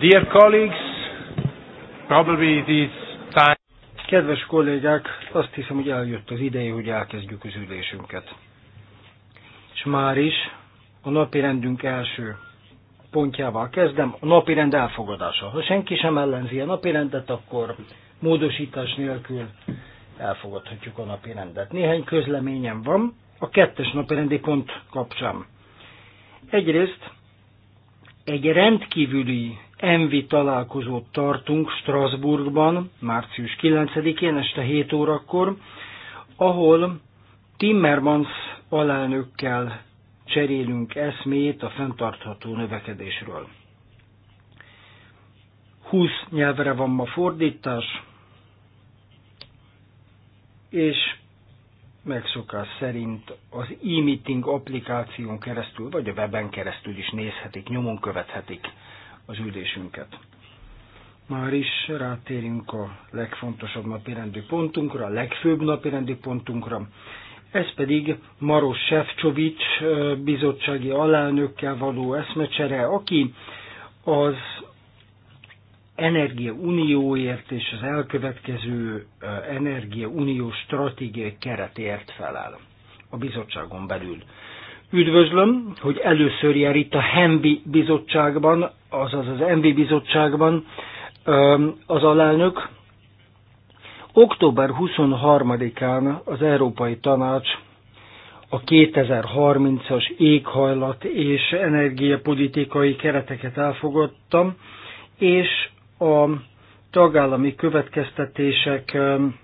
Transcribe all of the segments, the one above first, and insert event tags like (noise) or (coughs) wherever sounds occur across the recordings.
Dear colleagues, probably it is time. Kedves kollégák, azt hiszem, hogy eljött az ideje, hogy elkezdjük az ülésünket. És már is a napi rendünk első pontjával kezdem, a napi rend elfogadása. Ha senki sem ellenzi a napi rendet, akkor módosítás nélkül elfogadhatjuk a napi rendet. Néhány közleményem van a kettes napi rendi pont kapcsán. Egyrészt egy rendkívüli envi találkozót tartunk Strasbourgban, március 9-én este 7 órakor, ahol Timmermans alelnökkel cserélünk eszmét a fenntartható növekedésről. 20 nyelvre van ma fordítás, és megszokás szerint az e-meeting applikáción keresztül, vagy a weben keresztül is nézhetik, nyomon követhetik az ülésünket. Már is rátérünk a legfontosabb napirendi pontunkra, a legfőbb napirendi pontunkra. Ez pedig Maros Sefcsovics bizottsági alelnökkel való eszmecsere, aki az Energia Unióért és az elkövetkező Energia Unió stratégiai keretért felel a bizottságon belül. Üdvözlöm, hogy először jár itt a HEMBI bizottságban, azaz az ENVI bizottságban az alelnök. Október 23-án az Európai Tanács a 2030-as éghajlat és energiapolitikai kereteket elfogadtam, és a tagállami következtetések um,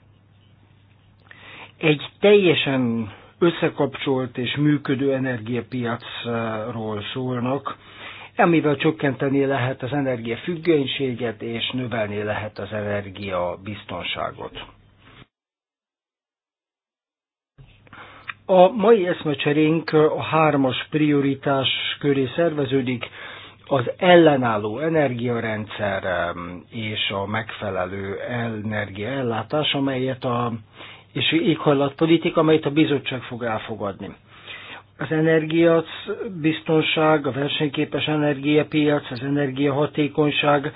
egy teljesen összekapcsolt és működő energiapiacról szólnak, amivel csökkenteni lehet az energiafüggőséget és növelni lehet az energiabiztonságot. A mai eszmecserénk a hármas prioritás köré szerveződik, az ellenálló energiarendszer és a megfelelő energiaellátás, amelyet a, és éghajlatpolitika, amelyet a bizottság fog elfogadni. Az energiabiztonság, a versenyképes energiapiac, az energiahatékonyság,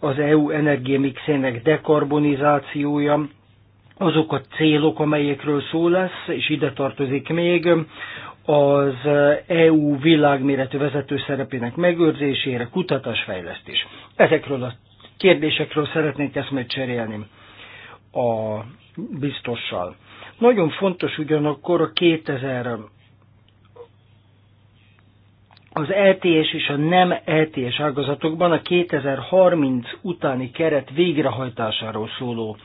az EU energiamixének dekarbonizációja, azok a célok, amelyekről szó lesz, és ide tartozik még az EU világméretű vezető szerepének megőrzésére, kutatásfejlesztés. Ezekről a kérdésekről szeretnék eszmét cserélni a biztossal. Nagyon fontos ugyanakkor a 2000 az LTS e és a nem LTS e ágazatokban a 2030 utáni keret végrehajtásáról szóló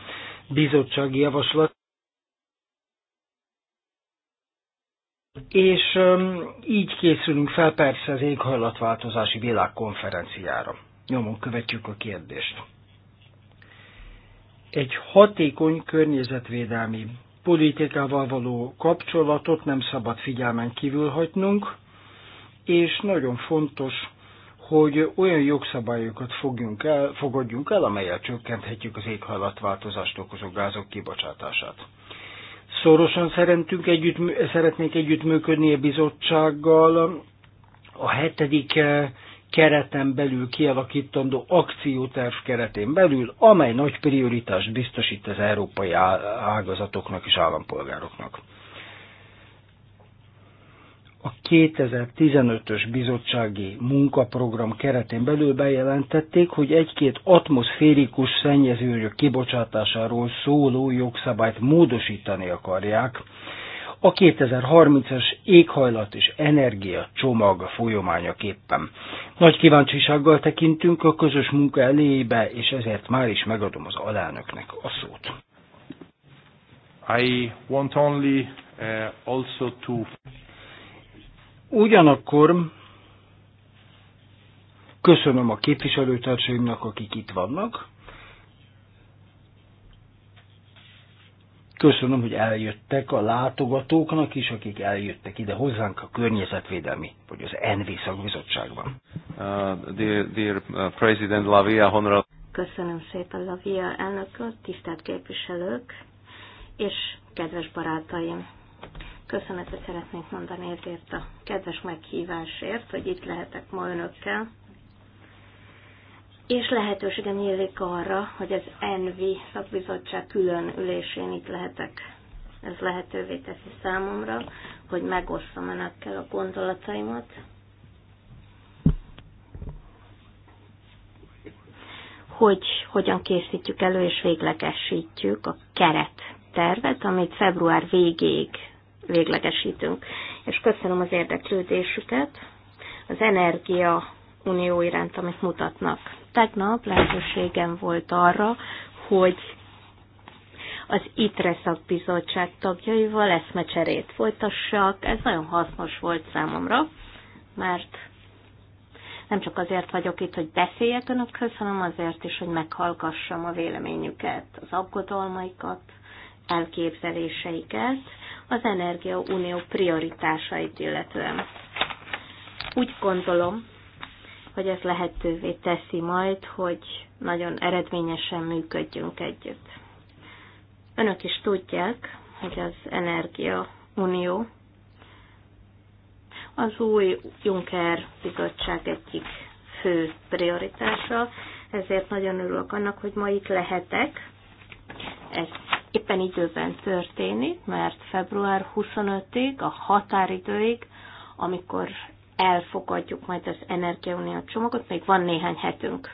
bizottsági javaslat És így készülünk fel persze az éghajlatváltozási világkonferenciára. Nyomon követjük a kérdést. Egy hatékony környezetvédelmi politikával való kapcsolatot nem szabad figyelmen kívül hagynunk, és nagyon fontos, hogy olyan jogszabályokat fogjunk el, fogadjunk el, amelyel csökkenthetjük az éghajlatváltozást okozó gázok kibocsátását. Szorosan szeretnénk együtt, szeretnék együttműködni a bizottsággal. A hetedik eh, kereten belül kialakítandó akcióterv keretén belül, amely nagy prioritást biztosít az európai ágazatoknak és állampolgároknak a 2015-ös bizottsági munkaprogram keretén belül bejelentették, hogy egy-két atmoszférikus szennyezőanyag kibocsátásáról szóló jogszabályt módosítani akarják. A 2030-as éghajlat és energia csomag folyamányaképpen. Nagy kíváncsisággal tekintünk a közös munka elébe, és ezért már is megadom az alelnöknek a szót. I want only uh, also to Ugyanakkor köszönöm a képviselőtársaimnak, akik itt vannak. Köszönöm, hogy eljöttek a látogatóknak is, akik eljöttek ide hozzánk a környezetvédelmi, vagy az NV szakbizottságban. Uh, dear, uh, Köszönöm szépen, Lavia elnök, tisztelt képviselők és kedves barátaim! köszönetet szeretnék mondani ezért a kedves meghívásért, hogy itt lehetek ma önökkel. És lehetőségem nyílik arra, hogy az ENVI szakbizottság külön ülésén itt lehetek. Ez lehetővé teszi számomra, hogy megosszam önökkel a gondolataimat. Hogy hogyan készítjük elő és véglegesítjük a keret tervet, amit február végéig véglegesítünk. És köszönöm az érdeklődésüket, az Energia Unió iránt, amit mutatnak. Tegnap lehetőségem volt arra, hogy az ITRE szakbizottság tagjaival eszmecserét folytassak. Ez nagyon hasznos volt számomra, mert nem csak azért vagyok itt, hogy beszéljek önökhöz, hanem azért is, hogy meghallgassam a véleményüket, az aggodalmaikat, elképzeléseiket, az Energia Unió prioritásait illetően. Úgy gondolom, hogy ez lehetővé teszi majd, hogy nagyon eredményesen működjünk együtt. Önök is tudják, hogy az Energia Unió az új Juncker bizottság egyik fő prioritása, ezért nagyon örülök annak, hogy ma itt lehetek, ezt éppen időben történik, mert február 25-ig, a határidőig, amikor elfogadjuk majd az Energiaunió csomagot, még van néhány hetünk.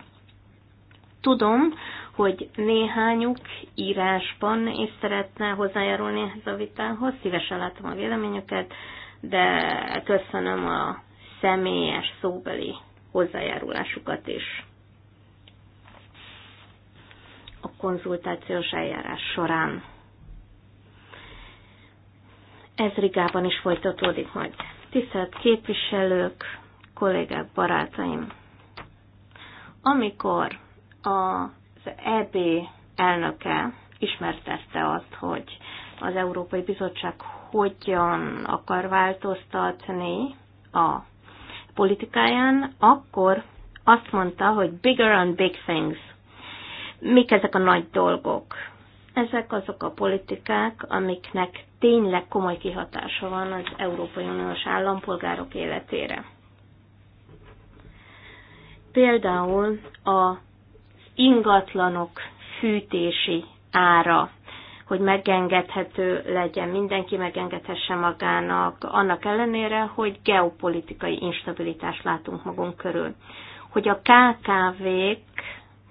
Tudom, hogy néhányuk írásban is szeretne hozzájárulni ehhez a vitához, szívesen látom a véleményüket, de köszönöm a személyes szóbeli hozzájárulásukat is a konzultációs eljárás során. Ez Rigában is folytatódik majd. Tisztelt képviselők, kollégák, barátaim! Amikor az EB elnöke ismertette azt, hogy az Európai Bizottság hogyan akar változtatni a politikáján, akkor azt mondta, hogy bigger and big things. Mik ezek a nagy dolgok? Ezek azok a politikák, amiknek tényleg komoly kihatása van az Európai Uniós állampolgárok életére. Például a ingatlanok fűtési ára, hogy megengedhető legyen, mindenki megengedhesse magának, annak ellenére, hogy geopolitikai instabilitást látunk magunk körül. Hogy a KKV-k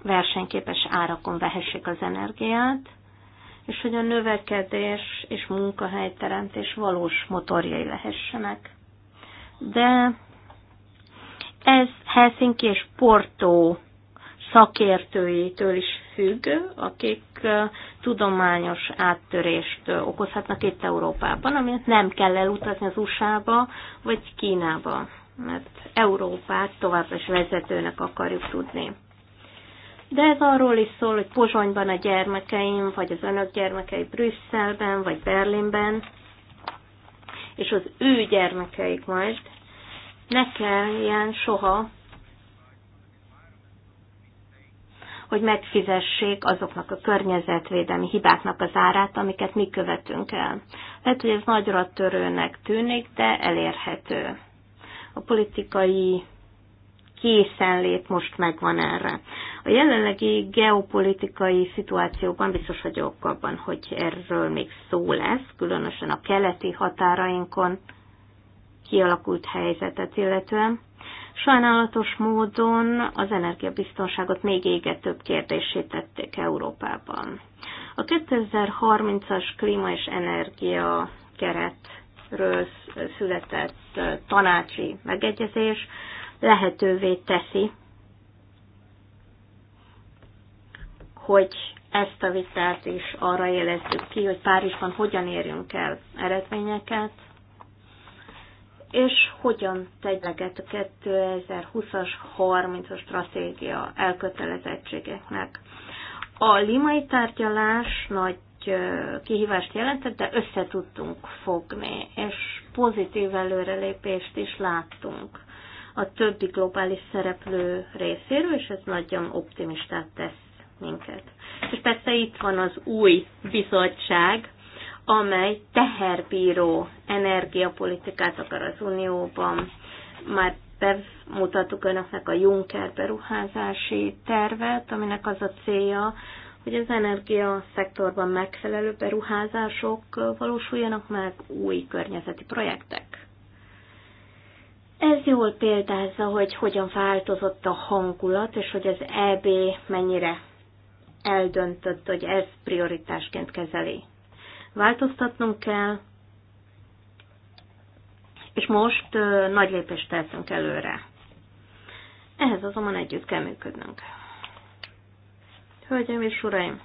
versenyképes árakon vehessék az energiát, és hogy a növekedés és munkahelyteremtés valós motorjai lehessenek. De ez Helsinki és Porto szakértőitől is függ, akik tudományos áttörést okozhatnak itt Európában, amit nem kell elutazni az USA-ba vagy Kínába, mert Európát továbbra is vezetőnek akarjuk tudni. De ez arról is szól, hogy Pozsonyban a gyermekeim, vagy az önök gyermekei Brüsszelben, vagy Berlinben, és az ő gyermekeik majd ne kelljen soha, hogy megfizessék azoknak a környezetvédelmi hibáknak az árát, amiket mi követünk el. Lehet, hogy ez nagyra törőnek tűnik, de elérhető. A politikai készenlét most megvan erre. A jelenlegi geopolitikai szituációban biztos vagyok abban, hogy erről még szó lesz, különösen a keleti határainkon kialakult helyzetet illetően. Sajnálatos módon az energiabiztonságot még égetőbb kérdésé tették Európában. A 2030-as klíma és energia keretről született tanácsi megegyezés lehetővé teszi, hogy ezt a vitát is arra élezzük ki, hogy Párizsban hogyan érjünk el eredményeket, és hogyan tegyeket a 2020-as, 30-as stratégia elkötelezettségeknek. A limai tárgyalás nagy kihívást jelentett, de össze tudtunk fogni, és pozitív előrelépést is láttunk a többi globális szereplő részéről, és ez nagyon optimistát tesz minket. És persze itt van az új bizottság, amely teherbíró energiapolitikát akar az Unióban. Már bemutattuk önöknek a Juncker beruházási tervet, aminek az a célja, hogy az energiaszektorban megfelelő beruházások valósuljanak meg, új környezeti projektek. Ez jól példázza, hogy hogyan változott a hangulat, és hogy az EB mennyire eldöntött, hogy ez prioritásként kezeli. Változtatnunk kell, és most ö, nagy lépést teszünk előre. Ehhez azonban együtt kell működnünk. Hölgyeim és uraim!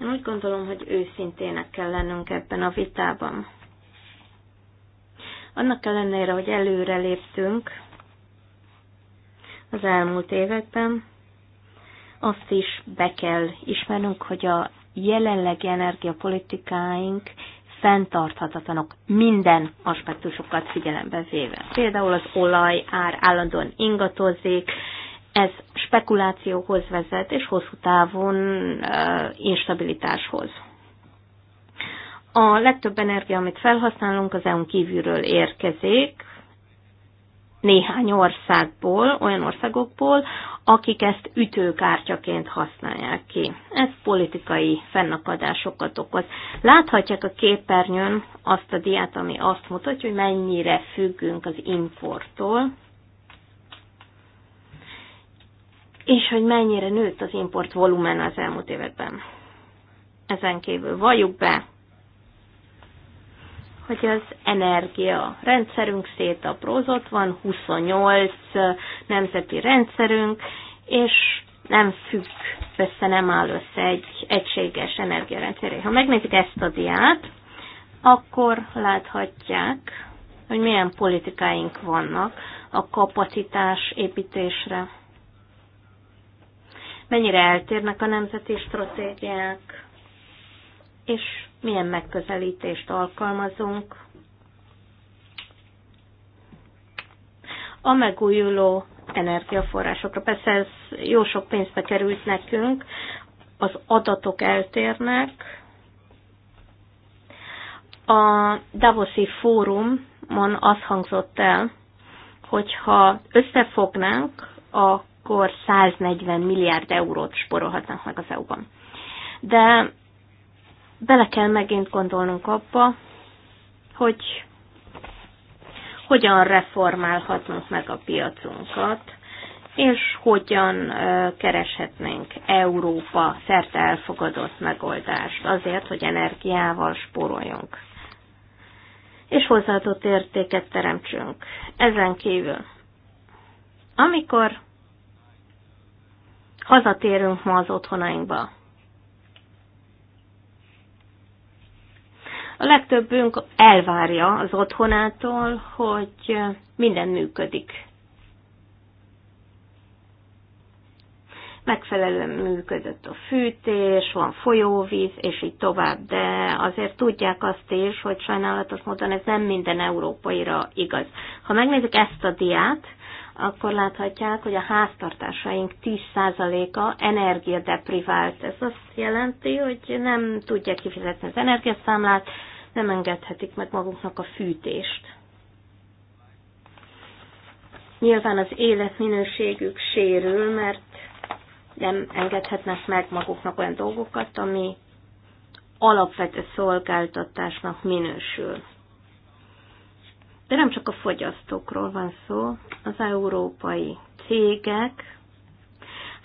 Én úgy gondolom, hogy őszintének kell lennünk ebben a vitában annak ellenére, hogy előre léptünk az elmúlt években, azt is be kell ismernünk, hogy a jelenlegi energiapolitikáink fenntarthatatlanok minden aspektusokat figyelembe véve. Például az olaj ár állandóan ingatozik, ez spekulációhoz vezet, és hosszú távon uh, instabilitáshoz. A legtöbb energia, amit felhasználunk, az EU-n kívülről érkezik, néhány országból, olyan országokból, akik ezt ütőkártyaként használják ki. Ez politikai fennakadásokat okoz. Láthatják a képernyőn azt a diát, ami azt mutatja, hogy mennyire függünk az importtól, és hogy mennyire nőtt az import volumen az elmúlt években. Ezen kívül valljuk be, hogy az energia rendszerünk szétaprózott, van 28 nemzeti rendszerünk, és nem függ össze, nem áll össze egy egységes energiarendszer. Ha megnézik ezt a diát, akkor láthatják, hogy milyen politikáink vannak a kapacitás építésre. Mennyire eltérnek a nemzeti stratégiák, és milyen megközelítést alkalmazunk. A megújuló energiaforrásokra. Persze ez jó sok pénzbe került nekünk, az adatok eltérnek. A Davoszi fórumon az hangzott el, hogyha összefognánk, akkor 140 milliárd eurót sporolhatnánk meg az EU-ban. De bele kell megint gondolnunk abba, hogy hogyan reformálhatunk meg a piacunkat, és hogyan kereshetnénk Európa szerte elfogadott megoldást azért, hogy energiával spóroljunk, és hozzáadott értéket teremtsünk. Ezen kívül, amikor hazatérünk ma az otthonainkba, A legtöbbünk elvárja az otthonától, hogy minden működik. Megfelelően működött a fűtés, van folyóvíz, és így tovább, de azért tudják azt is, hogy sajnálatos módon ez nem minden európaira igaz. Ha megnézzük ezt a diát, akkor láthatják, hogy a háztartásaink 10%-a energiadeprivált. Ez azt jelenti, hogy nem tudják kifizetni az energiaszámlát, nem engedhetik meg maguknak a fűtést. Nyilván az életminőségük sérül, mert nem engedhetnek meg maguknak olyan dolgokat, ami alapvető szolgáltatásnak minősül. De nem csak a fogyasztókról van szó, az európai cégek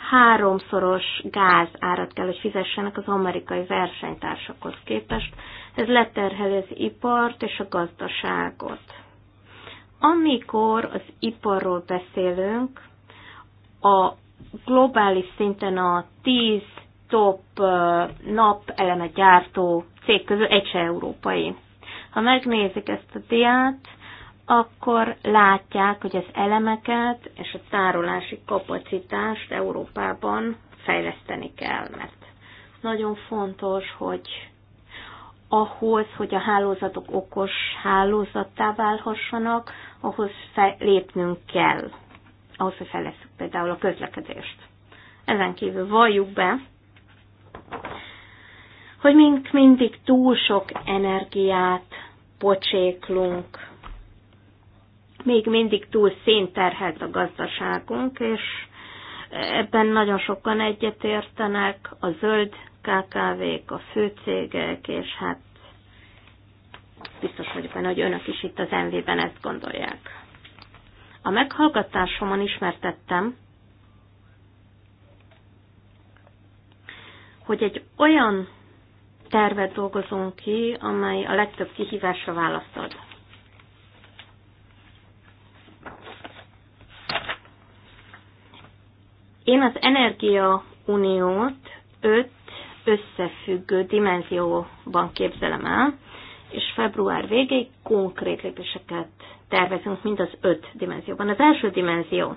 háromszoros gázárat kell, hogy fizessenek az amerikai versenytársakhoz képest, ez leterheli az ipart és a gazdaságot. Amikor az iparról beszélünk, a globális szinten a 10 top nap eleme gyártó cég közül egy se európai. Ha megnézik ezt a diát, akkor látják, hogy az elemeket és a tárolási kapacitást Európában fejleszteni kell, mert nagyon fontos, hogy ahhoz, hogy a hálózatok okos hálózattá válhassanak, ahhoz lépnünk kell, ahhoz, hogy fejlesztjük például a közlekedést. Ezen kívül valljuk be, hogy mink mindig túl sok energiát pocséklunk, még mindig túl szénterhelt a gazdaságunk, és ebben nagyon sokan egyetértenek, a zöld KKV-k, a főcégek, és hát biztos vagyok benne, hogy önök is itt az MV-ben ezt gondolják. A meghallgatásomon ismertettem, hogy egy olyan tervet dolgozunk ki, amely a legtöbb kihívásra választ ad. Én az Energia Uniót öt összefüggő dimenzióban képzelem el, és február végéig konkrét lépéseket tervezünk mind az öt dimenzióban. Az első dimenzió.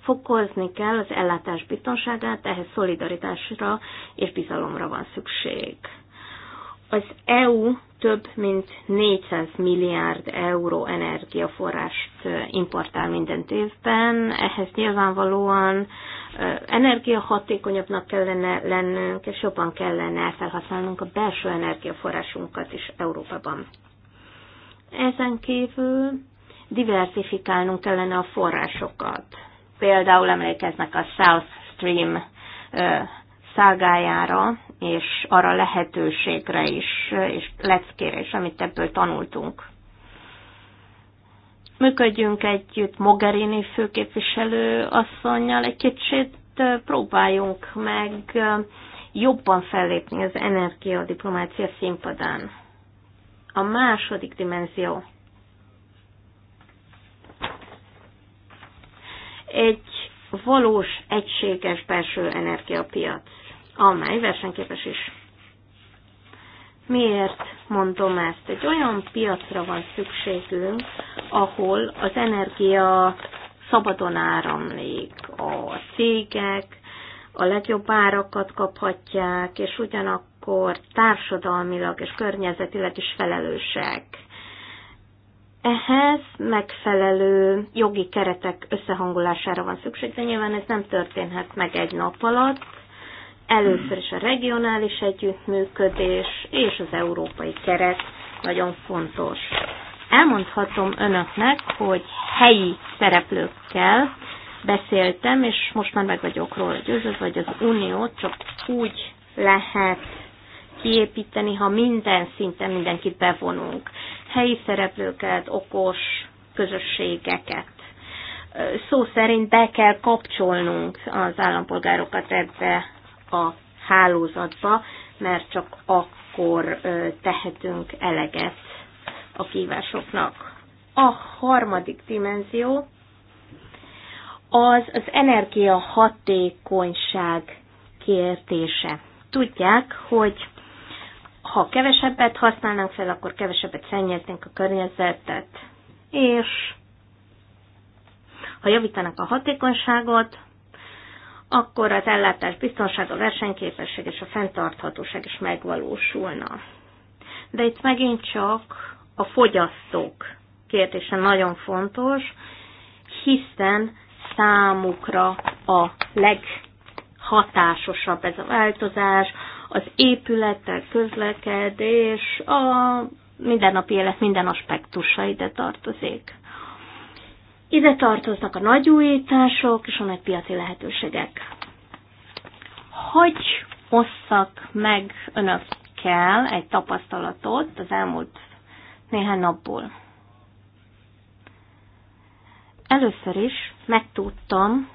Fokozni kell az ellátás biztonságát, ehhez szolidaritásra és bizalomra van szükség. Az EU több mint 400 milliárd euró energiaforrást importál minden évben. Ehhez nyilvánvalóan energiahatékonyabbnak kellene lennünk, és jobban kellene felhasználnunk a belső energiaforrásunkat is Európában. Ezen kívül diversifikálnunk kellene a forrásokat. Például emlékeznek a South Stream szágájára, és arra lehetőségre is, és leckére is, amit ebből tanultunk. Működjünk együtt Mogherini főképviselő asszonynal egy kicsit, próbáljunk meg eh, jobban fellépni az energiadiplomácia színpadán. A második dimenzió. Egy valós, egységes belső energiapiac amely versenyképes is. Miért mondom ezt? Egy olyan piacra van szükségünk, ahol az energia szabadon áramlik, a cégek a legjobb árakat kaphatják, és ugyanakkor társadalmilag és környezetileg is felelősek. Ehhez megfelelő jogi keretek összehangolására van szükség, de nyilván ez nem történhet meg egy nap alatt, Először is a regionális együttműködés és az európai keret nagyon fontos. Elmondhatom önöknek, hogy helyi szereplőkkel beszéltem, és most már meg vagyok róla győződve, hogy az Unió csak úgy lehet kiépíteni, ha minden szinten mindenkit bevonunk. Helyi szereplőket, okos közösségeket. Szó szerint be kell kapcsolnunk az állampolgárokat ebbe a hálózatba, mert csak akkor tehetünk eleget a kívásoknak. A harmadik dimenzió az az energia hatékonyság kérdése. Tudják, hogy ha kevesebbet használnánk fel, akkor kevesebbet szennyeznénk a környezetet, és ha javítanak a hatékonyságot, akkor az ellátás biztonsága, a versenyképesség és a fenntarthatóság is megvalósulna. De itt megint csak a fogyasztók kérdése nagyon fontos, hiszen számukra a leghatásosabb ez a változás, az épületek, közlekedés, a mindennapi élet minden aspektusai ide tartozik. Ide tartoznak a nagyújítások és a nagy piaci lehetőségek. Hogy osszak meg önökkel egy tapasztalatot az elmúlt néhány napból? Először is megtudtam,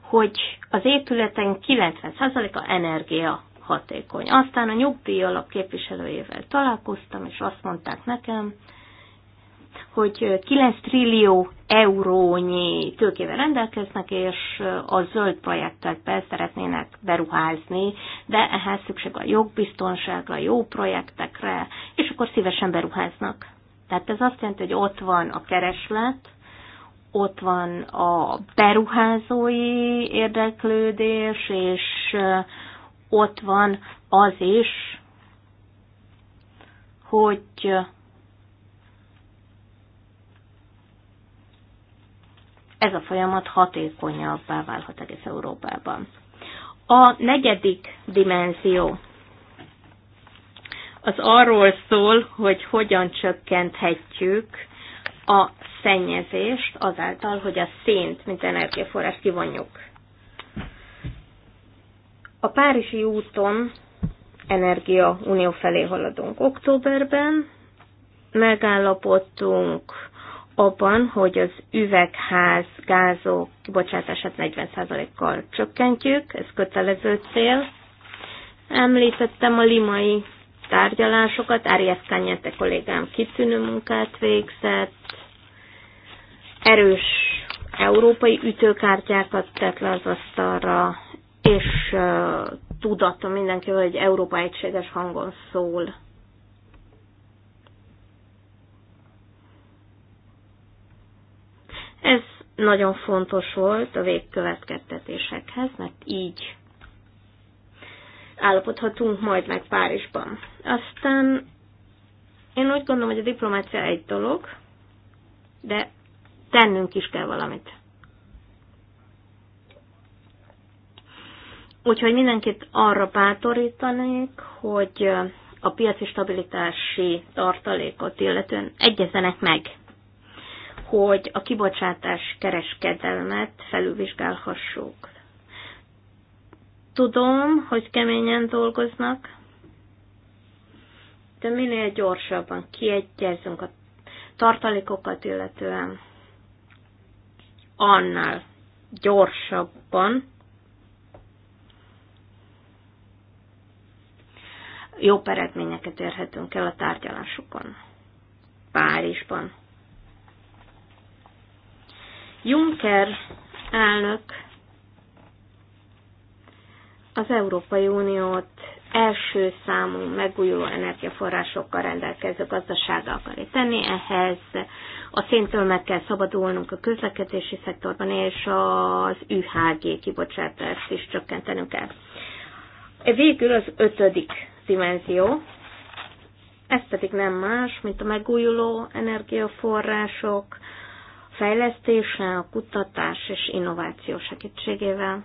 hogy az épületen 90%-a energia hatékony. Aztán a nyugdíj alap képviselőjével találkoztam, és azt mondták nekem, hogy 9 trillió eurónyi tőkével rendelkeznek, és a zöld projektekbe szeretnének beruházni, de ehhez szükség a jogbiztonságra, jó projektekre, és akkor szívesen beruháznak. Tehát ez azt jelenti, hogy ott van a kereslet, ott van a beruházói érdeklődés, és eh, ott van az is, hogy ez a folyamat hatékonyabbá válhat egész Európában. A negyedik dimenzió az arról szól, hogy hogyan csökkenthetjük a szennyezést azáltal, hogy a szént, mint energiaforrás kivonjuk. A Párizsi úton Energia Unió felé haladunk októberben, megállapodtunk abban, hogy az üvegház gázok kibocsátását 40%-kal csökkentjük, ez kötelező cél. Említettem a limai tárgyalásokat, Áriás Kányete kollégám kitűnő munkát végzett, erős európai ütőkártyákat tett le az asztalra, és uh, tudatom mindenki, hogy Európa egységes hangon szól. Ez nagyon fontos volt a végkövetkeztetésekhez, mert így állapodhatunk majd meg Párizsban. Aztán én úgy gondolom, hogy a diplomácia egy dolog, de tennünk is kell valamit. Úgyhogy mindenkit arra bátorítanék, hogy a piaci stabilitási tartalékot illetően egyezenek meg hogy a kibocsátás kereskedelmet felülvizsgálhassuk. Tudom, hogy keményen dolgoznak, de minél gyorsabban kiegyezünk a tartalékokat illetően, annál gyorsabban jobb eredményeket érhetünk el a tárgyalásukon. Párizsban. Juncker elnök az Európai Uniót első számú megújuló energiaforrásokkal rendelkező gazdasága akarja tenni. Ehhez a széntől meg kell szabadulnunk a közlekedési szektorban, és az UHG kibocsátást is csökkentenünk kell. Végül az ötödik dimenzió, ez pedig nem más, mint a megújuló energiaforrások, fejlesztése, a kutatás és innováció segítségével.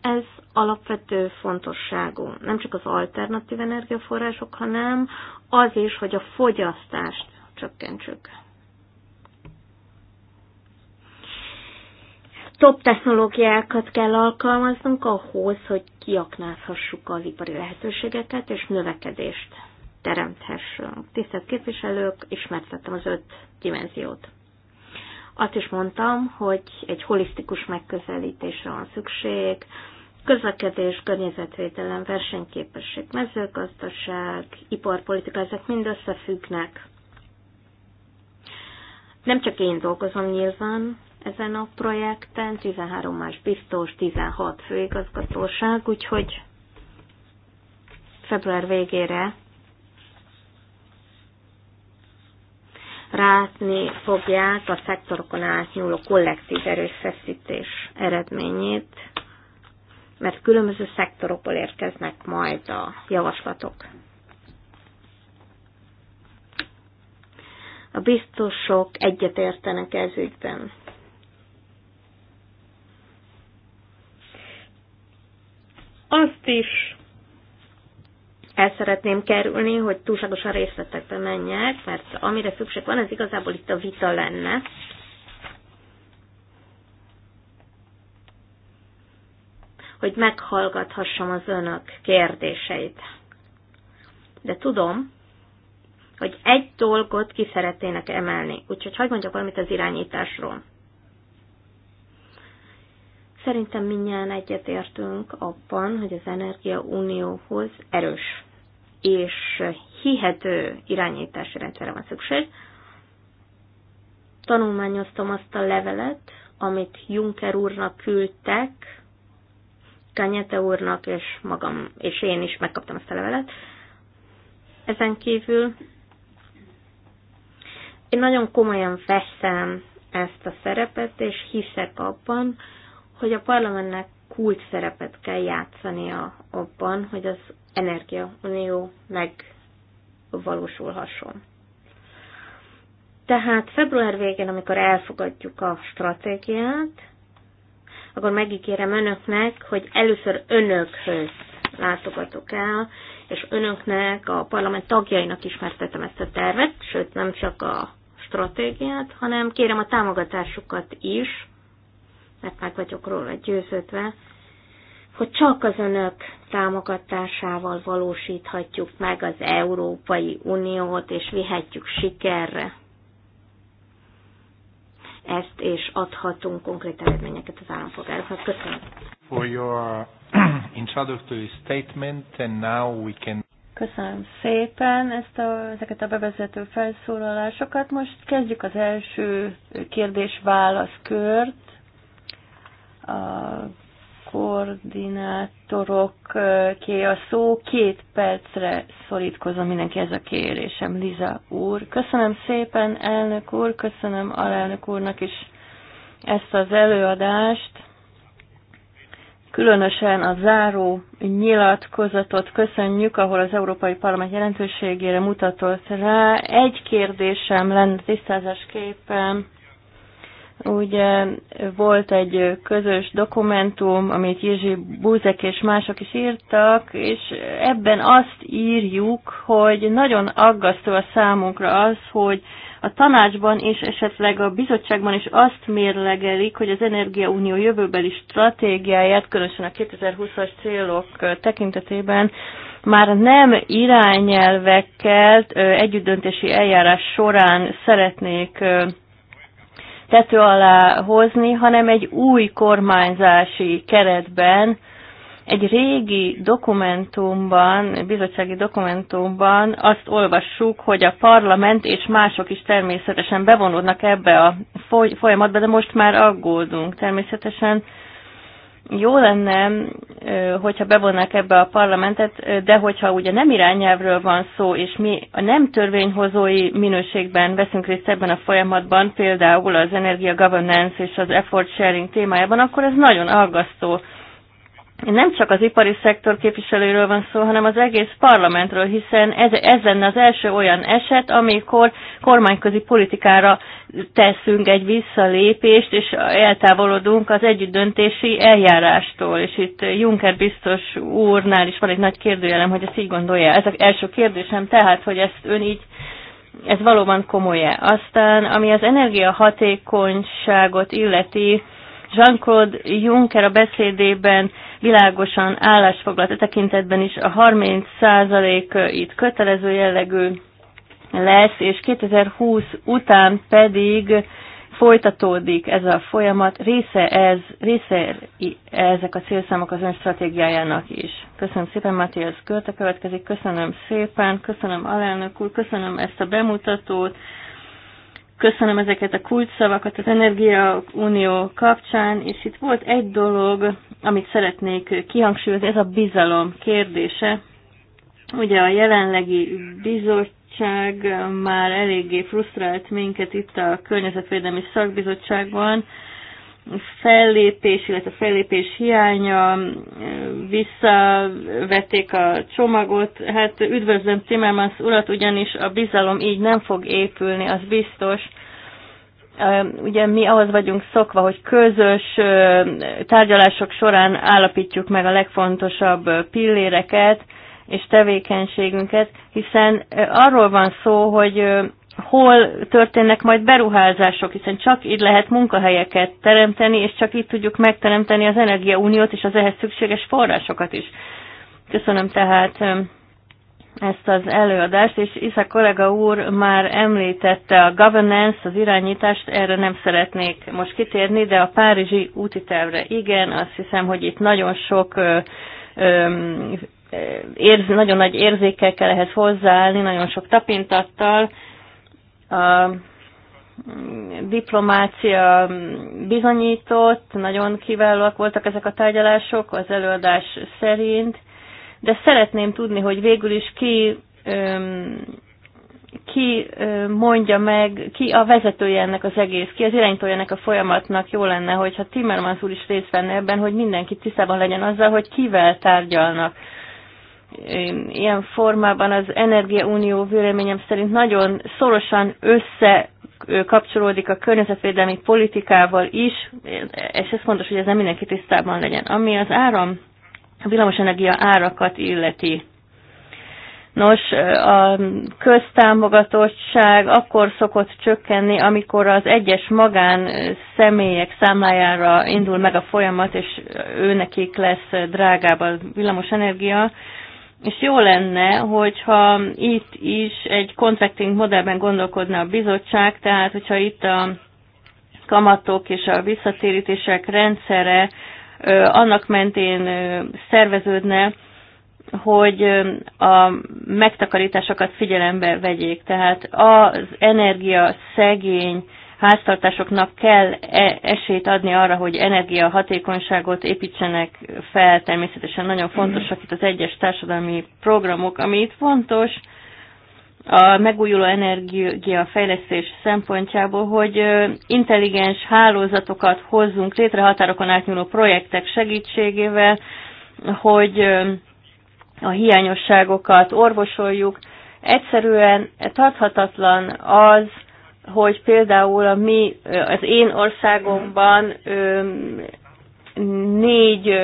Ez alapvető fontosságú, nem csak az alternatív energiaforrások, hanem az is, hogy a fogyasztást csökkentsük. Top technológiákat kell alkalmaznunk ahhoz, hogy kiaknázhassuk az ipari lehetőségeket és növekedést teremthessünk. Tisztelt képviselők, ismertettem az öt dimenziót. Azt is mondtam, hogy egy holisztikus megközelítésre van szükség, közlekedés, környezetvédelem, versenyképesség, mezőgazdaság, iparpolitika, ezek mind összefüggnek. Nem csak én dolgozom nyilván ezen a projekten, 13 más biztos, 16 főigazgatóság, úgyhogy február végére rátni fogják a szektorokon átnyúló kollektív erőfeszítés eredményét, mert különböző szektorokból érkeznek majd a javaslatok. A biztosok egyetértenek ez ügyben. Azt is el szeretném kerülni, hogy túlságosan részletekbe menjek, mert amire szükség van, ez igazából itt a vita lenne. Hogy meghallgathassam az önök kérdéseit. De tudom, hogy egy dolgot ki szeretnének emelni. Úgyhogy hagyd mondjak valamit az irányításról. Szerintem mindjárt egyetértünk abban, hogy az Energia Unióhoz erős és hihető irányítási rendszerre van szükség. Tanulmányoztam azt a levelet, amit Juncker úrnak küldtek, Kanyete úrnak, és magam, és én is megkaptam ezt a levelet. Ezen kívül én nagyon komolyan veszem ezt a szerepet, és hiszek abban, hogy a parlamentnek kult szerepet kell játszania abban, hogy az energiaunió megvalósulhasson. Tehát február végén, amikor elfogadjuk a stratégiát, akkor megígérem önöknek, hogy először önökhöz látogatok el, és önöknek, a parlament tagjainak ismertetem ezt a tervet, sőt nem csak a stratégiát, hanem kérem a támogatásukat is, mert meg vagyok róla győződve, hogy csak az önök támogatásával valósíthatjuk meg az Európai Uniót, és vihetjük sikerre. Ezt és adhatunk konkrét eredményeket az állampolgároknak. Köszönöm. For your (clears throat) introductory statement, and now we can... Köszönöm szépen ezt a, ezeket a bevezető felszólalásokat. Most kezdjük az első kérdés-válaszkört. A Koordinátorok ké a szó. Két percre szorítkozom mindenki ez a kérésem, Liza úr. Köszönöm szépen, elnök úr, köszönöm alelnök úrnak is ezt az előadást. Különösen a záró nyilatkozatot köszönjük, ahol az Európai Parlament jelentőségére mutatott rá. Egy kérdésem lenne tisztázásképpen Ugye volt egy közös dokumentum, amit Jizsi Búzek és mások is írtak, és ebben azt írjuk, hogy nagyon aggasztó a számunkra az, hogy a tanácsban és esetleg a bizottságban is azt mérlegelik, hogy az Energiaunió jövőbeli stratégiáját, különösen a 2020-as célok tekintetében már nem irányelvekkel együttdöntési eljárás során szeretnék tető alá hozni, hanem egy új kormányzási keretben, egy régi dokumentumban, bizottsági dokumentumban azt olvassuk, hogy a parlament és mások is természetesen bevonódnak ebbe a folyamatba, de most már aggódunk. Természetesen jó lenne, hogyha bevonnák ebbe a parlamentet, de hogyha ugye nem irányelvről van szó, és mi a nem törvényhozói minőségben veszünk részt ebben a folyamatban, például az energia governance és az effort sharing témájában, akkor ez nagyon aggasztó nem csak az ipari szektor képviselőről van szó, hanem az egész parlamentről, hiszen ez, ez lenne az első olyan eset, amikor kormányközi politikára teszünk egy visszalépést, és eltávolodunk az együttdöntési eljárástól. És itt Juncker biztos úrnál is van egy nagy kérdőjelem, hogy ezt így gondolja. Ez az első kérdésem, tehát, hogy ezt ön így ez valóban komoly -e. Aztán, ami az energiahatékonyságot illeti, Jean-Claude Juncker a beszédében világosan állásfoglalt a e tekintetben is a 30% itt kötelező jellegű lesz, és 2020 után pedig folytatódik ez a folyamat, része, ez, része ezek a célszámok az ön stratégiájának is. Köszönöm szépen, Matthias Költe következik, köszönöm szépen, köszönöm alelnök úr, köszönöm ezt a bemutatót, Köszönöm ezeket a kulcsszavakat az Energia Unió kapcsán, és itt volt egy dolog, amit szeretnék kihangsúlyozni, ez a bizalom kérdése. Ugye a jelenlegi bizottság már eléggé frusztrált minket itt a Környezetvédelmi Szakbizottságban, fellépés, illetve fellépés hiánya, visszavették a csomagot. Hát üdvözlöm Timmermans urat, ugyanis a bizalom így nem fog épülni, az biztos. Ugye mi ahhoz vagyunk szokva, hogy közös tárgyalások során állapítjuk meg a legfontosabb pilléreket és tevékenységünket, hiszen arról van szó, hogy hol történnek majd beruházások, hiszen csak így lehet munkahelyeket teremteni, és csak így tudjuk megteremteni az energiauniót és az ehhez szükséges forrásokat is. Köszönöm tehát ezt az előadást, és Isza kollega úr már említette a governance, az irányítást, erre nem szeretnék most kitérni, de a párizsi úti tervre igen, azt hiszem, hogy itt nagyon sok ö, ö, érz, nagyon nagy érzékkel kell ehhez hozzáállni, nagyon sok tapintattal, a mm, diplomácia bizonyított, nagyon kiválóak voltak ezek a tárgyalások az előadás szerint, de szeretném tudni, hogy végül is ki ki mondja meg, ki a vezetője ennek az egész, ki az iránytója ennek a folyamatnak, jó lenne, hogyha Timmermans úr is részt venne ebben, hogy mindenki tisztában legyen azzal, hogy kivel tárgyalnak ilyen formában az Energiaunió véleményem szerint nagyon szorosan összekapcsolódik a környezetvédelmi politikával is, és ez fontos, hogy ez nem mindenki tisztában legyen. Ami az áram, a villamosenergia árakat illeti. Nos, a köztámogatottság akkor szokott csökkenni, amikor az egyes magán személyek számlájára indul meg a folyamat, és őnekik lesz drágább a villamosenergia és jó lenne, hogyha itt is egy contracting modellben gondolkodna a bizottság, tehát hogyha itt a kamatok és a visszatérítések rendszere annak mentén szerveződne, hogy a megtakarításokat figyelembe vegyék. Tehát az energia szegény háztartásoknak kell -e esélyt adni arra, hogy energiahatékonyságot építsenek fel. Természetesen nagyon fontosak itt az egyes társadalmi programok, ami itt fontos a megújuló energia fejlesztés szempontjából, hogy intelligens hálózatokat hozzunk létre határokon átnyúló projektek segítségével, hogy a hiányosságokat orvosoljuk. Egyszerűen tarthatatlan az, hogy például a mi, az én országomban négy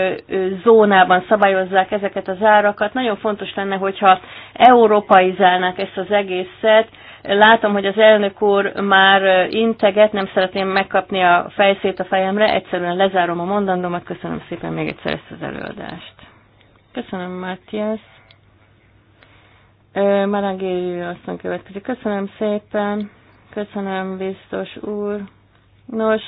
zónában szabályozzák ezeket az árakat. Nagyon fontos lenne, hogyha európaizálnák ezt az egészet. Látom, hogy az elnök úr már integet, nem szeretném megkapni a fejszét a fejemre, egyszerűen lezárom a mondandómat. Köszönöm szépen még egyszer ezt az előadást. Köszönöm, Matthias. Marangéri aztán következik. Köszönöm szépen. Köszönöm, biztos úr. Nos,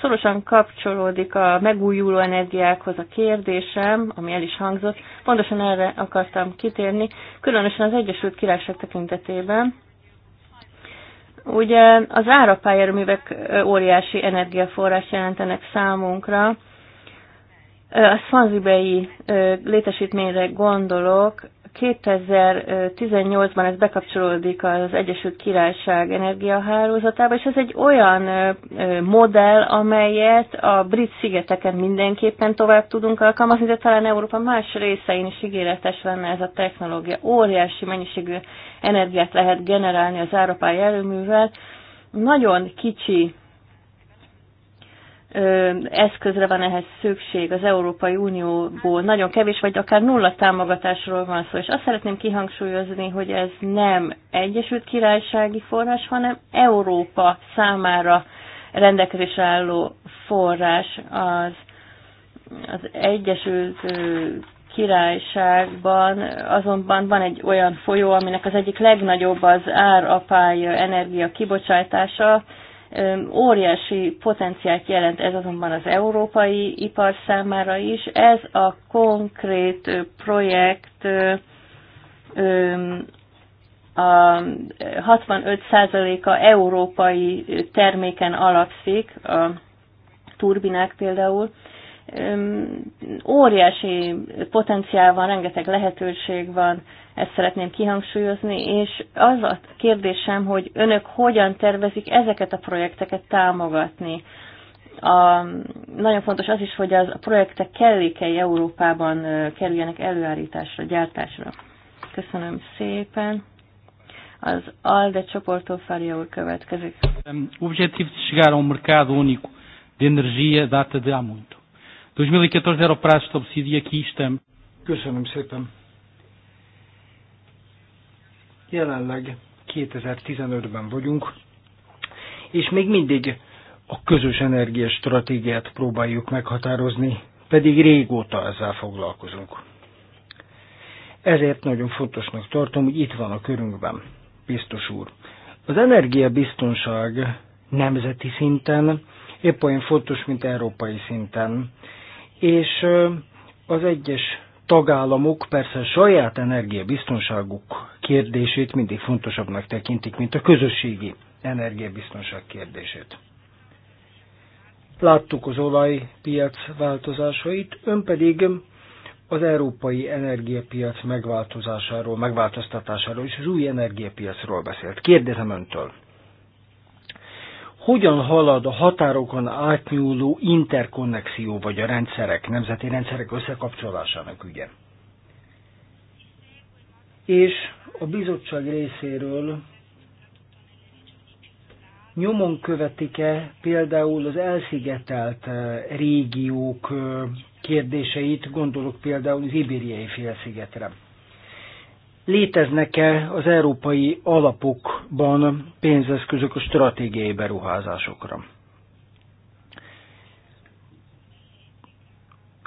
szorosan kapcsolódik a megújuló energiákhoz a kérdésem, ami el is hangzott. Pontosan erre akartam kitérni, különösen az Egyesült Királyság tekintetében. Ugye az árapályerőművek óriási energiaforrás jelentenek számunkra. A szanzibei létesítményre gondolok, 2018-ban ez bekapcsolódik az Egyesült Királyság energiahálózatába, és ez egy olyan modell, amelyet a brit szigeteken mindenképpen tovább tudunk alkalmazni, de talán Európa más részein is ígéretes lenne ez a technológia. Óriási mennyiségű energiát lehet generálni az árapály erőművel, nagyon kicsi eszközre van ehhez szükség az Európai Unióból. Nagyon kevés, vagy akár nulla támogatásról van szó. És azt szeretném kihangsúlyozni, hogy ez nem Egyesült Királysági forrás, hanem Európa számára rendelkezésre álló forrás az, az Egyesült Királyságban azonban van egy olyan folyó, aminek az egyik legnagyobb az árapály energia kibocsátása, Óriási potenciált jelent ez azonban az európai ipar számára is. Ez a konkrét projekt a 65%-a európai terméken alapszik, a turbinák például, óriási potenciál van, rengeteg lehetőség van, ezt szeretném kihangsúlyozni, és az a kérdésem, hogy önök hogyan tervezik ezeket a projekteket támogatni. A, nagyon fontos az is, hogy az a projektek kellékei Európában kerüljenek előállításra, gyártásra. Köszönöm szépen. Az ALDE csoporttól Fária úr következik. objetivo de chegar um mercado único de energia data de há muito. 2014 erre a práz szubszidia ki Isten. Köszönöm szépen. Jelenleg 2015-ben vagyunk, és még mindig a közös energiastratégiát próbáljuk meghatározni, pedig régóta ezzel foglalkozunk. Ezért nagyon fontosnak tartom, hogy itt van a körünkben, biztos úr. Az energiabiztonság nemzeti szinten épp olyan fontos, mint európai szinten, és az egyes tagállamok persze a saját energiabiztonságuk kérdését mindig fontosabbnak tekintik, mint a közösségi energiabiztonság kérdését. Láttuk az olajpiac változásait, ön pedig az európai energiapiac megváltozásáról, megváltoztatásáról és az új energiapiacról beszélt. Kérdezem öntől, hogyan halad a határokon átnyúló interkonnexió vagy a rendszerek, nemzeti rendszerek összekapcsolásának ügye. És a bizottság részéről nyomon követik-e például az elszigetelt eh, régiók eh, kérdéseit, gondolok például az ibériai félszigetre léteznek-e az európai alapokban pénzeszközök a stratégiai beruházásokra.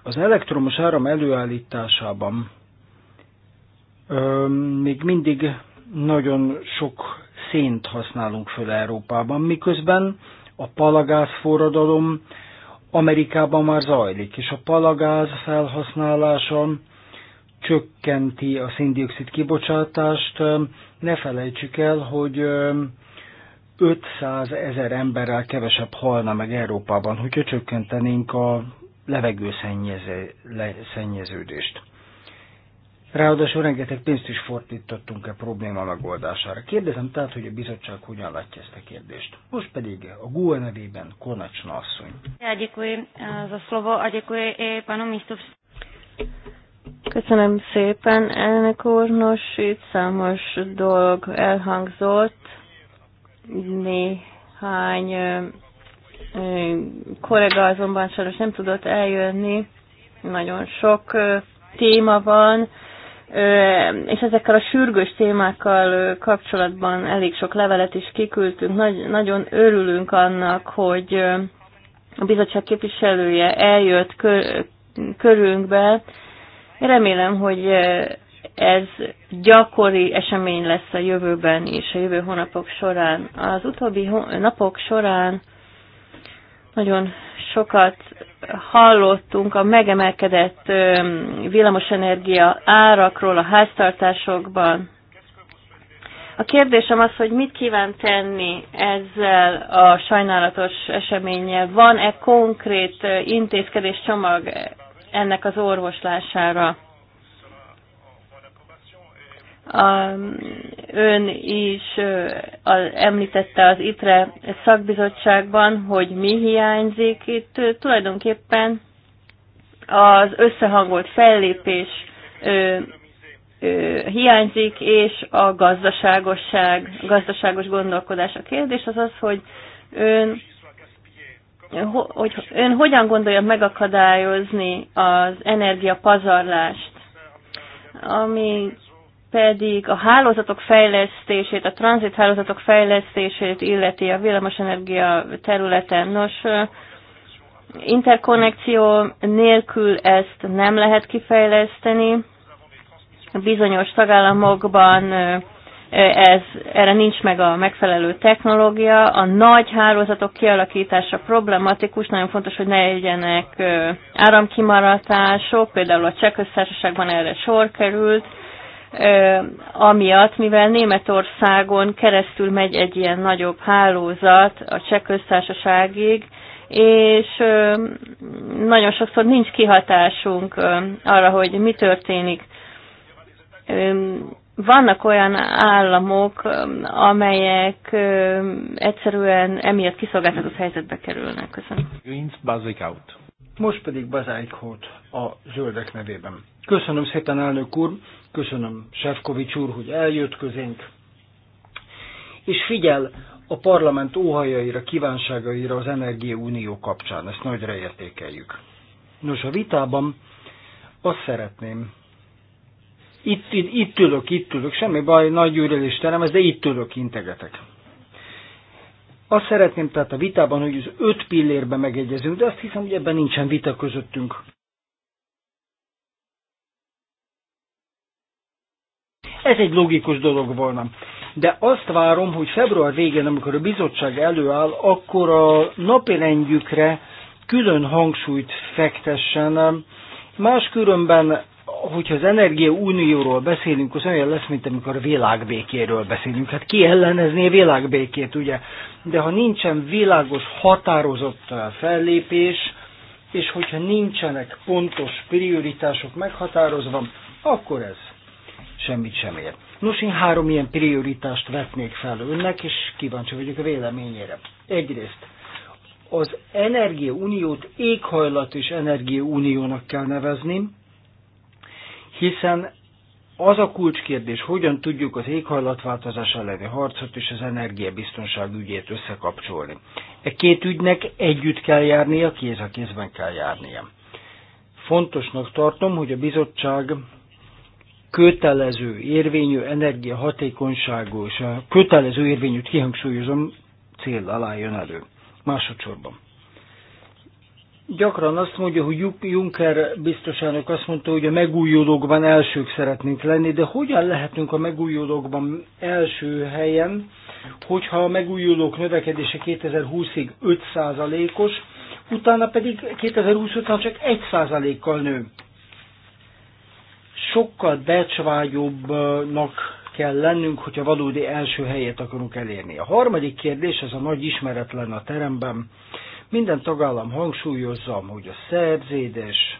Az elektromos áram előállításában ö, még mindig nagyon sok szént használunk föl Európában, miközben a palagáz forradalom Amerikában már zajlik, és a palagáz felhasználása csökkenti a széndiokszid kibocsátást. Ne felejtsük el, hogy 500 ezer emberrel kevesebb halna meg Európában, hogyha csökkentenénk a levegőszennyeződést. Ráadásul rengeteg pénzt is fordítottunk e probléma megoldására. Kérdezem tehát, hogy a bizottság hogyan látja ezt a kérdést. Most pedig a GUE nevében Konacsna asszony. Ja, děkuji eh, za slovo a děkuji i panu místopředsedovi. Köszönöm szépen, elnök úr. Nos, itt számos dolog elhangzott. Néhány kollega azonban sajnos nem tudott eljönni. Nagyon sok téma van, és ezekkel a sürgős témákkal kapcsolatban elég sok levelet is kiküldtünk. Nagy, nagyon örülünk annak, hogy a bizottság képviselője eljött körünkbe, Remélem, hogy eh, ez gyakori esemény lesz a jövőben és a jövő hónapok során. Az utóbbi napok során nagyon sokat hallottunk a megemelkedett eh, villamosenergia árakról a háztartásokban. A kérdésem az, hogy mit kíván tenni ezzel a sajnálatos eseménnyel. Van-e konkrét eh, intézkedéscsomag ennek az orvoslására. A, ön is a, említette az ITRE szakbizottságban, hogy mi hiányzik. Itt tulajdonképpen az összehangolt fellépés ö, ö, hiányzik, és a gazdaságosság, gazdaságos gondolkodás a kérdés az az, hogy ön hogy ön hogyan gondolja megakadályozni az energiapazarlást, ami pedig a hálózatok fejlesztését, a tranzit hálózatok fejlesztését illeti a villamosenergia területen. Nos, interkonnekció nélkül ezt nem lehet kifejleszteni. Bizonyos tagállamokban ez, erre nincs meg a megfelelő technológia. A nagy hálózatok kialakítása problematikus, nagyon fontos, hogy ne legyenek áramkimaratások, például a cseh köztársaságban erre sor került, amiatt, mivel Németországon keresztül megy egy ilyen nagyobb hálózat a cseh köztársaságig, és nagyon sokszor nincs kihatásunk arra, hogy mi történik vannak olyan államok, amelyek egyszerűen emiatt kiszolgáltatott helyzetbe kerülnek. Köszönöm. Greens Basic Out. Most pedig Bazáik a zöldek nevében. Köszönöm szépen, elnök úr, köszönöm Sefkovics úr, hogy eljött közénk, és figyel a parlament óhajaira, kívánságaira az Energiaunió kapcsán, ezt nagyra értékeljük. Nos, a vitában azt szeretném, itt, itt, itt ülök, itt ülök, semmi baj, nagy ürelés terem, ez, de itt ülök, integetek. Azt szeretném tehát a vitában, hogy az öt pillérben megegyezünk, de azt hiszem, hogy ebben nincsen vita közöttünk. Ez egy logikus dolog volna. De azt várom, hogy február végén, amikor a bizottság előáll, akkor a napirendjükre külön hangsúlyt fektessen. Máskülönben hogyha az energia unióról beszélünk, az olyan lesz, mint amikor a világbékéről beszélünk. Hát ki ellenezné a világbékét, ugye? De ha nincsen világos, határozott fellépés, és hogyha nincsenek pontos prioritások meghatározva, akkor ez semmit sem ér. Nos, én három ilyen prioritást vetnék fel önnek, és kíváncsi vagyok a véleményére. Egyrészt, az energiauniót éghajlat és energiauniónak kell nevezni, hiszen az a kulcskérdés, hogyan tudjuk az éghajlatváltozás elleni harcot és az energiabiztonság ügyét összekapcsolni. E két ügynek együtt kell járnia, kéz a kézben kell járnia. Fontosnak tartom, hogy a bizottság kötelező érvényű a kötelező érvényűt kihangsúlyozom, cél alá jön elő. Másodszorban. Gyakran azt mondja, hogy Juncker elnök azt mondta, hogy a megújulókban elsők szeretnénk lenni, de hogyan lehetünk a megújulókban első helyen, hogyha a megújulók növekedése 2020-ig 5%-os, utána pedig 2025-ben csak 1%-kal nő. Sokkal becsvágyobbnak kell lennünk, hogyha valódi első helyet akarunk elérni. A harmadik kérdés, ez a nagy ismeretlen a teremben, minden tagállam hangsúlyozza, hogy a szerződés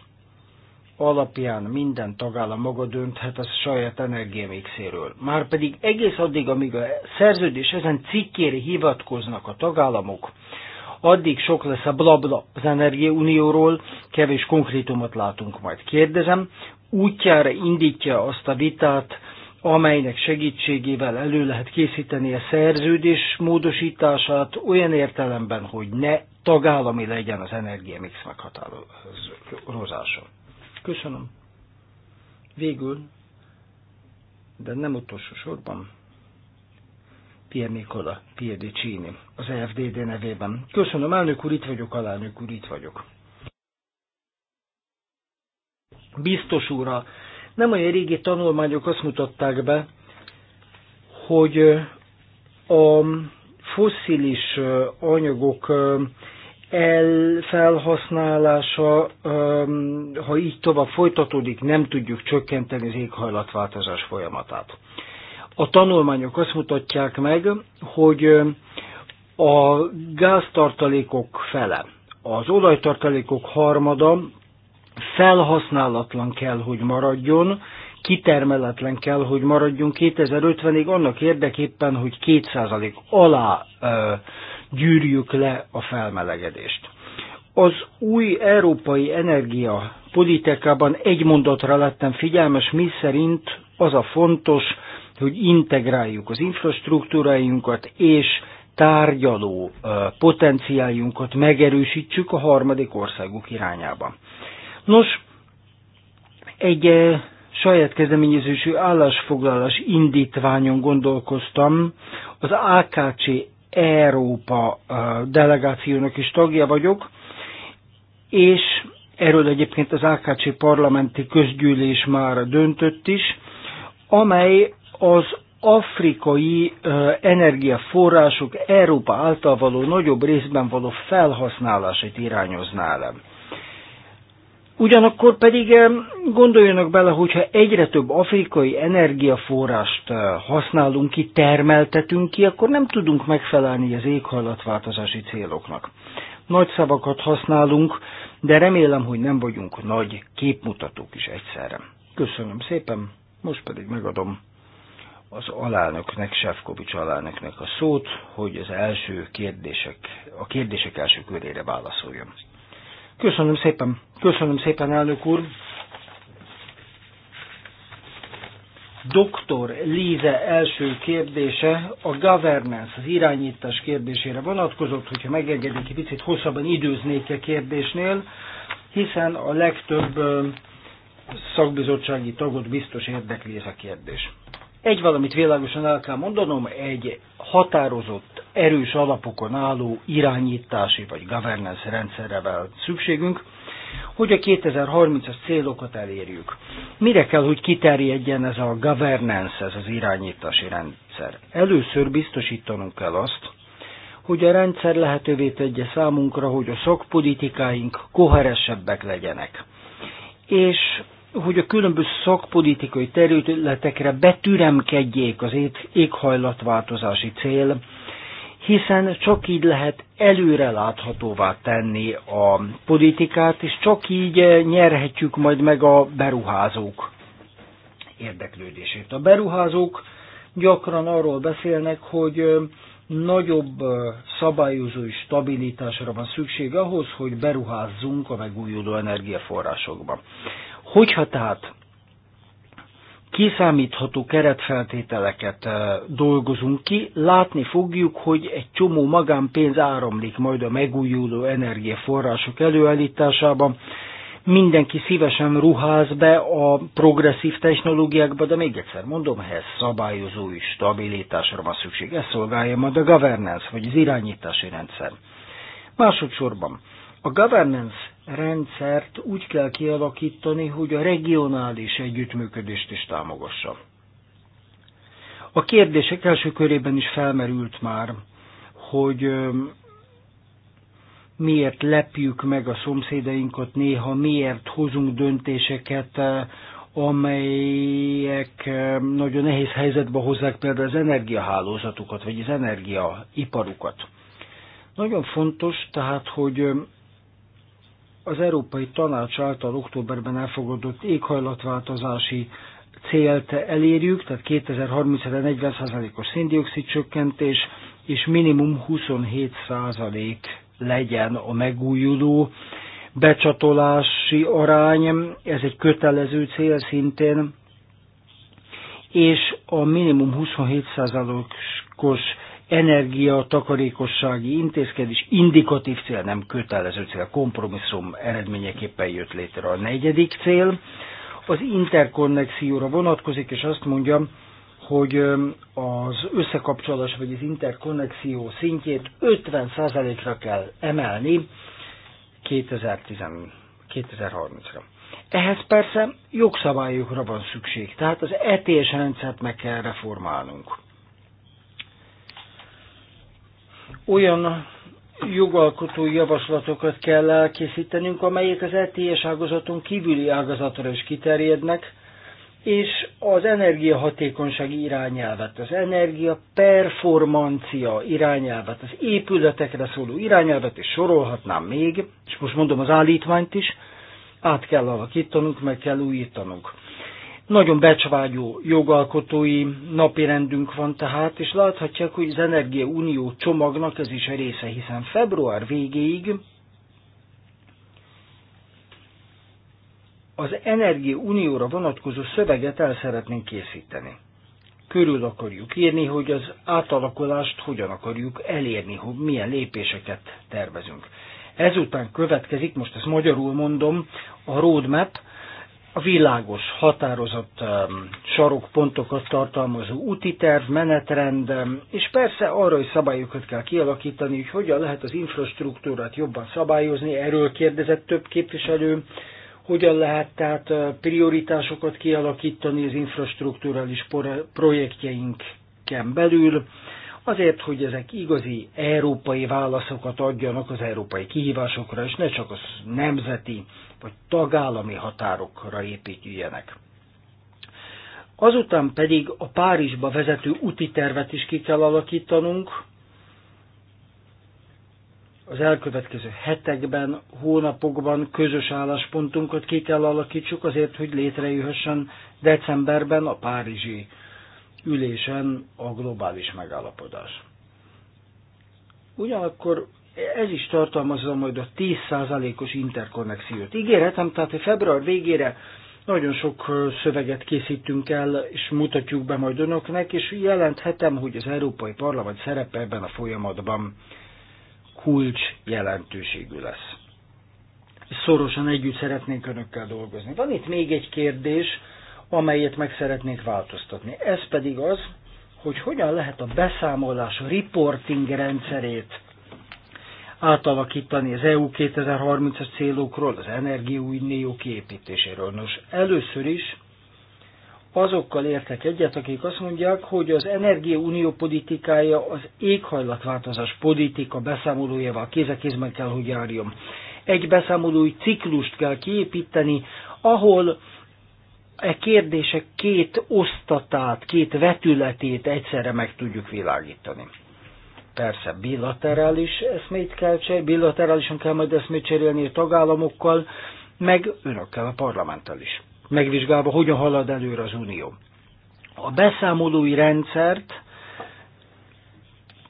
alapján minden tagállam maga dönthet a saját energiamixéről. Márpedig egész addig, amíg a szerződés ezen cikkére hivatkoznak a tagállamok, addig sok lesz a blabla az Energiaunióról, kevés konkrétumot látunk majd. Kérdezem, útjára indítja azt a vitát, amelynek segítségével elő lehet készíteni a szerződés módosítását olyan értelemben, hogy ne tagállami legyen az energiamix meghatározása. Köszönöm. Végül, de nem utolsó sorban, Pier Nicola Piedicini, az FDD nevében. Köszönöm, elnök úr, itt vagyok, alelnök úr, itt vagyok. Biztos úr, a nem olyan régi tanulmányok azt mutatták be, hogy a fosszilis anyagok elfelhasználása, ha így tovább folytatódik, nem tudjuk csökkenteni az éghajlatváltozás folyamatát. A tanulmányok azt mutatják meg, hogy a gáztartalékok fele, az olajtartalékok harmada felhasználatlan kell, hogy maradjon, kitermeletlen kell, hogy maradjon 2050-ig annak érdekében, hogy 2% alá ö, gyűrjük le a felmelegedést. Az új európai energia politikában egy mondatra lettem figyelmes, mi szerint az a fontos, hogy integráljuk az infrastruktúráinkat, és tárgyaló potenciáljunkat megerősítsük a harmadik országok irányába. Nos, egy saját kezdeményezésű állásfoglalás indítványon gondolkoztam. Az AKC Európa delegációnak is tagja vagyok, és erről egyébként az AKC parlamenti közgyűlés már döntött is, amely az afrikai energiaforrások Európa által való nagyobb részben való felhasználását irányozná le. Ugyanakkor pedig gondoljanak bele, hogyha egyre több afrikai energiaforrást eh, használunk ki, termeltetünk ki, akkor nem tudunk megfelelni az éghajlatváltozási céloknak. Nagy szavakat használunk, de remélem, hogy nem vagyunk nagy képmutatók is egyszerre. Köszönöm szépen, most pedig megadom az alelnöknek, Sefkovics alelnöknek a szót, hogy az első kérdések, a kérdések első körére válaszoljon. Köszönöm szépen. Köszönöm szépen, elnök úr. Doktor Líze első kérdése a governance, az irányítás kérdésére vonatkozott, hogyha megengedik, egy picit hosszabban időznék a e kérdésnél, hiszen a legtöbb szakbizottsági tagot biztos érdekli ez a kérdés. Egy valamit világosan el kell mondanom, egy határozott, erős alapokon álló irányítási vagy governance rendszerre szükségünk, hogy a 2030-as célokat elérjük. Mire kell, hogy kiterjedjen ez a governance, ez az irányítási rendszer? Először biztosítanunk kell azt, hogy a rendszer lehetővé tegye számunkra, hogy a szakpolitikáink koherensebbek legyenek. És hogy a különböző szakpolitikai területekre betüremkedjék az éghajlatváltozási cél, hiszen csak így lehet előreláthatóvá tenni a politikát, és csak így nyerhetjük majd meg a beruházók érdeklődését. A beruházók gyakran arról beszélnek, hogy nagyobb szabályozói stabilitásra van szükség ahhoz, hogy beruházzunk a megújuló energiaforrásokba. Hogyha tehát kiszámítható keretfeltételeket dolgozunk ki, látni fogjuk, hogy egy csomó magánpénz áramlik majd a megújuló energiaforrások előállításában, mindenki szívesen ruház be a progresszív technológiákba, de még egyszer mondom, ehhez és stabilitásra van szükség. Ez szolgálja majd a governance, vagy az irányítási rendszer. Másodszorban, a governance rendszert úgy kell kialakítani, hogy a regionális együttműködést is támogassa. A kérdések első körében is felmerült már, hogy miért lepjük meg a szomszédainkat néha, miért hozunk döntéseket, eh, amelyek eh, nagyon nehéz helyzetbe hozzák például az energiahálózatukat, vagy az energiaiparukat. Nagyon fontos tehát, hogy eh, az Európai Tanács által októberben elfogadott éghajlatváltozási célt elérjük, tehát 2030-re 40%-os széndiokszid csökkentés, és minimum 27% legyen a megújuló becsatolási arány, ez egy kötelező cél szintén, és a minimum 27%-os energiatakarékossági intézkedés indikatív cél, nem kötelező cél, kompromisszum eredményeképpen jött létre. A negyedik cél az interkonnexióra vonatkozik, és azt mondja, hogy az összekapcsolás vagy az interkonnexió szintjét 50%-ra kell emelni 2030-ra. Ehhez persze jogszabályokra van szükség, tehát az ETS rendszert meg kell reformálnunk. Olyan jogalkotói javaslatokat kell elkészítenünk, amelyek az ETS ágazaton kívüli ágazatra is kiterjednek, és az energiahatékonysági irányelvet, az energia performancia irányelvet, az épületekre szóló irányelvet, és sorolhatnám még, és most mondom az állítmányt is, át kell alakítanunk, meg kell újítanunk. Nagyon becsvágyó jogalkotói napirendünk van tehát, és láthatják, hogy az Energia Unió csomagnak ez is a része, hiszen február végéig az Energia Unióra vonatkozó szöveget el szeretnénk készíteni. Körül akarjuk írni, hogy az átalakulást hogyan akarjuk elérni, hogy milyen lépéseket tervezünk. Ezután következik, most ezt magyarul mondom, a roadmap, a világos, határozott um, sarokpontokat tartalmazó úti terv, menetrend, um, és persze arra is szabályokat kell kialakítani, hogy hogyan lehet az infrastruktúrát jobban szabályozni, erről kérdezett több képviselő, hogyan lehet tehát prioritásokat kialakítani az infrastruktúrális projektjeinken belül, azért, hogy ezek igazi európai válaszokat adjanak az európai kihívásokra, és ne csak az nemzeti vagy tagállami határokra építjenek. Azután pedig a Párizsba vezető úti tervet is ki kell alakítanunk, az elkövetkező hetekben, hónapokban közös álláspontunkat ki kell alakítsuk azért, hogy létrejöhessen decemberben a Párizsi ülésen a globális megállapodás. Ugyanakkor ez is tartalmazza majd a 10%-os interkonnexiót. Ígéretem, tehát hogy február végére nagyon sok szöveget készítünk el, és mutatjuk be majd önöknek, és jelenthetem, hogy az Európai Parlament szerepe ebben a folyamatban kulcs jelentőségű lesz. Szorosan együtt szeretnénk önökkel dolgozni. Van itt még egy kérdés, amelyet meg szeretnénk változtatni. Ez pedig az, hogy hogyan lehet a beszámolás, a reporting rendszerét átalakítani az EU 2030-as célokról, az energiaunió kiépítéséről. Nos, először is azokkal értek egyet, akik azt mondják, hogy az energiaunió politikája az éghajlatváltozás politika beszámolójával kéz a kézben kell, hogy járjon. Egy beszámolói ciklust kell kiépíteni, ahol e kérdések két osztatát, két vetületét egyszerre meg tudjuk világítani. Persze bilaterális eszmét kell cserélni, bilaterálisan kell majd eszmét cserélni a tagállamokkal, meg önökkel a parlamenttel is megvizsgálva, hogyan halad előre az Unió. A beszámolói rendszert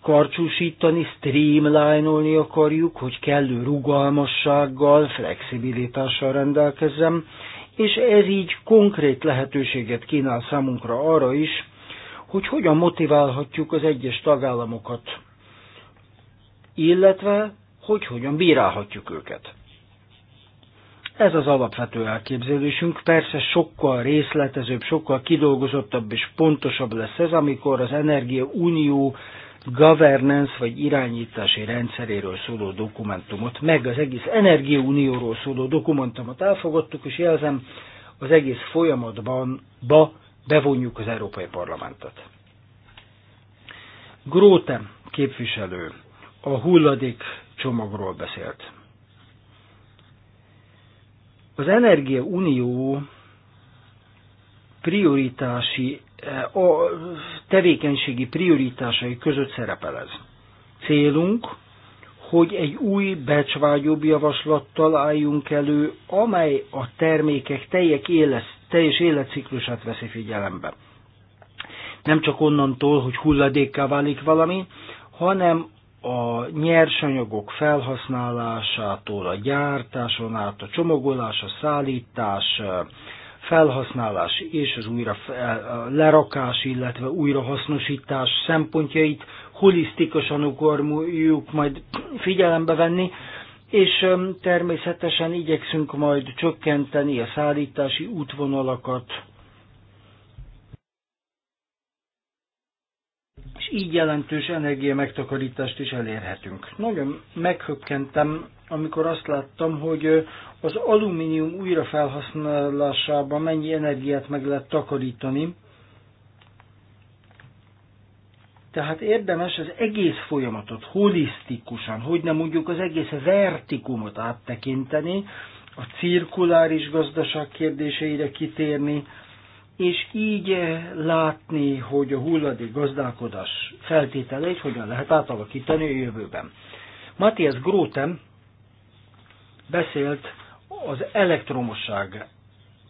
karcsúsítani, streamline-olni akarjuk, hogy kellő rugalmassággal, flexibilitással rendelkezzem, és ez így konkrét lehetőséget kínál számunkra arra is, hogy hogyan motiválhatjuk az egyes tagállamokat, illetve hogy hogyan bírálhatjuk őket. Ez az alapvető elképzelésünk. Persze sokkal részletezőbb, sokkal kidolgozottabb és pontosabb lesz ez, amikor az Energia Unió governance vagy irányítási rendszeréről szóló dokumentumot, meg az egész energia unióról szóló dokumentumot elfogadtuk, és jelzem, az egész folyamatban ba bevonjuk az Európai Parlamentet. Gróte képviselő a hulladék csomagról beszélt. Az Energia Unió prioritási, eh, a tevékenységi prioritásai között szerepel ez. Célunk, hogy egy új, becsvágyobb javaslattal álljunk elő, amely a termékek teljes életciklusát veszi figyelembe. Nem csak onnantól, hogy hulladékká válik valami, hanem a nyersanyagok felhasználásától, a gyártáson át, a csomagolás, a szállítás, felhasználás és az újra e, lerakás, illetve újrahasznosítás szempontjait holisztikusan akarjuk majd figyelembe venni, és természetesen igyekszünk majd csökkenteni a szállítási útvonalakat, és így jelentős energia megtakarítást is elérhetünk. Nagyon meghökkentem, amikor azt láttam, hogy az alumínium újrafelhasználásában mennyi energiát meg lehet takarítani. Tehát érdemes az egész folyamatot holisztikusan, hogy nem mondjuk az egész vertikumot áttekinteni, a cirkuláris gazdaság kérdéseire kitérni, és így eh, látni, hogy a hulladék gazdálkodás feltételeit hogyan lehet átalakítani a jövőben. Matthias Grótem beszélt az elektromosság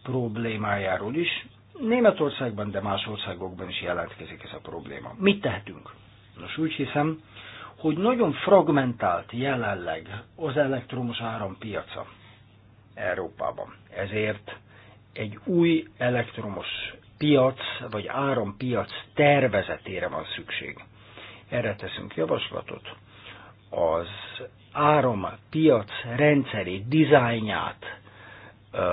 problémájáról is. Németországban, de más országokban is jelentkezik ez a probléma. Mit tehetünk? Nos, úgy hiszem, hogy nagyon fragmentált jelenleg az elektromos árampiaca piaca Európában. Ezért egy új elektromos piac vagy árampiac tervezetére van szükség. Erre teszünk javaslatot. Az árampiac rendszeri dizájnját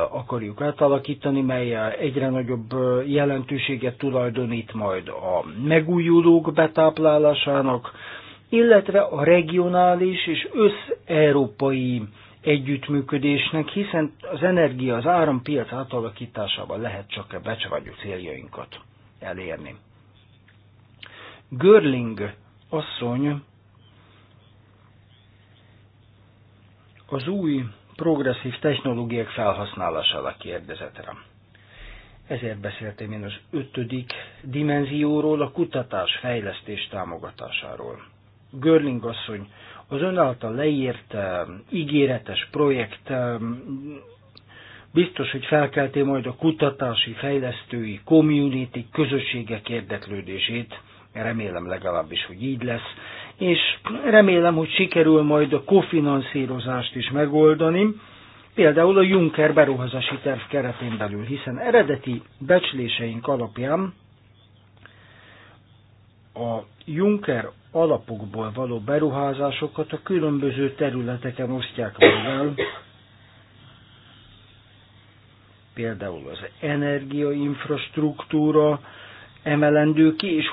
akarjuk átalakítani, mely egyre nagyobb jelentőséget tulajdonít majd a megújulók betáplálásának, illetve a regionális és összeurópai európai együttműködésnek, hiszen az energia az árampiac átalakításával lehet csak a becsavagyú céljainkat elérni. Görling asszony az új progresszív technológiák felhasználására kérdezett rá. Ezért beszéltem én az ötödik dimenzióról, a kutatás fejlesztés támogatásáról. Görling asszony az ön által leírt ígéretes projekt biztos, hogy felkelti majd a kutatási, fejlesztői, community, közösségek érdeklődését, remélem legalábbis, hogy így lesz, és remélem, hogy sikerül majd a kofinanszírozást is megoldani, például a Juncker beruházási terv keretén belül, hiszen eredeti becsléseink alapján a Juncker alapokból való beruházásokat a különböző területeken osztják meg például az energiainfrastruktúra emelendő ki, és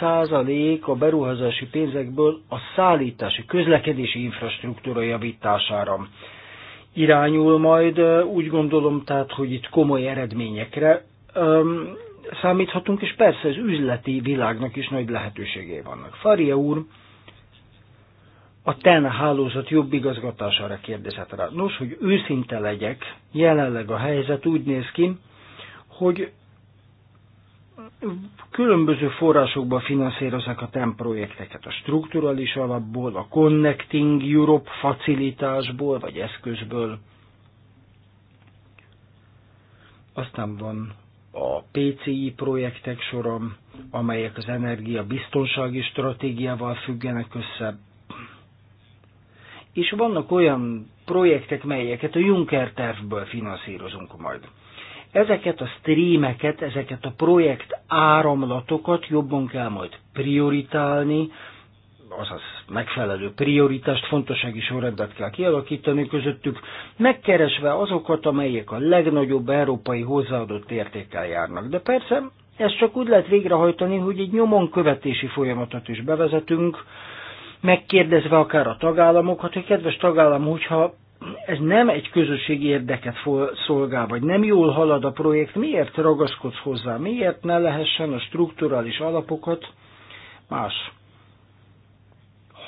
27% a beruházási pénzekből a szállítási, közlekedési infrastruktúra javítására irányul majd. Úgy gondolom tehát, hogy itt komoly eredményekre számíthatunk, és persze az üzleti világnak is nagy lehetőségei vannak. Faria úr a TEN hálózat jobb igazgatására kérdezett rá. Nos, hogy őszinte legyek, jelenleg a helyzet úgy néz ki, hogy különböző forrásokba finanszírozzák a TEN projekteket, a strukturális alapból, a Connecting Europe facilitásból, vagy eszközből. Aztán van a PCI projektek soron, amelyek az energia biztonsági stratégiával függenek össze. És vannak olyan projektek, melyeket a Juncker tervből finanszírozunk majd. Ezeket a streameket, ezeket a projekt áramlatokat jobban kell majd prioritálni, azaz megfelelő prioritást, fontossági sorrendet kell kialakítani közöttük, megkeresve azokat, amelyek a legnagyobb európai hozzáadott értékkel járnak. De persze, ezt csak úgy lehet végrehajtani, hogy egy nyomon követési folyamatot is bevezetünk, megkérdezve akár a tagállamokat, hogy kedves tagállam, hogyha ez nem egy közösségi érdeket szolgál, vagy nem jól halad a projekt, miért ragaszkodsz hozzá, miért ne lehessen a strukturális alapokat más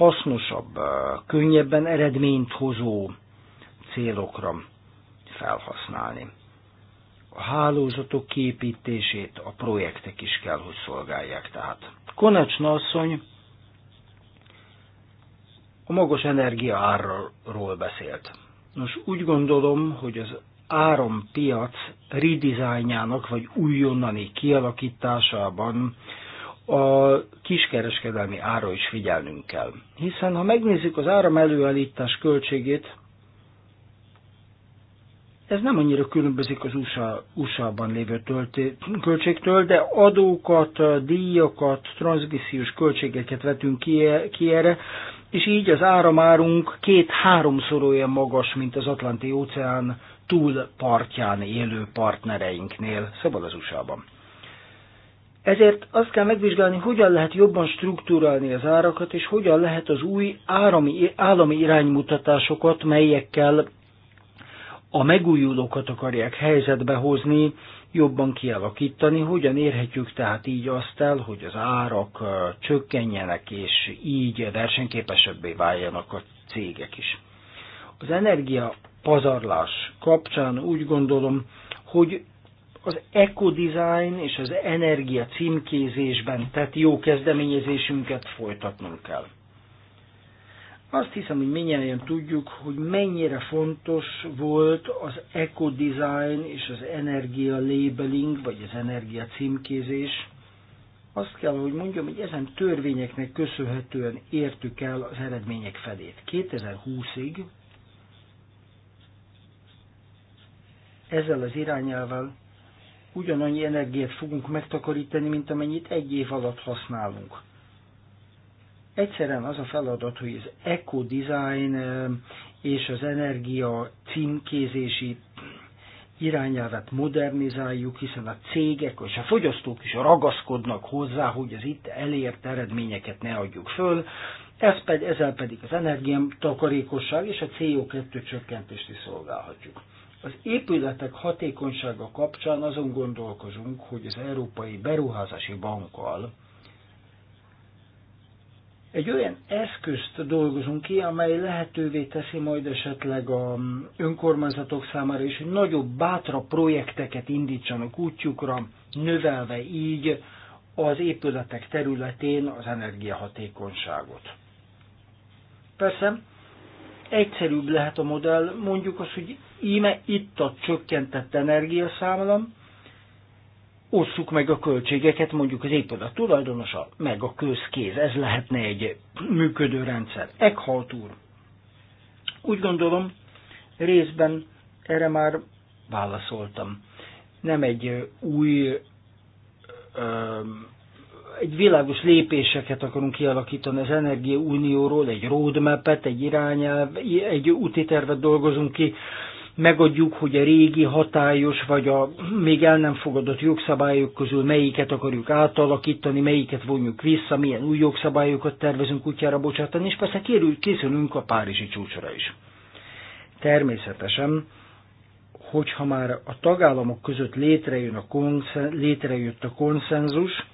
hasznosabb, könnyebben eredményt hozó célokra felhasználni. A hálózatok képítését a projektek is kell, hogy szolgálják tehát. Konecsna asszony a magas energia árról beszélt. Nos, úgy gondolom, hogy az árampiac redesignjának vagy újonnani kialakításában a kiskereskedelmi ára is figyelnünk kell. Hiszen ha megnézzük az áram előállítás költségét, ez nem annyira különbözik az USA, usa lévő tölté, költségtől, de adókat, díjakat, transzmissziós költségeket vetünk ki, ki erre, és így az áramárunk két-háromszor olyan magas, mint az Atlanti óceán túl élő partnereinknél, szabad az USA-ban. Ezért azt kell megvizsgálni, hogyan lehet jobban struktúrálni az árakat, és hogyan lehet az új árami, állami iránymutatásokat, melyekkel a megújulókat akarják helyzetbe hozni, jobban kialakítani, hogyan érhetjük tehát így azt el, hogy az árak csökkenjenek, és így versenyképesebbé váljanak a cégek is. Az energia pazarlás kapcsán úgy gondolom, hogy az design és az energia címkézésben tett jó kezdeményezésünket folytatnunk kell. Azt hiszem, hogy minnyáján tudjuk, hogy mennyire fontos volt az design és az energia labeling, vagy az energia címkézés. Azt kell, hogy mondjam, hogy ezen törvényeknek köszönhetően értük el az eredmények felét. 2020-ig ezzel az irányelvel ugyanannyi energiát fogunk megtakarítani, mint amennyit egy év alatt használunk. Egyszerűen az a feladat, hogy az eco-design és az energia címkézési irányelvet modernizáljuk, hiszen a cégek és a fogyasztók is ragaszkodnak hozzá, hogy az itt elért eredményeket ne adjuk föl, ez pedig, ezzel pedig az takarékosság és a CO2 csökkentést is szolgálhatjuk. Az épületek hatékonysága kapcsán azon gondolkozunk, hogy az Európai Beruházási Bankkal egy olyan eszközt dolgozunk ki, amely lehetővé teszi majd esetleg a önkormányzatok számára is, hogy nagyobb, bátra projekteket indítsanak útjukra, növelve így az épületek területén az energiahatékonyságot. Persze, egyszerűbb lehet a modell, mondjuk az, hogy íme itt a csökkentett energiaszámlam, osszuk meg a költségeket, mondjuk az éppen a tulajdonosa, meg a közkéz. Ez lehetne egy működő rendszer. Eghalt úr. Úgy gondolom, részben erre már válaszoltam. Nem egy új egy világos lépéseket akarunk kialakítani az energiaunióról, egy roadmap-et, egy irányelv, egy úti tervet dolgozunk ki, megadjuk, hogy a régi hatályos vagy a még el nem fogadott jogszabályok közül melyiket akarjuk átalakítani, melyiket vonjuk vissza, milyen új jogszabályokat tervezünk útjára bocsátani, és persze kérül, készülünk a Párizsi csúcsra is. Természetesen, hogyha már a tagállamok között létrejön a konszen, létrejött a konszenzus,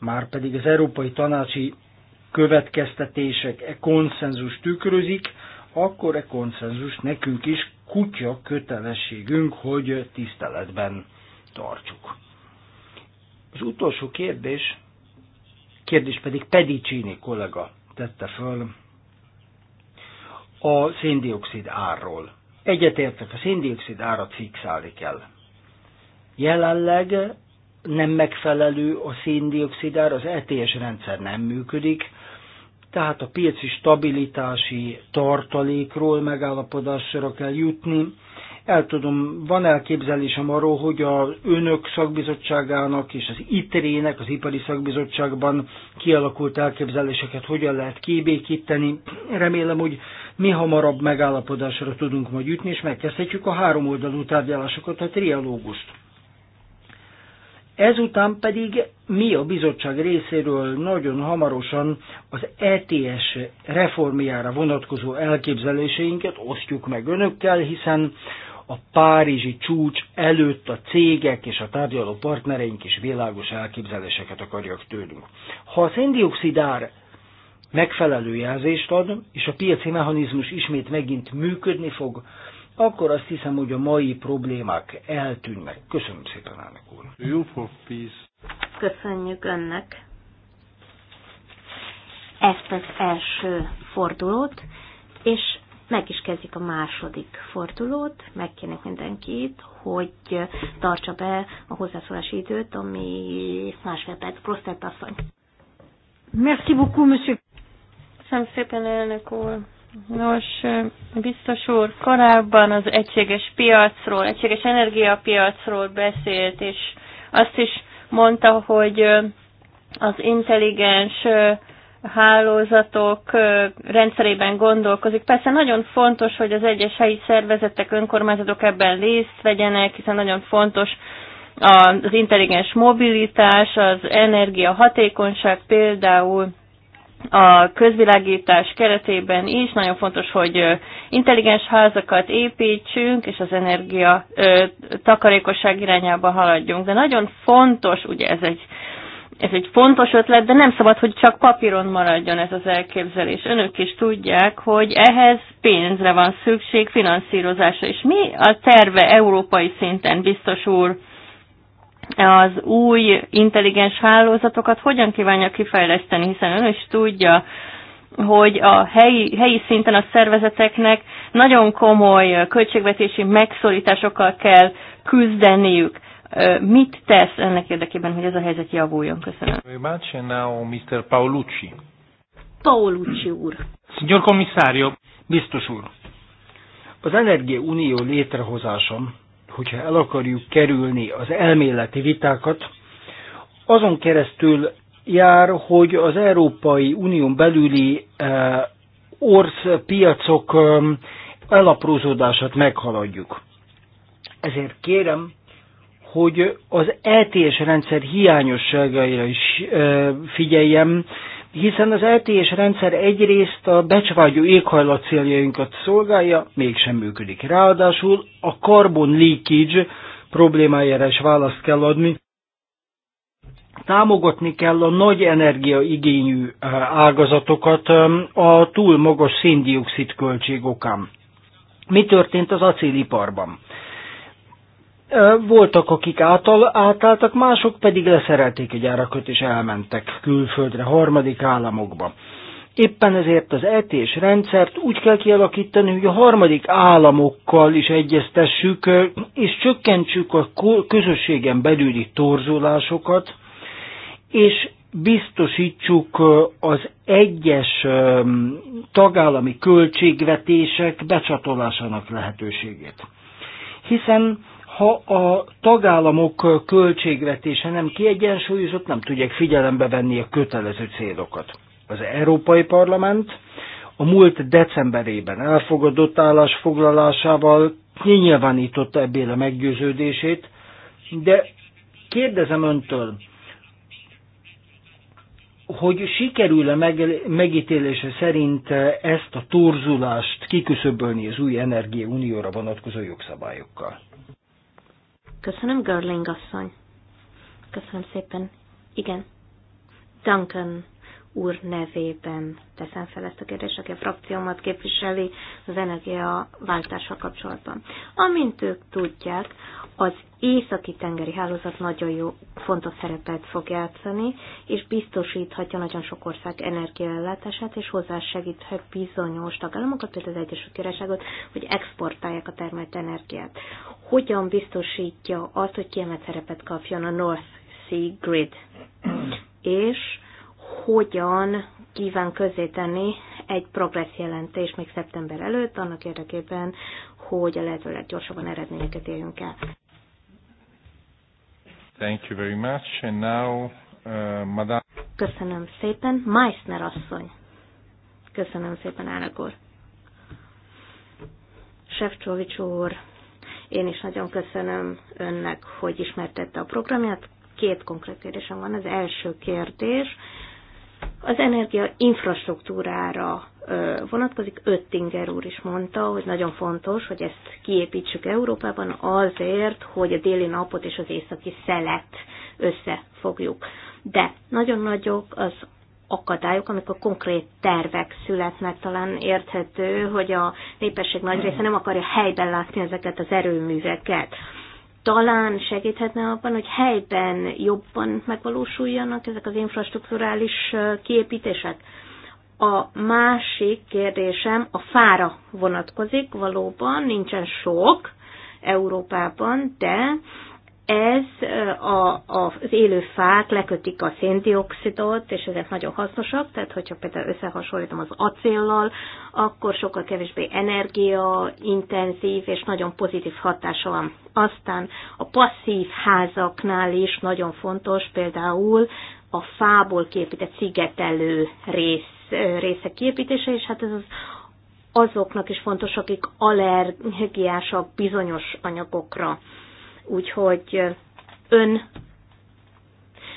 már pedig az Európai Tanácsi következtetések e konszenzus tükrözik, akkor e konszenzus nekünk is kutya kötelességünk, hogy tiszteletben tartsuk. Az utolsó kérdés, kérdés pedig Pedicini kollega tette föl a széndiokszid árról. Egyetértek, a széndiokszid árat fixálni kell. Jelenleg nem megfelelő a széndiokszidár, az ETS rendszer nem működik, tehát a piaci stabilitási tartalékról megállapodásra kell jutni. El tudom, van elképzelésem arról, hogy az önök szakbizottságának és az itre nek az ipari szakbizottságban kialakult elképzeléseket hogyan lehet kibékíteni. Remélem, hogy mi hamarabb megállapodásra tudunk majd jutni, és megkezdhetjük a három oldalú tárgyalásokat, a trialógust. Ezután pedig mi a bizottság részéről nagyon hamarosan az ETS reformjára vonatkozó elképzeléseinket osztjuk meg önökkel, hiszen a párizsi csúcs előtt a cégek és a tárgyaló partnereink is világos elképzeléseket akarjak tőlünk. Ha a széndiokszidár megfelelő jelzést ad, és a piaci mechanizmus ismét megint működni fog, akkor azt hiszem, hogy a mai problémák eltűnnek. Köszönöm szépen, elnök úr. Köszönjük önnek ezt az első fordulót, és meg is kezdjük a második fordulót. Megkérnek mindenkit, hogy tartsa be a hozzászólási időt, ami másfél perc. Prostett asszony. Merci beaucoup, monsieur. Köszönöm szépen, elnök úr. Nos, biztos úr, korábban az egységes piacról, egységes energiapiacról beszélt, és azt is mondta, hogy az intelligens hálózatok rendszerében gondolkozik. Persze nagyon fontos, hogy az egyes helyi szervezetek, önkormányzatok ebben részt vegyenek, hiszen nagyon fontos az intelligens mobilitás, az energia hatékonyság például a közvilágítás keretében is nagyon fontos, hogy intelligens házakat építsünk, és az energia ö, takarékosság irányába haladjunk. De nagyon fontos, ugye ez egy, ez egy fontos ötlet, de nem szabad, hogy csak papíron maradjon ez az elképzelés. Önök is tudják, hogy ehhez pénzre van szükség, finanszírozása. És mi a terve európai szinten, biztos úr? az új intelligens hálózatokat hogyan kívánja kifejleszteni, hiszen ön is tudja, hogy a helyi, helyi szinten a szervezeteknek nagyon komoly költségvetési megszorításokkal kell küzdeniük. Mit tesz ennek érdekében, hogy ez a helyzet javuljon? Köszönöm. Mr. Paolucci. Paolucci úr. Signor Commissario, biztos úr. Az Energia Unió létrehozása hogyha el akarjuk kerülni az elméleti vitákat, azon keresztül jár, hogy az Európai Unión belüli eh, orsz piacok eh, elaprózódását meghaladjuk. Ezért kérem, hogy az ETS rendszer hiányosságaira is eh, figyeljem, hiszen az LTS e rendszer egyrészt a becsvágyó éghajlat céljainkat szolgálja, mégsem működik. Ráadásul a carbon leakage problémájára is választ kell adni. Támogatni kell a nagy energiaigényű eh, ágazatokat eh, a túl magas széndiokszid költség okán. Mi történt az acéliparban? Voltak, akik átal, átálltak, mások pedig leszerelték egy áraköt és elmentek külföldre, harmadik államokba. Éppen ezért az etés rendszert úgy kell kialakítani, hogy a harmadik államokkal is egyeztessük, és csökkentsük a közösségen belüli torzulásokat, és biztosítsuk az egyes tagállami költségvetések becsatolásának lehetőségét. Hiszen ha a tagállamok költségvetése nem kiegyensúlyozott, nem tudják figyelembe venni a kötelező célokat. Az Európai Parlament a múlt decemberében elfogadott állásfoglalásával kinyilvánította ebből a meggyőződését, de kérdezem öntől, hogy sikerül-e meg, megítélése szerint ezt a torzulást kiküszöbölni az új energiaunióra vonatkozó jogszabályokkal? Köszönöm, Görling asszony. Köszönöm szépen. Igen. Duncan úr nevében teszem fel ezt a kérdést, aki a frakciómat képviseli az váltással kapcsolatban. Amint ők tudják, az északi tengeri hálózat nagyon jó, fontos szerepet fog játszani, és biztosíthatja nagyon sok ország energiaellátását, és hozzásegíthet bizonyos tagállamokat, például az Egyesült Királyságot, hogy exportálják a termelt energiát hogyan biztosítja azt, hogy kiemelt szerepet kapjon a North Sea Grid, és hogyan kíván közzétenni egy progressz jelentés, még szeptember előtt, annak érdekében, hogy a lehető leggyorsabban eredményeket érjünk el. Thank you very much. And now, uh, Madame... Köszönöm szépen. Meissner asszony. Köszönöm szépen, elnök úr. Sefcsovics úr, én is nagyon köszönöm önnek, hogy ismertette a programját. Két konkrét kérdésem van. Az első kérdés az energia infrastruktúrára vonatkozik. Öttinger úr is mondta, hogy nagyon fontos, hogy ezt kiépítsük Európában azért, hogy a déli napot és az északi szelet összefogjuk. De nagyon nagyok az akadályok, amikor konkrét tervek születnek. Talán érthető, hogy a népesség nagy része nem akarja helyben látni ezeket az erőműveket. Talán segíthetne abban, hogy helyben jobban megvalósuljanak ezek az infrastruktúrális kiépítések. A másik kérdésem a fára vonatkozik, valóban nincsen sok Európában, de ez a, a, az élő fák lekötik a széndiokszidot, és ezek nagyon hasznosak, tehát hogyha például összehasonlítom az acéllal, akkor sokkal kevésbé energia, intenzív és nagyon pozitív hatása van. Aztán a passzív házaknál is nagyon fontos például a fából képített szigetelő rész, részek kiépítése, és hát ez az azoknak is fontos, akik allergiásak bizonyos anyagokra Úgyhogy ön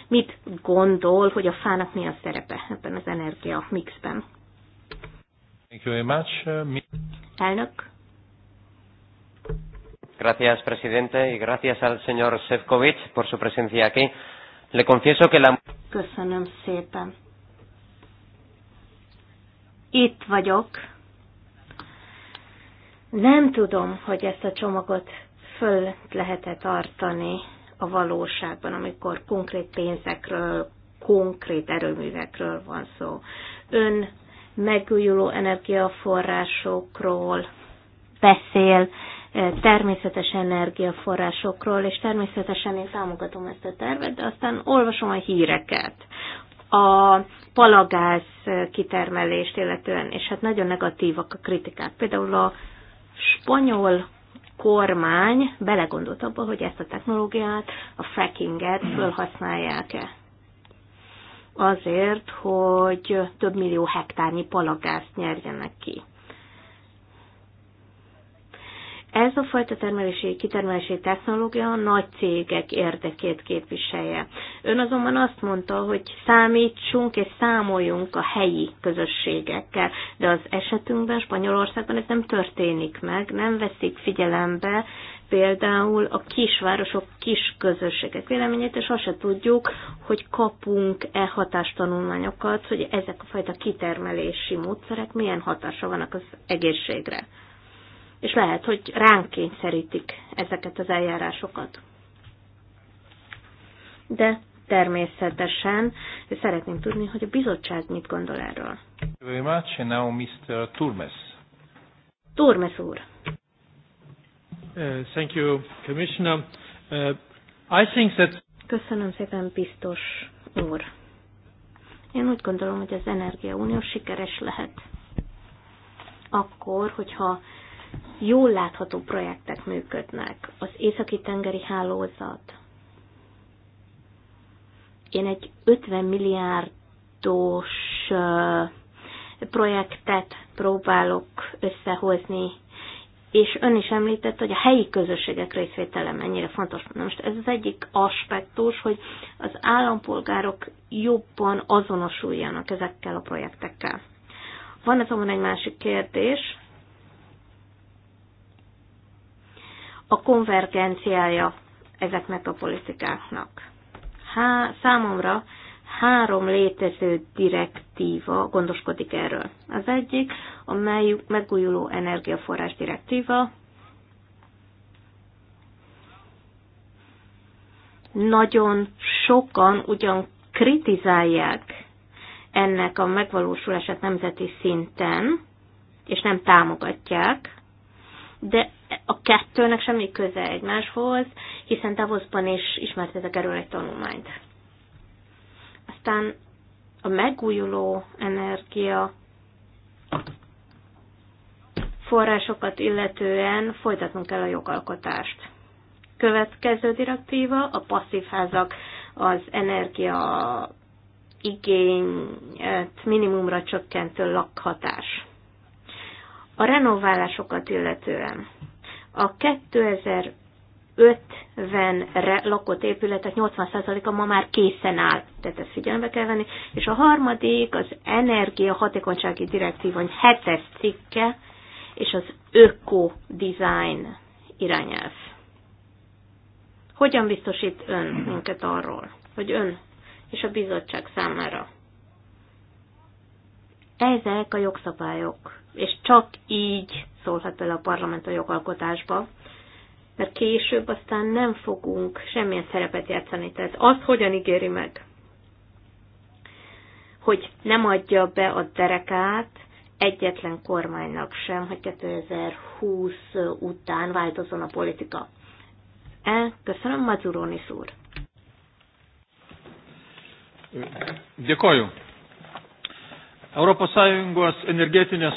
mit gondol, hogy a fának mi a szerepe ebben az energia mixben? Thank you very much. Uh, mi... Elnök. Gracias, presidente, y gracias al señor Sefcovic por su presencia aquí. Le confieso que la... Köszönöm szépen. Itt vagyok. Nem tudom, hogy ezt a csomagot föl lehet-e tartani a valóságban, amikor konkrét pénzekről, konkrét erőművekről van szó. Ön megújuló energiaforrásokról beszél, természetes energiaforrásokról, és természetesen én támogatom ezt a tervet, de aztán olvasom a híreket a palagáz kitermelést illetően, és hát nagyon negatívak a kritikák. Például a spanyol kormány belegondolt abba, hogy ezt a technológiát, a frackinget felhasználják-e. Azért, hogy több millió hektárnyi palagázt nyerjenek ki ez a fajta termelési, kitermelési technológia a nagy cégek érdekét képviselje. Ön azonban azt mondta, hogy számítsunk és számoljunk a helyi közösségekkel, de az esetünkben Spanyolországban ez nem történik meg, nem veszik figyelembe például a kisvárosok, kis közösségek véleményét, és azt se tudjuk, hogy kapunk-e hatástanulmányokat, hogy ezek a fajta kitermelési módszerek milyen hatása vannak az egészségre és lehet, hogy ránk kényszerítik ezeket az eljárásokat. De természetesen szeretném tudni, hogy a bizottság mit gondol erről. Very much, and now Mr. Turmes. Turmes úr. Uh, thank you, Commissioner. Uh, I think that... Köszönöm szépen, biztos úr. Én úgy gondolom, hogy az energia Unió sikeres lehet akkor, hogyha jól látható projektek működnek. Az északi-tengeri hálózat. Én egy 50 milliárdos projektet próbálok összehozni, és ön is említett, hogy a helyi közösségek részvétele mennyire fontos. Na most ez az egyik aspektus, hogy az állampolgárok jobban azonosuljanak ezekkel a projektekkel. Van azonban egy másik kérdés, a konvergenciája ezeknek a politikáknak. Há, számomra három létező direktíva gondoskodik erről. Az egyik a megújuló energiaforrás direktíva, nagyon sokan ugyan kritizálják ennek a megvalósulását nemzeti szinten, és nem támogatják, de a kettőnek semmi köze egymáshoz, hiszen Davosban is ismertetek erről egy tanulmányt. Aztán a megújuló energia forrásokat illetően folytatnunk kell a jogalkotást. Következő direktíva a passzív házak az energia igényt minimumra csökkentő lakhatás. A renoválásokat illetően a 2050-re lakott épületek 80%-a ma már készen áll, tehát ezt figyelembe kell venni. És a harmadik az energiahatékonysági direktívon 7-es cikke, és az öko-design irányelv. Hogyan biztosít ön minket arról, hogy ön és a bizottság számára ezek a jogszabályok, és csak így szólhat bele a parlament a jogalkotásba, mert később aztán nem fogunk semmilyen szerepet játszani. Tehát azt hogyan ígéri meg, hogy nem adja be a derekát egyetlen kormánynak sem, hogy 2020 után változzon a politika. E, köszönöm, Mazuronis úr. Dėkoju. Europos Sąjungos energetinė e,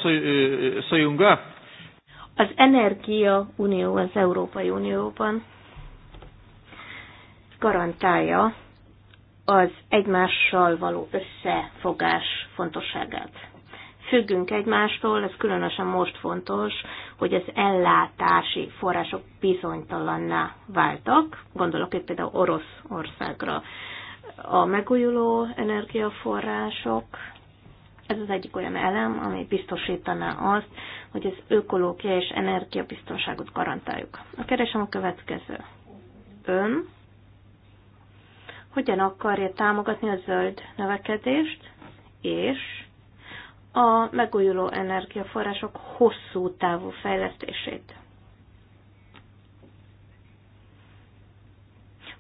sąjunga az Energia Unió az Európai Unióban garantálja az egymással való összefogás fontosságát. Függünk egymástól, ez különösen most fontos, hogy az ellátási források bizonytalanná váltak. Gondolok itt például Oroszországra. A megújuló energiaforrások ez az egyik olyan elem, ami biztosítaná azt, hogy az ökológia és energiabiztonságot garantáljuk. A keresem a következő. Ön hogyan akarja támogatni a zöld növekedést, és a megújuló energiaforrások hosszú távú fejlesztését.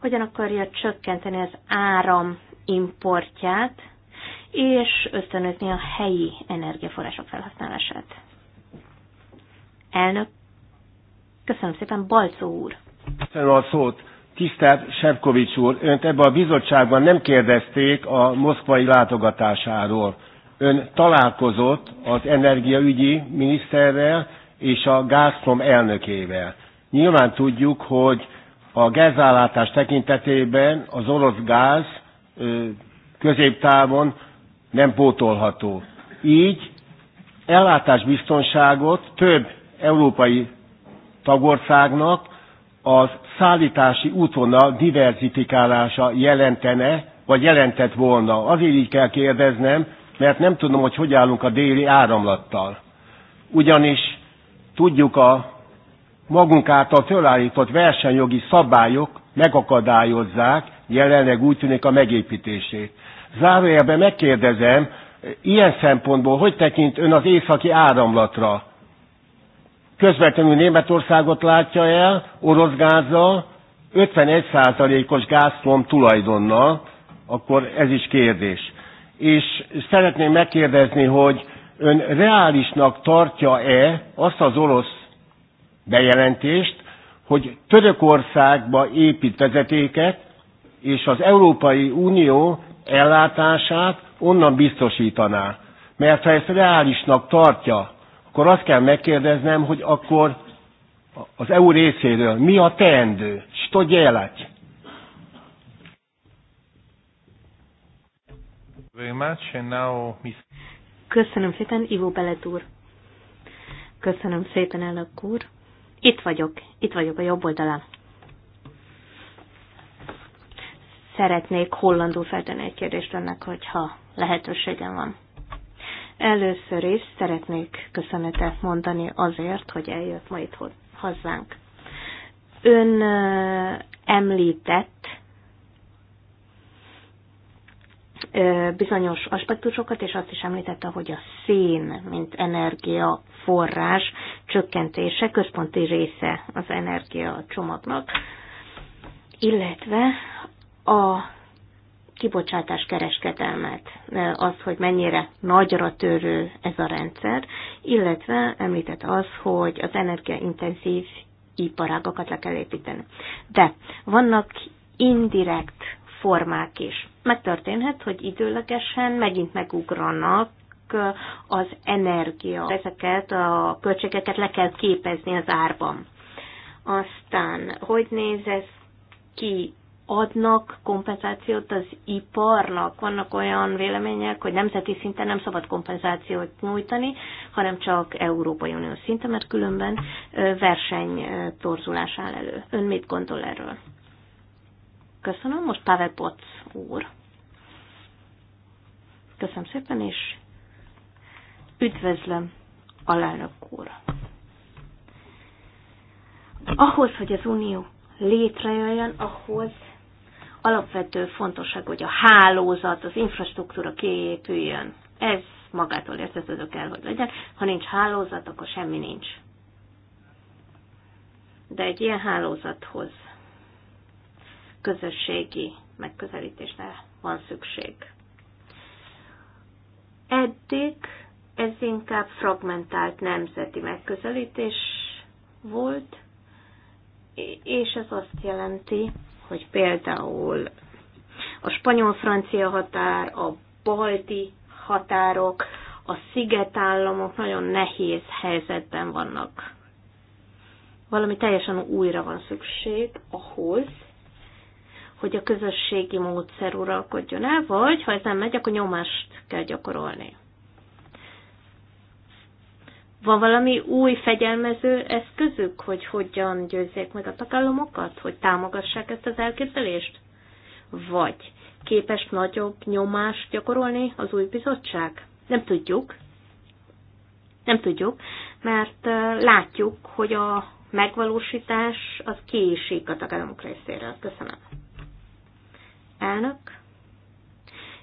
Hogyan akarja csökkenteni az áram importját, és ösztönözni a helyi energiaforrások felhasználását. Elnök, köszönöm szépen, Balcó úr! Köszönöm a szót! Tisztelt Sefkovics úr, önt ebbe a bizottságban nem kérdezték a moszkvai látogatásáról. Ön találkozott az energiaügyi miniszterrel és a Gazprom elnökével. Nyilván tudjuk, hogy a gázállátás tekintetében az orosz gáz középtávon nem pótolható. Így ellátásbiztonságot több európai tagországnak az szállítási útvonal diverzifikálása jelentene, vagy jelentett volna. Azért így kell kérdeznem, mert nem tudom, hogy hogy állunk a déli áramlattal. Ugyanis tudjuk a magunk által fölállított versenyjogi szabályok megakadályozzák, jelenleg úgy tűnik a megépítését. Zárójelben megkérdezem, ilyen szempontból hogy tekint ön az északi áramlatra? Közvetlenül Németországot látja el, orosz gázzal, 51%-os gázprom tulajdonnal, akkor ez is kérdés. És szeretném megkérdezni, hogy ön reálisnak tartja-e azt az orosz bejelentést, hogy Törökországba épít vezetéket, és az Európai Unió ellátását onnan biztosítaná. Mert ha ezt reálisnak tartja, akkor azt kell megkérdeznem, hogy akkor az EU részéről mi a teendő? Что Köszönöm szépen, Ivo Belet úr. Köszönöm szépen, elnök úr. Itt vagyok, itt vagyok a jobb oldalán. szeretnék hollandul feltenni egy kérdést önnek, hogyha lehetőségem van. Először is szeretnék köszönetet mondani azért, hogy eljött ma itt hozzánk. Ön említett bizonyos aspektusokat, és azt is említette, hogy a szén, mint energiaforrás csökkentése központi része az energia csomagnak, illetve a kibocsátás kereskedelmet, e, az, hogy mennyire nagyra törő ez a rendszer, illetve említett az, hogy az energiaintenzív iparágokat le kell építeni. De vannak indirekt formák is. Megtörténhet, hogy időlegesen megint megugranak az energia. Ezeket a költségeket le kell képezni az árban. Aztán, hogy néz ez ki adnak kompenzációt az iparnak. Vannak olyan vélemények, hogy nemzeti szinten nem szabad kompenzációt nyújtani, hanem csak Európai Unió szinten, mert különben verseny torzulás áll elő. Ön mit gondol erről? Köszönöm. Most Pavel Potsz úr. Köszönöm szépen, és üdvözlöm alelnök úr. Ahhoz, hogy az Unió létrejöjjön, ahhoz alapvető fontosság, hogy a hálózat, az infrastruktúra kiépüljön. Ez magától értetődő kell, hogy legyen. Ha nincs hálózat, akkor semmi nincs. De egy ilyen hálózathoz közösségi megközelítésre van szükség. Eddig ez inkább fragmentált nemzeti megközelítés volt, és ez azt jelenti, hogy például a spanyol-francia határ, a balti határok, a szigetállamok nagyon nehéz helyzetben vannak. Valami teljesen újra van szükség ahhoz, hogy a közösségi módszer uralkodjon el, vagy ha ez nem megy, akkor nyomást kell gyakorolni. Van valami új fegyelmező eszközük, hogy hogyan győzzék meg a tagállamokat, hogy támogassák ezt az elképzelést? Vagy képes nagyobb nyomást gyakorolni az új bizottság? Nem tudjuk. Nem tudjuk, mert látjuk, hogy a megvalósítás az késik a tagállamok részéről. Köszönöm. Elnök.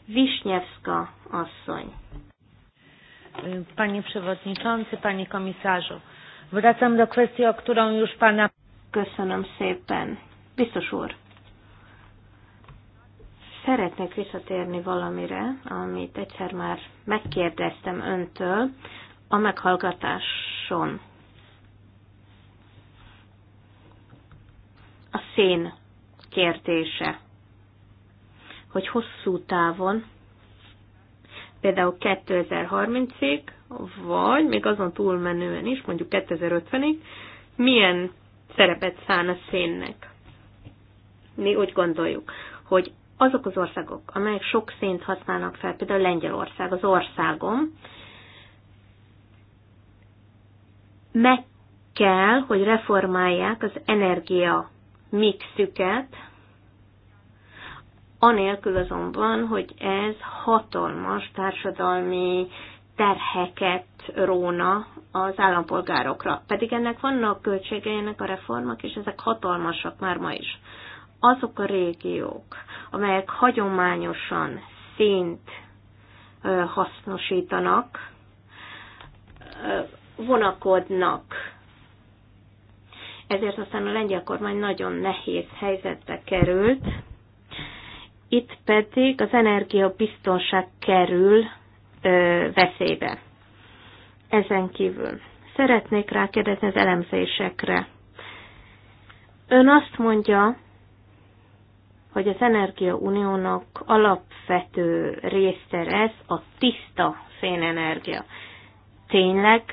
Visnyevska asszony. Panie Przewodniczący, Panie Komisarzu. Wracam do kwestii, o którą już Pana... Köszönöm szépen. Biztos úr. Szeretnék visszatérni valamire, amit egyszer már megkérdeztem öntől a meghallgatáson. A szén kérdése, hogy hosszú távon például 2030-ig, vagy még azon túlmenően is, mondjuk 2050-ig, milyen szerepet szán a szénnek. Mi úgy gondoljuk, hogy azok az országok, amelyek sok szént használnak fel, például Lengyelország, az országom, meg kell, hogy reformálják az energia mixüket, anélkül azonban, hogy ez hatalmas társadalmi terheket róna az állampolgárokra. Pedig ennek vannak költségei, ennek a reformak, és ezek hatalmasak már ma is. Azok a régiók, amelyek hagyományosan szint hasznosítanak, vonakodnak. Ezért aztán a lengyel kormány nagyon nehéz helyzetbe került, itt pedig az energiabiztonság kerül ö, veszélybe. Ezen kívül szeretnék rákérdezni az elemzésekre. Ön azt mondja, hogy az uniónak alapvető része ez a tiszta szénenergia. Tényleg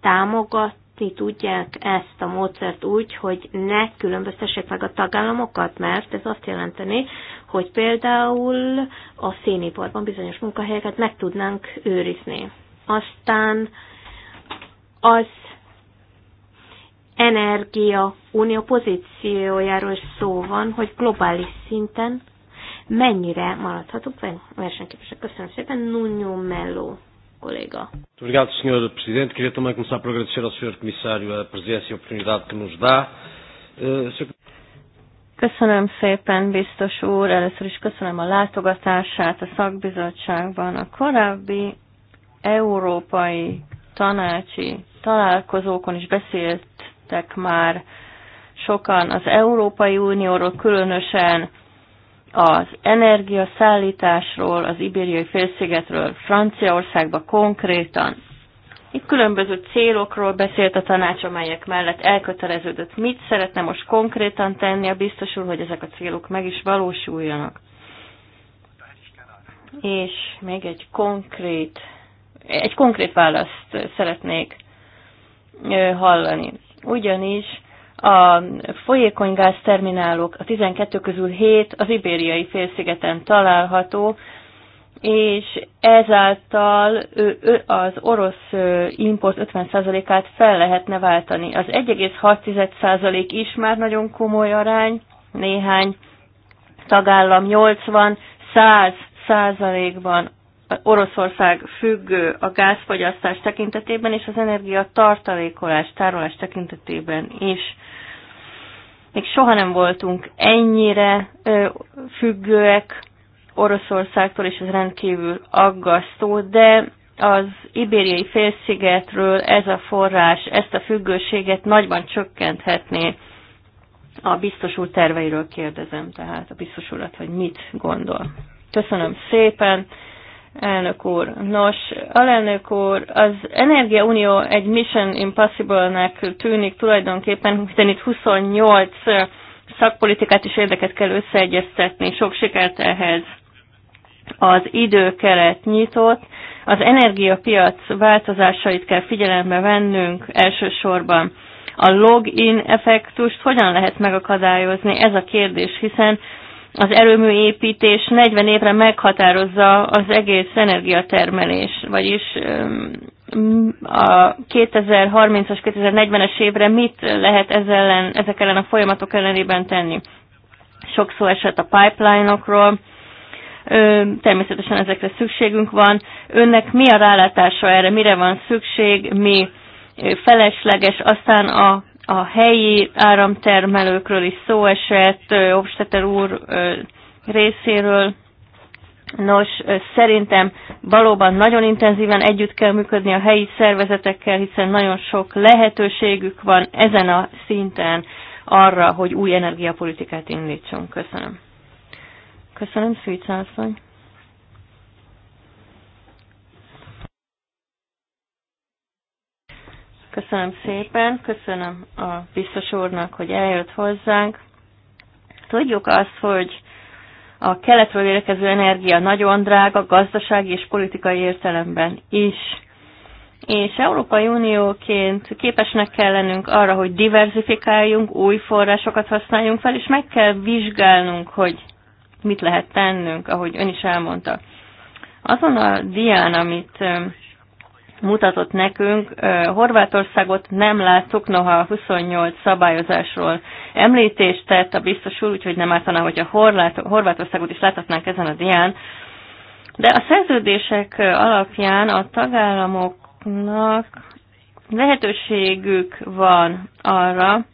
támogat alkalmazni tudják ezt a módszert úgy, hogy ne különböztessék meg a tagállamokat, mert ez azt jelenteni, hogy például a széniparban bizonyos munkahelyeket meg tudnánk őrizni. Aztán az energia unió pozíciójáról is szó van, hogy globális szinten mennyire maradhatunk versenyképesek. Köszönöm szépen, Nunyó Melló colega. Muito Obrigado, Sr. Presidente. Queria também começar por agradecer ao Sr. Comissário a presença e a oportunidade que nos dá. Eh, köszönöm szépen, biztos úr. Először is köszönöm a látogatását a szakbizottságban. A korábbi európai tanácsi találkozókon is beszéltek már sokan az Európai Unióról, különösen az energiaszállításról, az ibériai félszigetről Franciaországba konkrétan. Itt különböző célokról beszélt a tanács, amelyek mellett elköteleződött. Mit szeretne most konkrétan tenni a biztos úr, hogy ezek a célok meg is valósuljanak? És még egy konkrét, egy konkrét választ szeretnék hallani. Ugyanis a folyékony gázterminálok, a 12 közül 7 az ibériai félszigeten található, és ezáltal az orosz import 50%-át fel lehetne váltani. Az 1,6% is már nagyon komoly arány, néhány tagállam 80, 100 százalékban Oroszország függő a gázfogyasztás tekintetében és az energia tartalékolás, tárolás tekintetében is. Még soha nem voltunk ennyire függőek Oroszországtól, és ez rendkívül aggasztó, de az ibériai félszigetről ez a forrás, ezt a függőséget nagyban csökkenthetné. A biztos úr terveiről kérdezem tehát a biztos urat, hogy mit gondol. Köszönöm szépen elnök úr. Nos, alelnök úr, az Energia Unió egy Mission Impossible-nek tűnik tulajdonképpen, hiszen itt 28 szakpolitikát és érdeket kell összeegyeztetni. Sok sikert ehhez. Az időkeret nyitott, az energiapiac változásait kell figyelembe vennünk elsősorban. A login effektust hogyan lehet megakadályozni? Ez a kérdés, hiszen az erőműépítés 40 évre meghatározza az egész energiatermelés, vagyis a 2030-as, 2040-es évre mit lehet ez ellen, ezek ellen a folyamatok ellenében tenni. Sok szó esett a pipeline-okról, természetesen ezekre szükségünk van. Önnek mi a rálátása erre, mire van szükség, mi felesleges, aztán a a helyi áramtermelőkről is szó esett, Obstetter úr részéről. Nos, szerintem valóban nagyon intenzíven együtt kell működni a helyi szervezetekkel, hiszen nagyon sok lehetőségük van ezen a szinten arra, hogy új energiapolitikát indítsunk. Köszönöm. Köszönöm, Szűjcászony. Köszönöm szépen, köszönöm a biztos úrnak, hogy eljött hozzánk. Tudjuk azt, hogy a keletről érkező energia nagyon drága, gazdasági és politikai értelemben is. És Európai Unióként képesnek kell lennünk arra, hogy diversifikáljunk, új forrásokat használjunk fel, és meg kell vizsgálnunk, hogy mit lehet tennünk, ahogy ön is elmondta. Azon a dián, amit mutatott nekünk. Horvátországot nem láttuk, noha a 28 szabályozásról említést tett a biztos úr, úgyhogy nem ártaná, hogy a Horvátországot is láthatnánk ezen a dián. De a szerződések alapján a tagállamoknak lehetőségük van arra,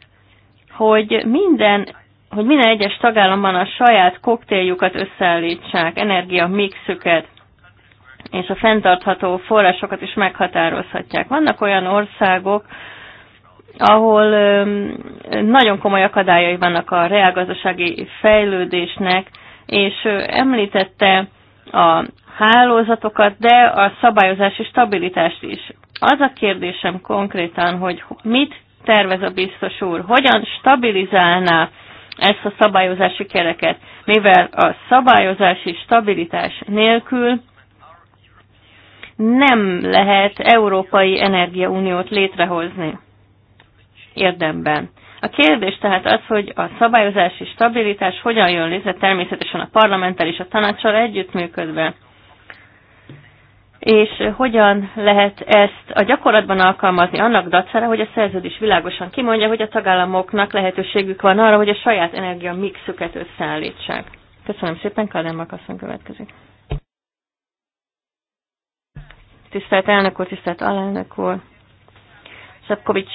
hogy minden hogy minden egyes tagállamban a saját koktéljukat összeállítsák, energia mixüket, és a fenntartható forrásokat is meghatározhatják. Vannak olyan országok, ahol nagyon komoly akadályai vannak a reálgazdasági fejlődésnek, és említette a hálózatokat, de a szabályozási stabilitást is. Az a kérdésem konkrétan, hogy mit tervez a biztos úr, hogyan stabilizálná ezt a szabályozási kereket, mivel a szabályozási stabilitás nélkül nem lehet Európai Energiauniót létrehozni érdemben. A kérdés tehát az, hogy a szabályozási stabilitás hogyan jön létre természetesen a parlamenttel és a tanácssal együttműködve és hogyan lehet ezt a gyakorlatban alkalmazni annak dacára, hogy a szerződés világosan kimondja, hogy a tagállamoknak lehetőségük van arra, hogy a saját energia mixüket összeállítsák. Köszönöm szépen, Kádem Makasszony következik. Tisztelt elnök úr, tisztelt alelnök úr. Szepkovics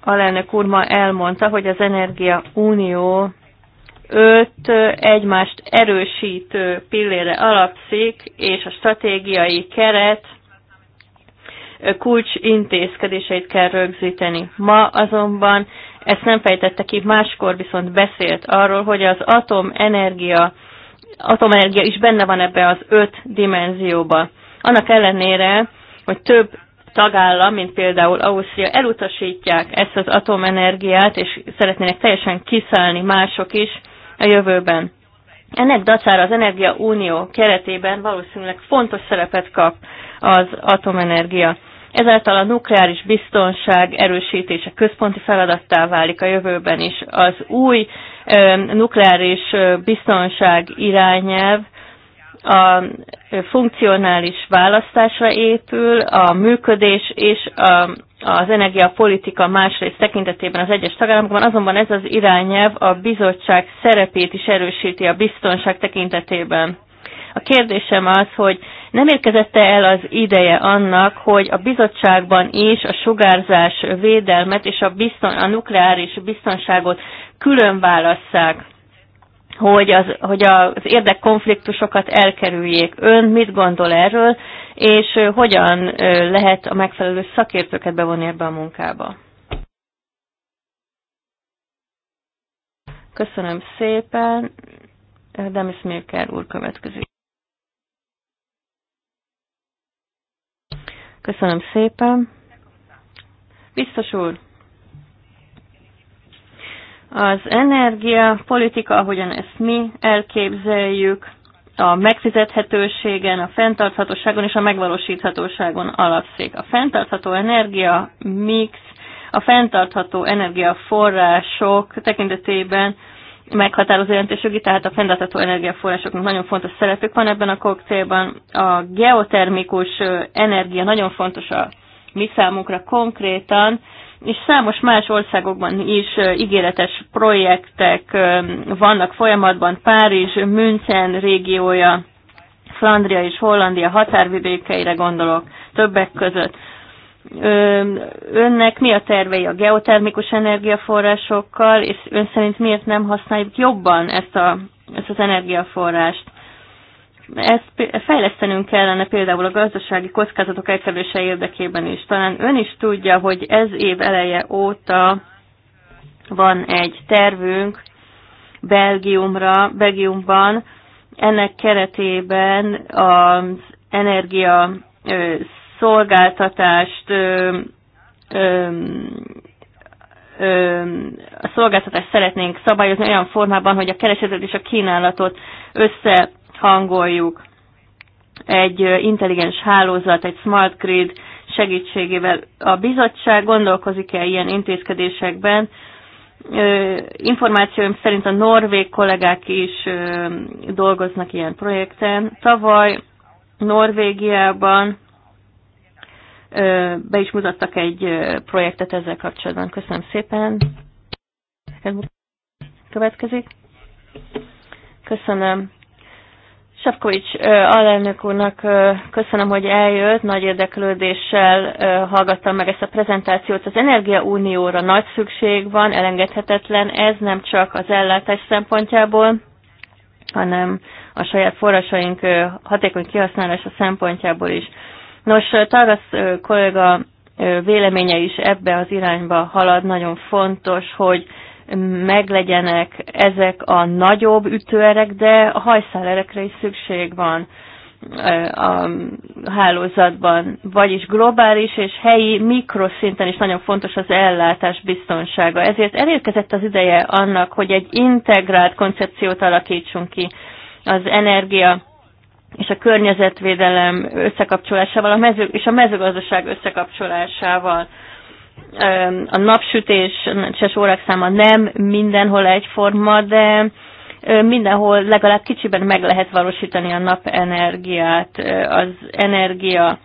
alelnök úr ma elmondta, hogy az Energia Unió öt egymást erősítő pillére alapszik, és a stratégiai keret kulcs intézkedéseit kell rögzíteni. Ma azonban ezt nem fejtette ki, máskor viszont beszélt arról, hogy az atomenergia, atomenergia is benne van ebbe az öt dimenzióba. Annak ellenére, hogy több tagállam, mint például Ausztria, elutasítják ezt az atomenergiát, és szeretnének teljesen kiszállni mások is a jövőben. Ennek dacára az Energia Unió keretében valószínűleg fontos szerepet kap az atomenergia. Ezáltal a nukleáris biztonság erősítése központi feladattá válik a jövőben is. Az új ö, nukleáris biztonság irányelv a funkcionális választásra épül, a működés és a, az energiapolitika másrészt tekintetében az egyes tagállamokban, azonban ez az irányelv a bizottság szerepét is erősíti a biztonság tekintetében. A kérdésem az, hogy nem érkezette el az ideje annak, hogy a bizottságban is a sugárzás védelmet és a, bizton, a nukleáris biztonságot külön válasszák hogy az, hogy az érdekkonfliktusokat elkerüljék. Ön mit gondol erről, és hogyan lehet a megfelelő szakértőket bevonni ebbe a munkába? Köszönöm szépen. Demis Mirker úr következik. Köszönöm szépen. Biztos úr. Az energiapolitika, ahogyan ezt mi elképzeljük, a megfizethetőségen, a fenntarthatóságon és a megvalósíthatóságon alapszik. A fenntartható energia mix, a fenntartható energiaforrások tekintetében meghatározó jelentősögi, tehát a fenntartható energiaforrásoknak nagyon fontos szerepük van ebben a koktélban. A geotermikus energia nagyon fontos a mi számunkra konkrétan, és számos más országokban is ígéretes projektek vannak folyamatban, Párizs, München régiója, Flandria és Hollandia határvidékeire gondolok többek között. Önnek mi a tervei a geotermikus energiaforrásokkal, és ön szerint miért nem használjuk jobban ezt, a, ezt az energiaforrást? ezt fejlesztenünk kellene például a gazdasági kockázatok elkerülése érdekében is. Talán ön is tudja, hogy ez év eleje óta van egy tervünk Belgiumra, Belgiumban, ennek keretében az energia ö, szolgáltatást ö, ö, a szolgáltatást szeretnénk szabályozni olyan formában, hogy a keresletet és a kínálatot össze hangoljuk egy intelligens hálózat, egy smart grid segítségével. A bizottság gondolkozik-e ilyen intézkedésekben? Információim szerint a norvég kollégák is dolgoznak ilyen projekten. Tavaly Norvégiában be is mutattak egy projektet ezzel kapcsolatban. Köszönöm szépen. Következik. Köszönöm. Szefkovics alelnök úrnak köszönöm, hogy eljött, nagy érdeklődéssel hallgattam meg ezt a prezentációt. Az Energiaunióra nagy szükség van, elengedhetetlen, ez nem csak az ellátás szempontjából, hanem a saját forrásaink hatékony kihasználása szempontjából is. Nos, Tarasz kolléga véleménye is ebbe az irányba halad, nagyon fontos, hogy meglegyenek ezek a nagyobb ütőerek, de a hajszálerekre is szükség van a hálózatban, vagyis globális és helyi mikroszinten is nagyon fontos az ellátás biztonsága. Ezért elérkezett az ideje annak, hogy egy integrált koncepciót alakítsunk ki az energia és a környezetvédelem összekapcsolásával a mező, és a mezőgazdaság összekapcsolásával a napsütés napsütéses órák száma nem mindenhol egyforma, de mindenhol legalább kicsiben meg lehet valósítani a napenergiát, az energia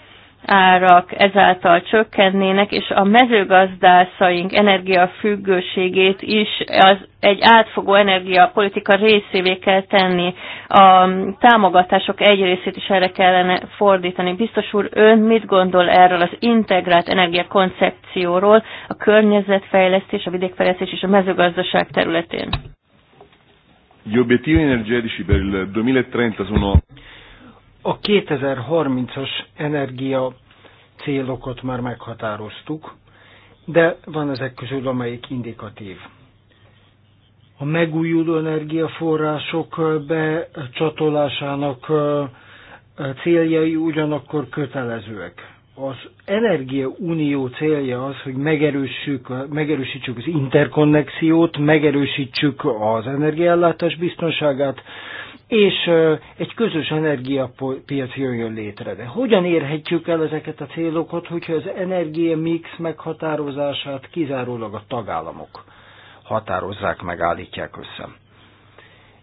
árak ezáltal csökkennének, és a mezőgazdászaink energiafüggőségét is az egy átfogó energiapolitika részévé kell tenni. A támogatások egy részét is erre kellene fordítani. Biztos úr, ön mit gondol erről az integrált energiakoncepcióról a környezetfejlesztés, a vidékfejlesztés és a mezőgazdaság területén? Gli obiettivi energetici per il 2030 sono a 2030-as energia célokat már meghatároztuk, de van ezek közül, amelyik indikatív. A megújuló energiaforrások becsatolásának céljai ugyanakkor kötelezőek az Energia Unió célja az, hogy megerősítsük, megerősítsük az interkonnexiót, megerősítsük az energiállátás biztonságát, és egy közös energiapiac jöjjön létre. De hogyan érhetjük el ezeket a célokat, hogyha az energia mix meghatározását kizárólag a tagállamok határozzák, megállítják össze?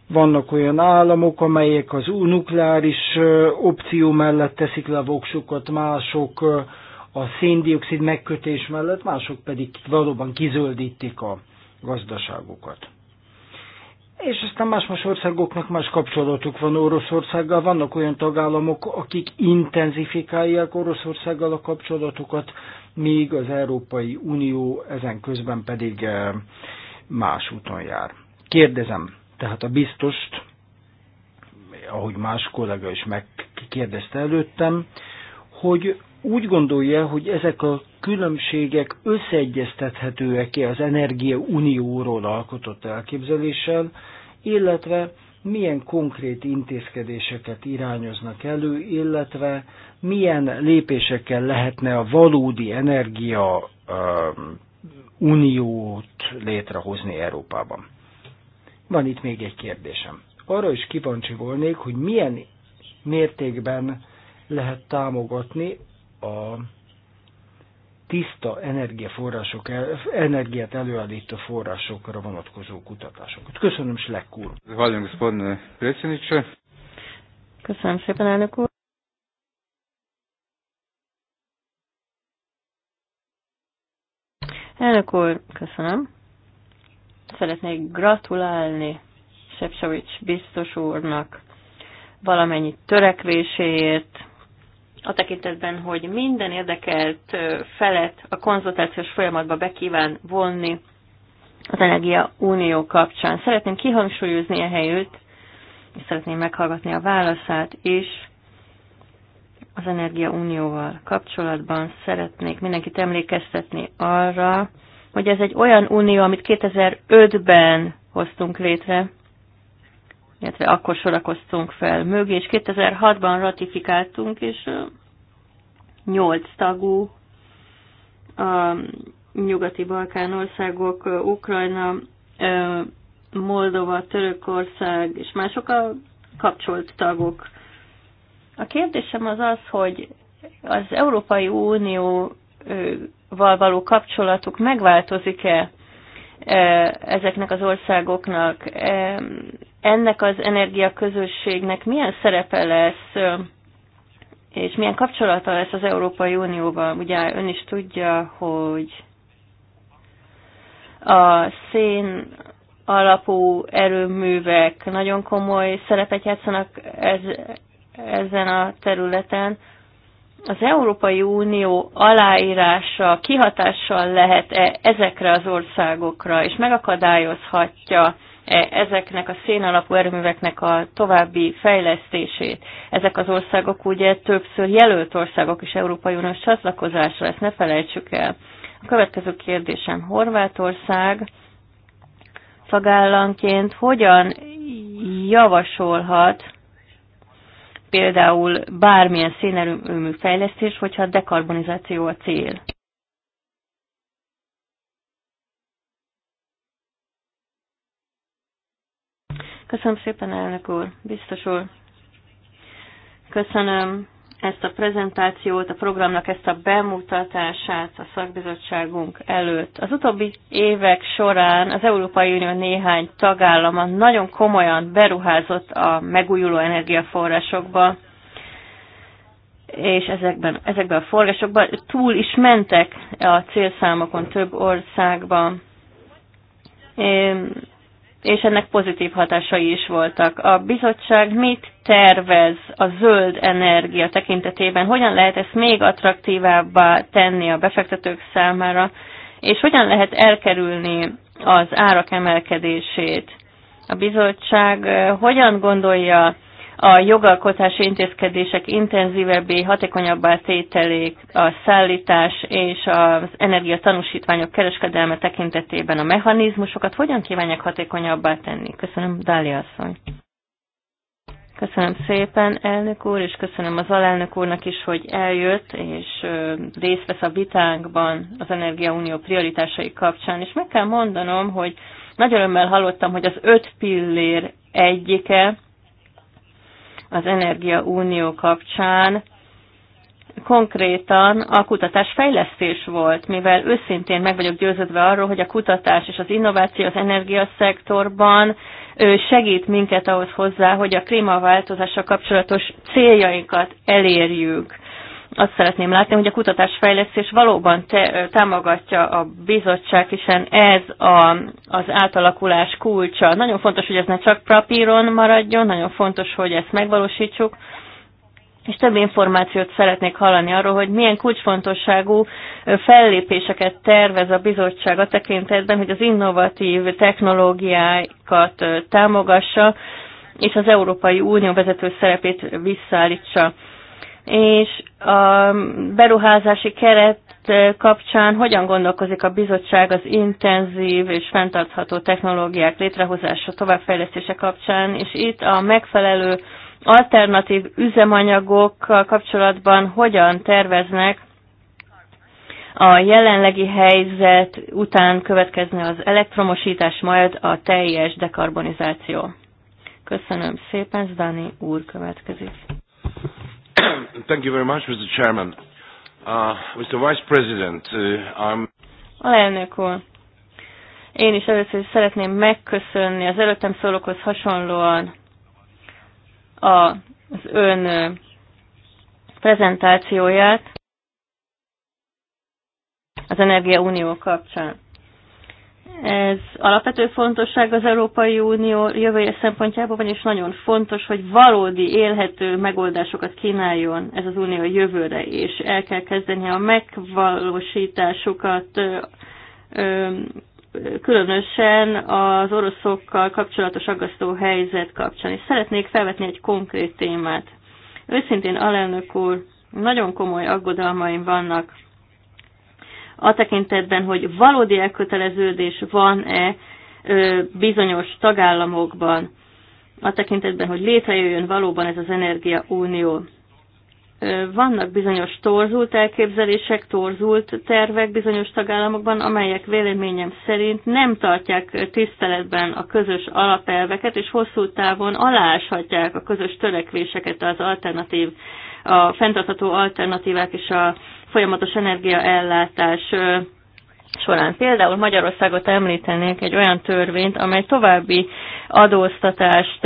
Vannak olyan államok, amelyek az nukleáris opció mellett teszik le voksukat, mások a széndiokszid megkötés mellett, mások pedig valóban kizöldítik a gazdaságokat. És aztán más-más országoknak más kapcsolatuk van Oroszországgal. Vannak olyan tagállamok, akik intenzifikálják Oroszországgal a kapcsolatukat, míg az Európai Unió ezen közben pedig más úton jár. Kérdezem, tehát a biztost, ahogy más kollega is megkérdezte előttem, hogy úgy gondolja, hogy ezek a különbségek összeegyeztethetőek-e az Energia Unióról alkotott elképzeléssel, illetve milyen konkrét intézkedéseket irányoznak elő, illetve milyen lépésekkel lehetne a valódi energia uniót létrehozni Európában. Van itt még egy kérdésem. Arra is kíváncsi volnék, hogy milyen mértékben lehet támogatni a tiszta energiaforrások, energiát előállító forrásokra vonatkozó kutatásokat. Köszönöm, Slek úr. Köszönöm szépen, elnök úr. Elnök úr, köszönöm. Szeretnék gratulálni Sepsovics biztos úrnak valamennyi törekvéséért, a tekintetben, hogy minden érdekelt felet a konzultációs folyamatba bekíván vonni az Energia Unió kapcsán. Szeretném kihangsúlyozni a e helyőt, és szeretném meghallgatni a válaszát, és az Energia Unióval kapcsolatban szeretnék mindenkit emlékeztetni arra, hogy ez egy olyan unió, amit 2005-ben hoztunk létre, illetve akkor sorakoztunk fel mögé, és 2006-ban ratifikáltunk, és 8 tagú a nyugati Balkán országok, Ukrajna, Moldova, Törökország és mások a kapcsolt tagok. A kérdésem az az, hogy az Európai Unió való kapcsolatuk megváltozik-e e, ezeknek az országoknak? E, ennek az energiaközösségnek milyen szerepe lesz, e, és milyen kapcsolata lesz az Európai Unióval? Ugye ön is tudja, hogy a szén alapú erőművek nagyon komoly szerepet játszanak ez, ezen a területen az Európai Unió aláírása kihatással lehet-e ezekre az országokra, és megakadályozhatja -e ezeknek a szénalapú erőműveknek a további fejlesztését. Ezek az országok ugye többször jelölt országok is Európai Uniós csatlakozásra, ezt ne felejtsük el. A következő kérdésem Horvátország szagállanként hogyan javasolhat például bármilyen szénerőmű fejlesztés, hogyha a dekarbonizáció a cél. Köszönöm szépen, elnök úr, biztos úr. Köszönöm ezt a prezentációt, a programnak ezt a bemutatását a szakbizottságunk előtt. Az utóbbi évek során az Európai Unió néhány tagállama nagyon komolyan beruházott a megújuló energiaforrásokba, és ezekben, ezekben a forrásokban túl is mentek a célszámokon több országban és ennek pozitív hatásai is voltak. A bizottság mit tervez a zöld energia tekintetében, hogyan lehet ezt még attraktívábbá tenni a befektetők számára, és hogyan lehet elkerülni az árak emelkedését. A bizottság eh, hogyan gondolja a jogalkotási intézkedések intenzívebbé, hatékonyabbá tételék, a szállítás és az energiatanúsítványok kereskedelme tekintetében a mechanizmusokat hogyan kívánják hatékonyabbá tenni? Köszönöm, Dália asszony. Köszönöm szépen, elnök úr, és köszönöm az alelnök úrnak is, hogy eljött, és részt vesz a vitánkban az Energiaunió prioritásai kapcsán. És meg kell mondanom, hogy nagy örömmel hallottam, hogy az öt pillér egyike az Energia Unió kapcsán konkrétan a kutatás fejlesztés volt, mivel őszintén meg vagyok győződve arról, hogy a kutatás és az innováció az energiaszektorban segít minket ahhoz hozzá, hogy a klímaváltozással kapcsolatos céljainkat elérjük azt szeretném látni, hogy a kutatásfejlesztés valóban te, támogatja a bizottság, hiszen ez a, az átalakulás kulcsa. Nagyon fontos, hogy ez ne csak papíron maradjon, nagyon fontos, hogy ezt megvalósítsuk, és több információt szeretnék hallani arról, hogy milyen kulcsfontosságú fellépéseket tervez a bizottság a tekintetben, hogy az innovatív technológiákat támogassa, és az Európai Unió vezető szerepét visszaállítsa és a beruházási keret kapcsán hogyan gondolkozik a bizottság az intenzív és fenntartható technológiák létrehozása, továbbfejlesztése kapcsán, és itt a megfelelő alternatív üzemanyagokkal kapcsolatban hogyan terveznek a jelenlegi helyzet után következne az elektromosítás, majd a teljes dekarbonizáció. Köszönöm szépen, Zdani úr következik. (coughs) Thank you very much, Mr. Chairman. Uh, Mr. Vice President, uh, I'm... Alelnök úr, én is először is szeretném megköszönni az előttem szólókhoz hasonlóan a, az ön prezentációját az Energia Unió kapcsán. Ez alapvető fontosság az Európai Unió jövője szempontjából van, és nagyon fontos, hogy valódi élhető megoldásokat kínáljon ez az unió jövőre, és el kell kezdeni a megvalósításokat. különösen az oroszokkal kapcsolatos aggasztó helyzet kapcsán. És szeretnék felvetni egy konkrét témát. Őszintén, alelnök úr, nagyon komoly aggodalmaim vannak a tekintetben, hogy valódi elköteleződés van-e bizonyos tagállamokban, a tekintetben, hogy létrejöjjön valóban ez az energiaunió. Vannak bizonyos torzult elképzelések, torzult tervek bizonyos tagállamokban, amelyek véleményem szerint nem tartják tiszteletben a közös alapelveket, és hosszú távon aláshatják a közös törekvéseket az alternatív a fenntartható alternatívák és a folyamatos energiaellátás során. Például Magyarországot említenék egy olyan törvényt, amely további adóztatást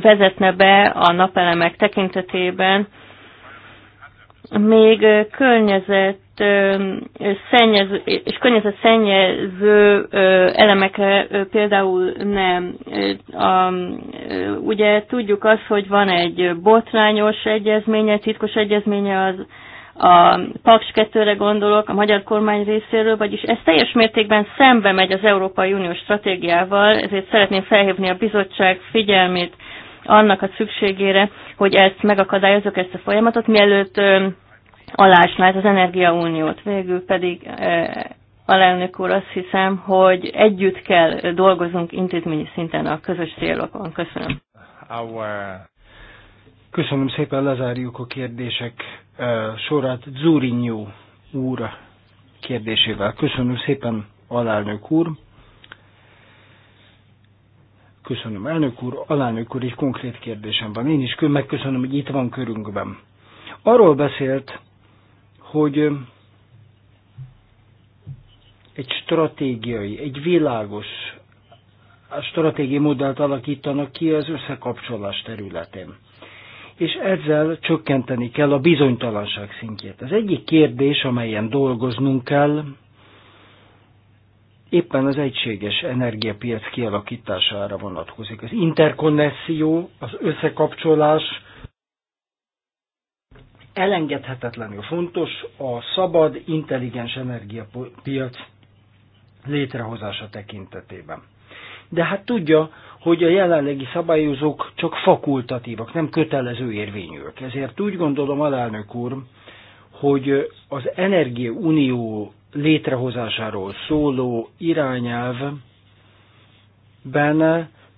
vezetne be a napelemek tekintetében, még környezet szennyező, és környezet szennyező elemekre például nem. A, ugye tudjuk azt, hogy van egy botrányos egyezménye, titkos egyezménye az a Paks 2-re gondolok, a magyar kormány részéről, vagyis ez teljes mértékben szembe megy az Európai Unió stratégiával, ezért szeretném felhívni a bizottság figyelmét annak a szükségére, hogy ezt megakadályozok, ezt a folyamatot, mielőtt alásnált az energiauniót. Végül pedig e, alelnök úr, azt hiszem, hogy együtt kell dolgozunk intézményi szinten a közös célokon. Köszönöm. Köszönöm szépen, lezárjuk a kérdések e, sorát. Zúrinyó úr kérdésével. Köszönöm szépen, alelnök úr. Köszönöm, elnök úr. Alelnök úr, egy konkrét kérdésem van. Én is megköszönöm, hogy itt van körünkben. Arról beszélt, hogy egy stratégiai, egy világos stratégiai modellt alakítanak ki az összekapcsolás területén. És ezzel csökkenteni kell a bizonytalanság szintjét. Az egyik kérdés, amelyen dolgoznunk kell, éppen az egységes energiapiac kialakítására vonatkozik. Az interkonnexió, az összekapcsolás elengedhetetlenül fontos a szabad, intelligens energiapiac létrehozása tekintetében. De hát tudja, hogy a jelenlegi szabályozók csak fakultatívak, nem kötelező érvényűek. Ezért úgy gondolom, alelnök úr, hogy az Energia Unió létrehozásáról szóló irányelvben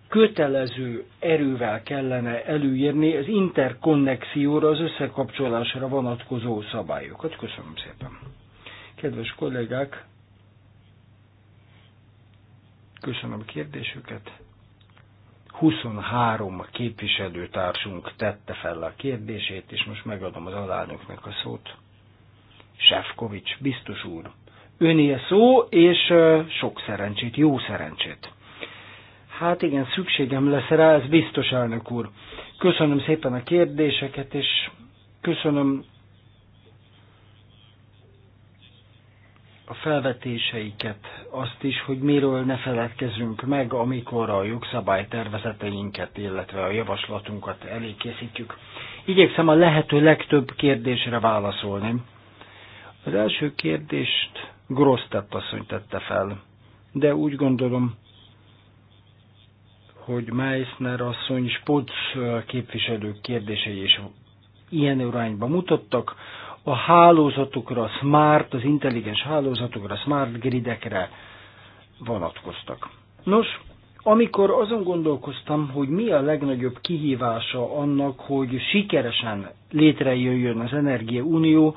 kötelező erővel kellene előírni az interkonnexióra, az összekapcsolásra vonatkozó szabályokat. Köszönöm szépen. Kedves kollégák, köszönöm a kérdésüket. 23 képviselőtársunk tette fel a kérdését, és most megadom az alelnöknek a szót. Sefkovics, biztos úr. Öné szó, és sok szerencsét, jó szerencsét. Hát igen, szükségem lesz rá, ez biztos elnök úr. Köszönöm szépen a kérdéseket, és köszönöm a felvetéseiket, azt is, hogy miről ne feledkezünk meg, amikor a jogszabálytervezeteinket, illetve a javaslatunkat elé készítjük. Igyekszem a lehető legtöbb kérdésre válaszolni. Az első kérdést Grosztett asszony tette fel, de úgy gondolom, hogy Meissner asszony Spotz képviselők kérdései is ilyen irányba mutattak. A hálózatokra, smart, az intelligens hálózatokra, smart gridekre vonatkoztak. Nos, amikor azon gondolkoztam, hogy mi a legnagyobb kihívása annak, hogy sikeresen létrejöjjön az Unió?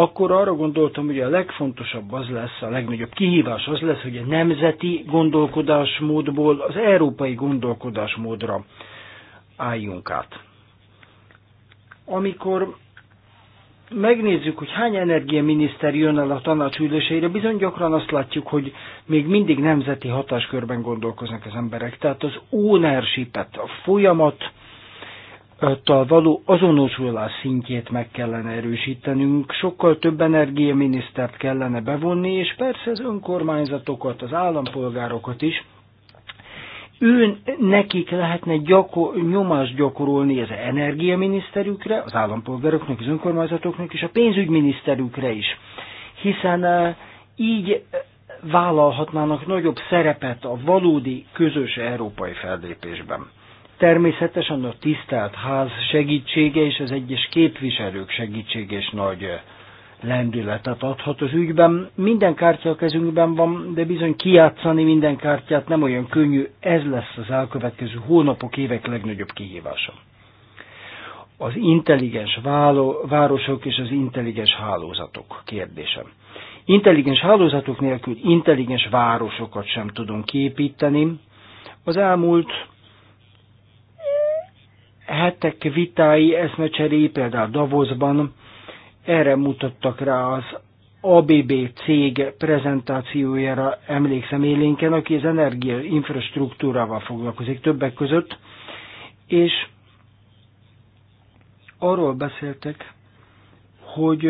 akkor arra gondoltam, hogy a legfontosabb az lesz, a legnagyobb kihívás az lesz, hogy a nemzeti gondolkodásmódból az európai gondolkodásmódra álljunk át. Amikor megnézzük, hogy hány energiaminiszter jön el a tanácsüléseire, bizony gyakran azt látjuk, hogy még mindig nemzeti hatáskörben gondolkoznak az emberek. Tehát az ownership a folyamat tal való azonosulás szintjét meg kellene erősítenünk, sokkal több energiaminisztert kellene bevonni, és persze az önkormányzatokat, az állampolgárokat is, ő nekik lehetne gyakor, nyomást gyakorolni az energiaminiszterükre, az állampolgároknak, az önkormányzatoknak és a pénzügyminiszterükre is. Hiszen így vállalhatnának nagyobb szerepet a valódi közös európai fellépésben. Természetesen a tisztelt ház segítsége és az egyes képviselők segítsége is nagy eh, lendületet adhat az ügyben. Minden kártya a kezünkben van, de bizony kiátszani minden kártyát nem olyan könnyű, ez lesz az elkövetkező hónapok, évek legnagyobb kihívása. Az intelligens válo- városok és az intelligens hálózatok kérdése. Intelligens hálózatok nélkül intelligens városokat sem tudunk kiépíteni. Az elmúlt hetek vitái eszmecseré, például Davosban, erre mutattak rá az ABB cég prezentációjára emlékszem élénken, aki az energia infrastruktúrával foglalkozik többek között, és arról beszéltek, hogy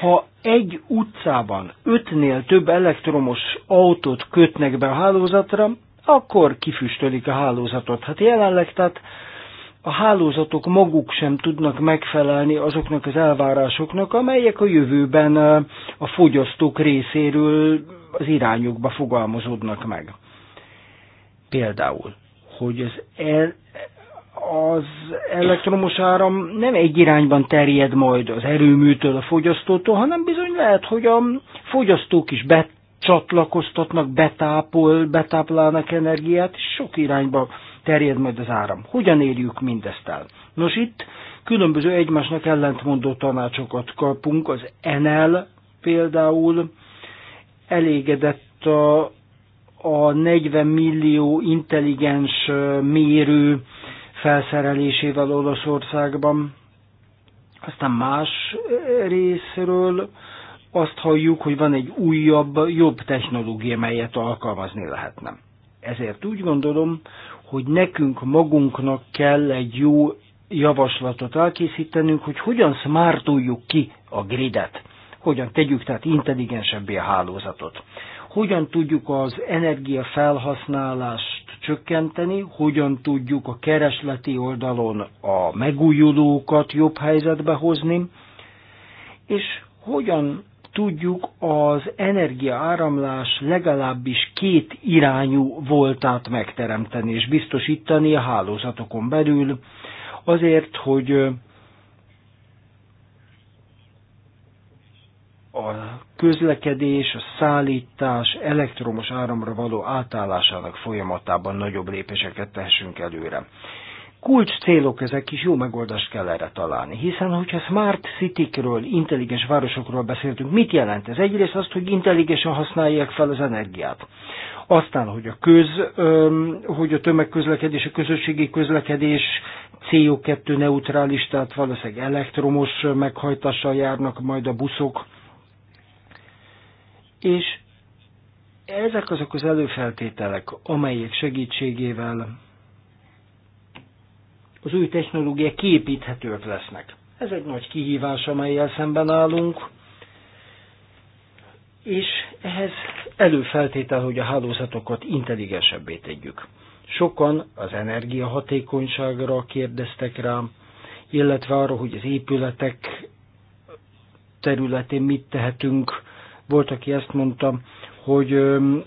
ha egy utcában ötnél több elektromos autót kötnek be a hálózatra, akkor kifüstölik a hálózatot. Hát jelenleg tehát a hálózatok maguk sem tudnak megfelelni azoknak az elvárásoknak, amelyek a jövőben a fogyasztók részéről az irányukba fogalmazódnak meg. Például, hogy az, el, az elektromos áram nem egy irányban terjed majd az erőműtől a fogyasztótól, hanem bizony lehet, hogy a fogyasztók is bet, csatlakoztatnak, betápol, betáplálnak energiát, és sok irányba terjed majd az áram. Hogyan érjük mindezt el? Nos, itt különböző egymásnak ellentmondó tanácsokat kapunk. Az Enel például elégedett a, a 40 millió intelligens mérő felszerelésével Olaszországban. Aztán más részről azt halljuk, hogy van egy újabb, jobb technológia, melyet alkalmazni lehetne. Ezért úgy gondolom, hogy nekünk magunknak kell egy jó javaslatot elkészítenünk, hogy hogyan smartoljuk ki a gridet, hogyan tegyük tehát intelligensebbé a hálózatot, hogyan tudjuk az energiafelhasználást csökkenteni, hogyan tudjuk a keresleti oldalon a megújulókat jobb helyzetbe hozni, és hogyan tudjuk, az energiaáramlás legalábbis két irányú voltát megteremteni és biztosítani a hálózatokon belül, azért, hogy a közlekedés, a szállítás elektromos áramra való átállásának folyamatában nagyobb lépéseket tehessünk előre kulcs célok ezek is, jó megoldást kell erre találni. Hiszen, hogyha smart citykről, intelligens városokról beszéltünk, mit jelent ez? Egyrészt azt, hogy intelligensen használják fel az energiát. Aztán, hogy a, köz, hogy a tömegközlekedés, a közösségi közlekedés CO2 neutrális, tehát valószínűleg elektromos meghajtással járnak majd a buszok. És ezek azok az előfeltételek, amelyek segítségével az új technológiák képíthetők lesznek. Ez egy nagy kihívás, amelyel szemben állunk, és ehhez előfeltétel, hogy a hálózatokat intelligensebbé tegyük. Sokan az energiahatékonyságra kérdeztek rám, illetve arra, hogy az épületek területén mit tehetünk. Volt, aki ezt mondta, hogy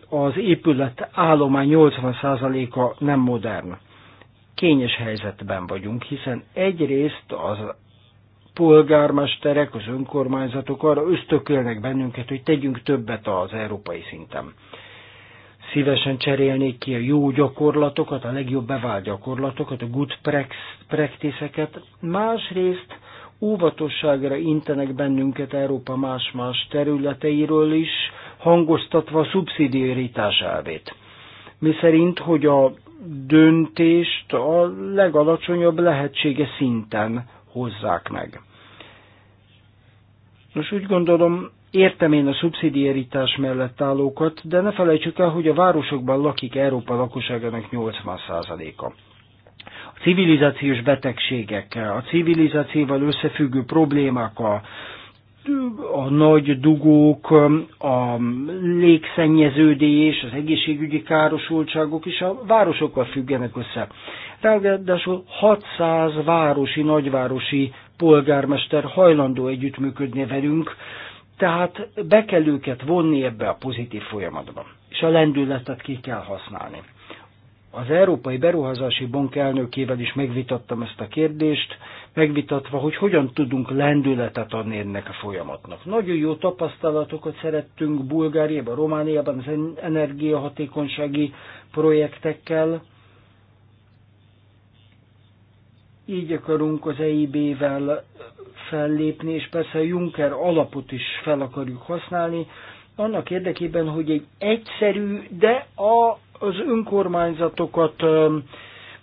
az épület állomány 80%-a nem modern kényes helyzetben vagyunk, hiszen egyrészt az polgármesterek, az önkormányzatok arra ösztökölnek bennünket, hogy tegyünk többet az európai szinten. Szívesen cserélnék ki a jó gyakorlatokat, a legjobb bevált gyakorlatokat, a good practice-eket. Másrészt óvatosságra intenek bennünket Európa más-más területeiről is, hangoztatva a szubszidiaritás elvét. Mi szerint, hogy a döntést a legalacsonyabb lehetsége szinten hozzák meg. Nos, úgy gondolom, értem én a szubszidiaritás mellett állókat, de ne felejtsük el, hogy a városokban lakik Európa lakosságának 80%-a. A civilizációs betegségek, a civilizációval összefüggő problémák, a a nagy dugók, a légszennyeződés, az egészségügyi károsultságok is a városokkal függenek össze. Ráadásul 600 városi, nagyvárosi polgármester hajlandó együttműködni velünk, tehát be kell őket vonni ebbe a pozitív folyamatba, és a lendületet ki kell használni. Az Európai Beruházási Bank elnökével is megvitattam ezt a kérdést, megvitatva, hogy hogyan tudunk lendületet adni ennek a folyamatnak. Nagyon jó tapasztalatokat szerettünk Bulgáriában, Romániában az energiahatékonysági projektekkel. Így akarunk az EIB-vel fellépni, és persze a Juncker alapot is fel akarjuk használni, annak érdekében, hogy egy egyszerű, de a, az önkormányzatokat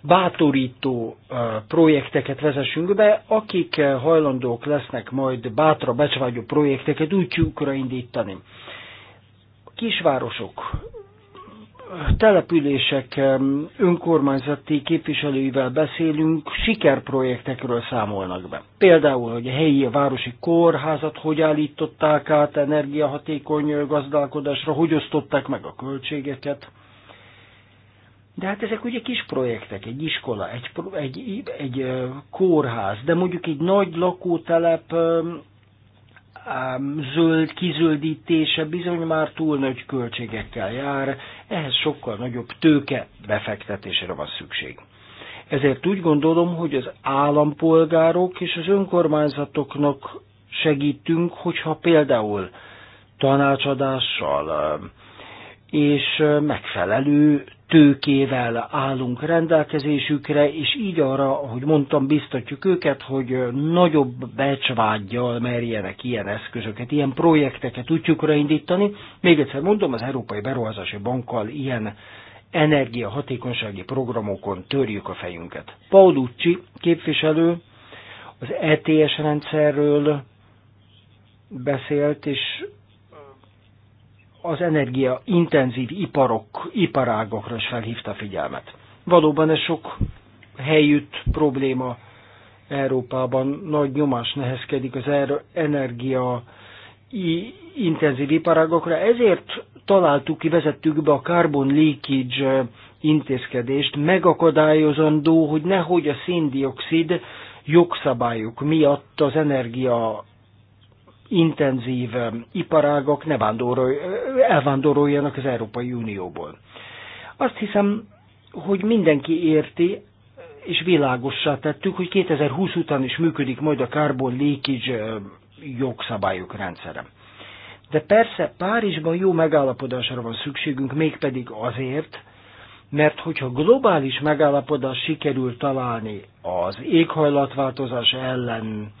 bátorító uh, projekteket vezessünk be, akik uh, hajlandók lesznek majd bátra becsvágyó projekteket útjukra indítani. Kisvárosok, települések um, önkormányzati képviselőivel beszélünk, sikerprojektekről számolnak be. Például, hogy a helyi városi kórházat hogy állították át energiahatékony gazdálkodásra, hogy osztották meg a költségeket, de hát ezek ugye kis projektek, egy iskola, egy, egy, egy kórház, de mondjuk egy nagy lakótelep zöld kizöldítése bizony már túl nagy költségekkel jár, ehhez sokkal nagyobb tőke befektetésre van szükség. Ezért úgy gondolom, hogy az állampolgárok és az önkormányzatoknak segítünk, hogyha például tanácsadással és megfelelő tőkével állunk rendelkezésükre, és így arra, ahogy mondtam, biztatjuk őket, hogy nagyobb becsvágyjal merjenek ilyen eszközöket, ilyen projekteket útjukra indítani. Még egyszer mondom, az Európai Beruházási Bankkal ilyen energiahatékonysági programokon törjük a fejünket. Paulucci képviselő az ETS rendszerről beszélt, és az energia intenzív iparok, iparágokra is felhívta figyelmet. Valóban ez sok helyütt probléma Európában, nagy nyomás nehezkedik az er- energia intenzív iparágokra, ezért találtuk ki, vezettük be a carbon leakage intézkedést, megakadályozandó, hogy nehogy a széndiokszid jogszabályok miatt az energia intenzív um, iparágok ne uh, elvándoroljanak az Európai Unióból. Azt hiszem, hogy mindenki érti, és világossá tettük, hogy 2020 után is működik majd a carbon leakage uh, jogszabályok rendszere. De persze Párizsban jó megállapodásra van szükségünk, mégpedig azért, mert hogyha globális megállapodás sikerül találni az éghajlatváltozás ellen,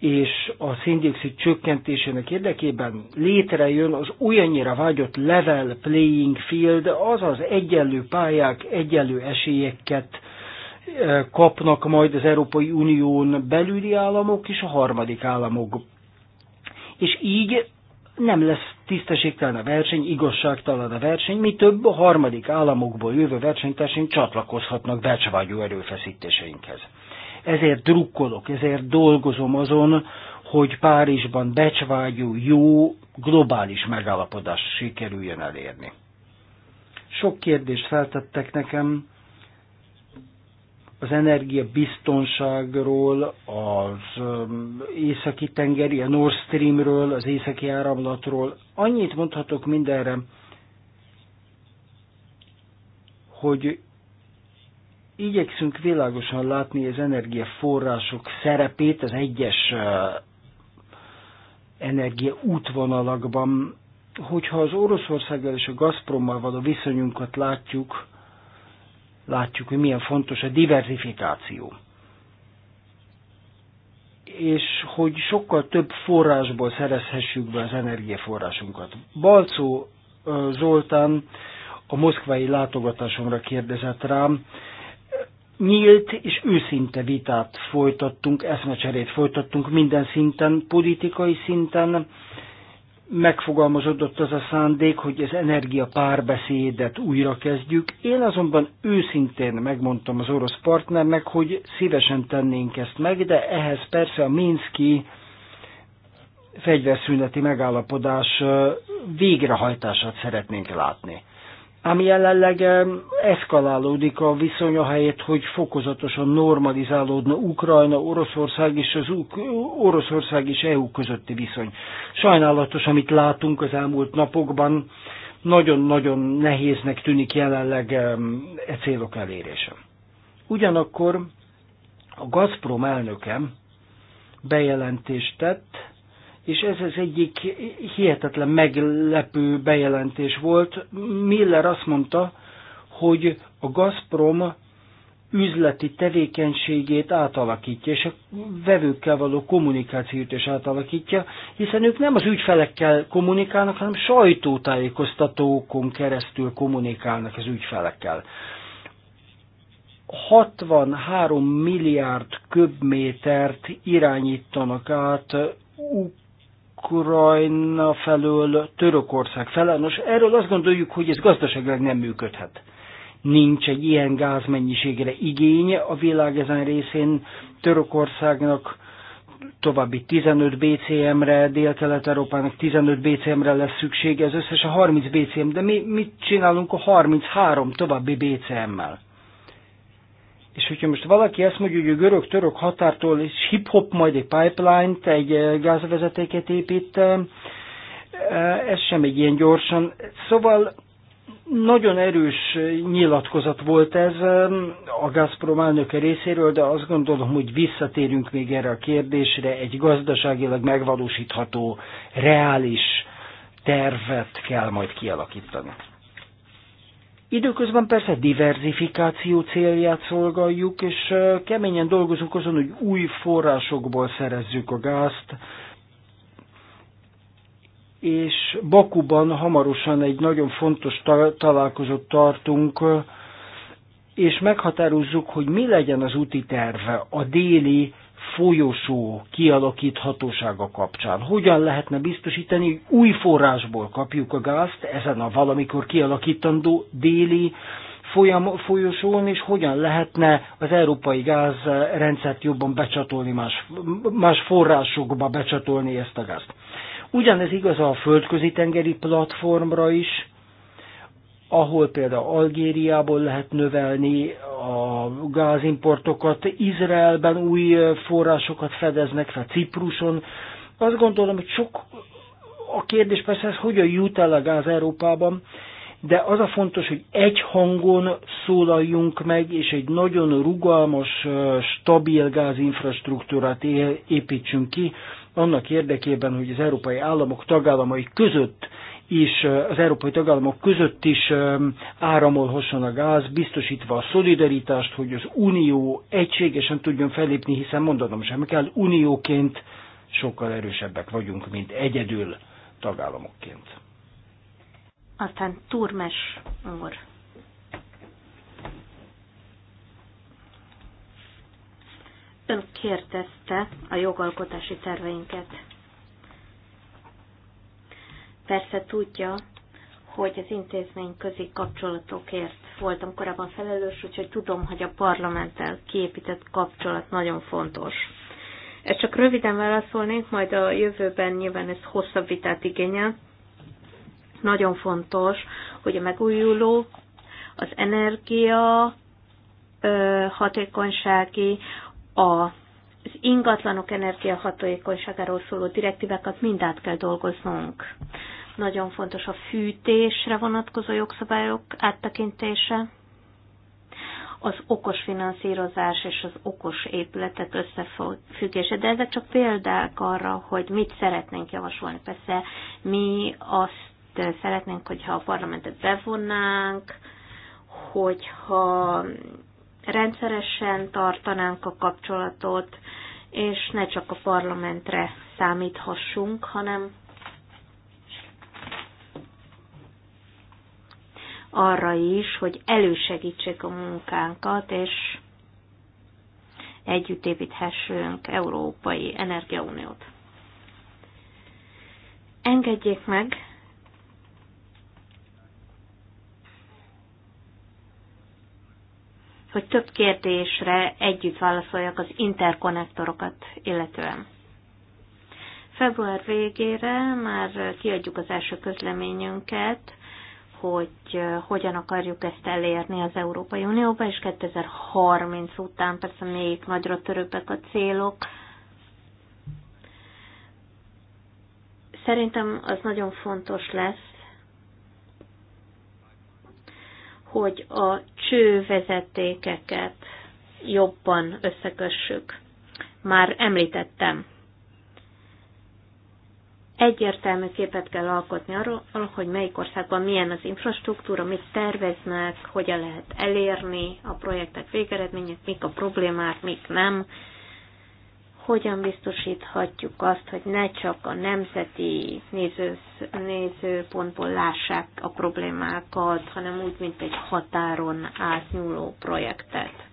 és a széndiokszid csökkentésének érdekében létrejön az olyannyira vágyott level playing field, azaz egyenlő pályák, egyenlő esélyeket eh, kapnak majd az Európai Unión belüli államok és a harmadik államok. És így nem lesz tisztességtelen a verseny, igazságtalan a verseny, mi több a harmadik államokból jövő versenytársaink csatlakozhatnak becsavágyó erőfeszítéseinkhez. Ezért drukkolok, ezért dolgozom azon, hogy Párizsban becsvágyú, jó, globális megállapodás sikerüljön elérni. Sok kérdést feltettek nekem az energiabiztonságról, az északi tengeri, a Nord Streamről, az északi áramlatról. Annyit mondhatok mindenre, hogy igyekszünk világosan látni az energiaforrások szerepét az egyes energia útvonalakban. Hogyha az Oroszországgal és a Gazprommal való viszonyunkat látjuk, látjuk, hogy milyen fontos a diversifikáció. És hogy sokkal több forrásból szerezhessük be az energiaforrásunkat. Balcó Zoltán a moszkvai látogatásomra kérdezett rám, nyílt és őszinte vitát folytattunk, eszmecserét folytattunk minden szinten, politikai szinten. Megfogalmazódott az a szándék, hogy az energia párbeszédet újra kezdjük. Én azonban őszintén megmondtam az orosz partnernek, hogy szívesen tennénk ezt meg, de ehhez persze a Minszki fegyverszüneti megállapodás végrehajtását szeretnénk látni. Ami jelenleg eszkalálódik a a helyett, hogy fokozatosan normalizálódna Ukrajna, Oroszország és az UK, Oroszország és EU közötti viszony. Sajnálatos, amit látunk az elmúlt napokban, nagyon-nagyon nehéznek tűnik jelenleg e célok elérése. Ugyanakkor a Gazprom elnöke bejelentést tett, és ez az egyik hihetetlen meglepő bejelentés volt. Miller azt mondta, hogy a Gazprom üzleti tevékenységét átalakítja, és a vevőkkel való kommunikációt is átalakítja, hiszen ők nem az ügyfelekkel kommunikálnak, hanem sajtótájékoztatókon keresztül kommunikálnak az ügyfelekkel. 63 milliárd köbmétert irányítanak át Ukrajna felől Törökország felől. Nos, erről azt gondoljuk, hogy ez gazdaságilag nem működhet. Nincs egy ilyen gázmennyiségre igénye a világ ezen részén Törökországnak, további 15 BCM-re, Dél-Kelet-Európának 15 BCM-re lesz szüksége, ez összesen 30 BCM, de mi mit csinálunk a 33 további BCM-mel? És hogyha most valaki ezt mondja, hogy a görög-török határtól és hip-hop majd egy pipeline-t, egy eh, gázvezetéket épít, eh, eh, ez sem egy ilyen gyorsan. Szóval nagyon erős nyilatkozat volt ez a Gazprom elnöke részéről, de azt gondolom, hogy visszatérünk még erre a kérdésre, egy gazdaságilag megvalósítható, reális tervet kell majd kialakítani. Időközben persze diversifikáció célját szolgáljuk, és keményen dolgozunk azon, hogy új forrásokból szerezzük a gázt, és Bakuban hamarosan egy nagyon fontos találkozót tartunk, és meghatározzuk, hogy mi legyen az úti terve a déli folyosó kialakíthatósága kapcsán. Hogyan lehetne biztosítani, hogy új forrásból kapjuk a gázt ezen a valamikor kialakítandó déli folyam, folyosón, és hogyan lehetne az európai gázrendszert jobban becsatolni, más, más forrásokba becsatolni ezt a gázt. Ugyanez igaz a földközi tengeri platformra is, ahol például Algériából lehet növelni a gázimportokat, Izraelben új forrásokat fedeznek fel, Cipruson. Azt gondolom, hogy sok a kérdés persze, ez hogyan jut el a gáz Európában, de az a fontos, hogy egy hangon szólaljunk meg, és egy nagyon rugalmas, stabil gázinfrastruktúrát építsünk ki, annak érdekében, hogy az európai államok tagállamai között is az európai tagállamok között is áramolhasson a gáz, biztosítva a szolidaritást, hogy az Unió egységesen tudjon fellépni, hiszen mondanom sem kell, unióként sokkal erősebbek vagyunk, mint egyedül tagállamokként. Aztán Turmes úr. Ön kérdezte a jogalkotási terveinket. Persze tudja, hogy az intézmény közi kapcsolatokért voltam korábban felelős, úgyhogy tudom, hogy a parlamenttel kiépített kapcsolat nagyon fontos. Ezt csak röviden válaszolnék, majd a jövőben nyilván ez hosszabb vitát igényel. Nagyon fontos, hogy a megújuló, az energia, hatékonysági, a az ingatlanok energiahatékonyságáról szóló direktívákat mind át kell dolgoznunk. Nagyon fontos a fűtésre vonatkozó jogszabályok áttekintése, az okos finanszírozás és az okos épületek összefüggése. De ezek csak példák arra, hogy mit szeretnénk javasolni. Persze mi azt szeretnénk, hogyha a parlamentet bevonnánk, hogyha rendszeresen tartanánk a kapcsolatot, és ne csak a parlamentre számíthassunk, hanem arra is, hogy elősegítsék a munkánkat, és együtt építhessünk Európai Energiauniót. Engedjék meg, hogy több kérdésre együtt válaszoljak az interkonnektorokat illetően. Február végére már kiadjuk az első közleményünket hogy hogyan akarjuk ezt elérni az Európai Unióban, és 2030 után persze még nagyra törőbbek a célok. Szerintem az nagyon fontos lesz, hogy a csővezetékeket jobban összekössük. Már említettem egyértelmű képet kell alkotni arról, hogy melyik országban milyen az infrastruktúra, mit terveznek, hogyan lehet elérni a projektek végeredményét, mik a problémák, mik nem, hogyan biztosíthatjuk azt, hogy ne csak a nemzeti nézősz, nézőpontból lássák a problémákat, hanem úgy, mint egy határon átnyúló projektet.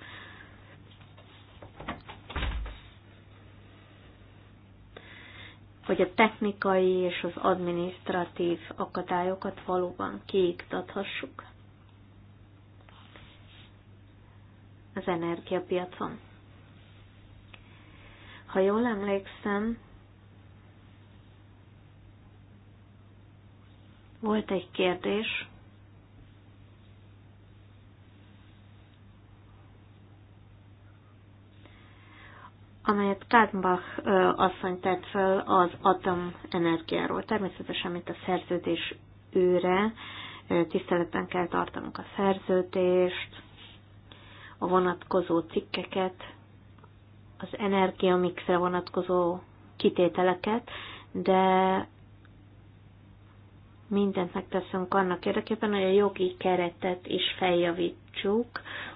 hogy a technikai és az administratív akadályokat valóban kiiktathassuk az energiapiacon. Ha jól emlékszem, volt egy kérdés, amelyet Kaltenbach asszony tett fel az atomenergiáról. Természetesen, mint a szerződés őre, tiszteletben kell tartanunk a szerződést, a vonatkozó cikkeket, az energiamixre vonatkozó kitételeket, de mindent megteszünk annak érdekében, hogy a jogi keretet is feljavítsuk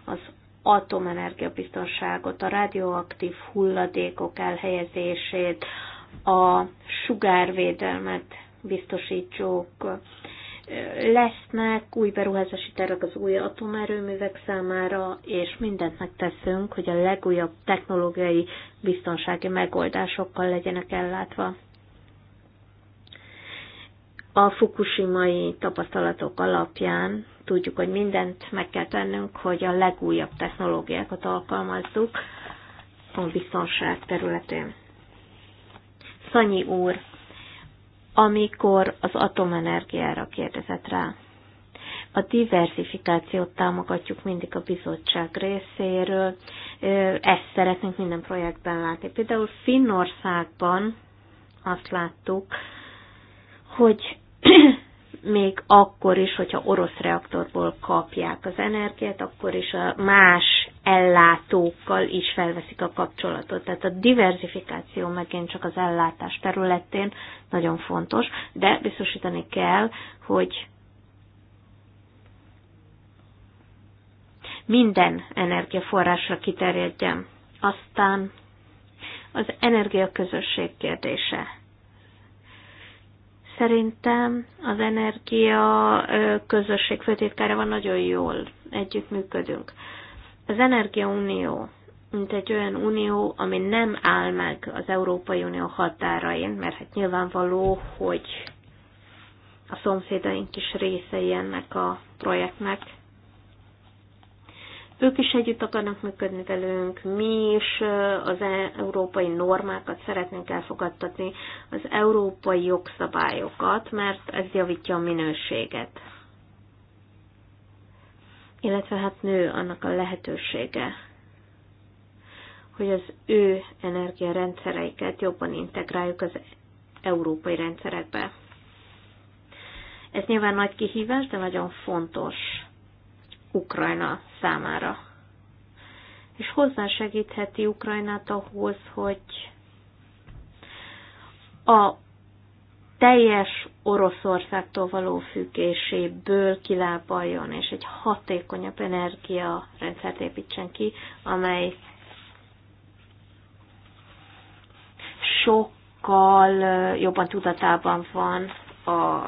az atomenergia biztonságot, a radioaktív hulladékok elhelyezését, a sugárvédelmet biztosítsók. Lesznek új beruházási tervek az új atomerőművek számára, és mindent megteszünk, hogy a legújabb technológiai biztonsági megoldásokkal legyenek ellátva a fukushimai tapasztalatok alapján tudjuk, hogy mindent meg kell tennünk, hogy a legújabb technológiákat alkalmazzuk a biztonság területén. Szanyi úr, amikor az atomenergiára kérdezett rá, a diversifikációt támogatjuk mindig a bizottság részéről, ezt szeretnénk minden projektben látni. Például Finnországban azt láttuk, hogy (coughs) még akkor is, hogyha orosz reaktorból kapják az energiát, akkor is a más ellátókkal is felveszik a kapcsolatot. Tehát a diversifikáció megint csak az ellátás területén nagyon fontos, de biztosítani kell, hogy minden energiaforrásra kiterjedjen. Aztán az energiaközösség kérdése Szerintem az energia közösség van nagyon jól együttműködünk. Az Energia Unió, mint egy olyan unió, ami nem áll meg az Európai Unió határain, mert hát nyilvánvaló, hogy a szomszédaink is részei ennek a projektnek, ők is együtt akarnak működni velünk, mi is az e, európai normákat szeretnénk elfogadtatni, az európai jogszabályokat, mert ez javítja a minőséget. Illetve hát nő annak a lehetősége, hogy az ő energiarendszereiket jobban integráljuk az európai rendszerekbe. Ez nyilván nagy kihívás, de nagyon fontos Ukrajna számára. És hozzásegítheti Ukrajnát ahhoz, hogy a teljes Oroszországtól való függéséből kilábaljon, és egy hatékonyabb energia rendszert építsen ki, amely sokkal jobban tudatában van a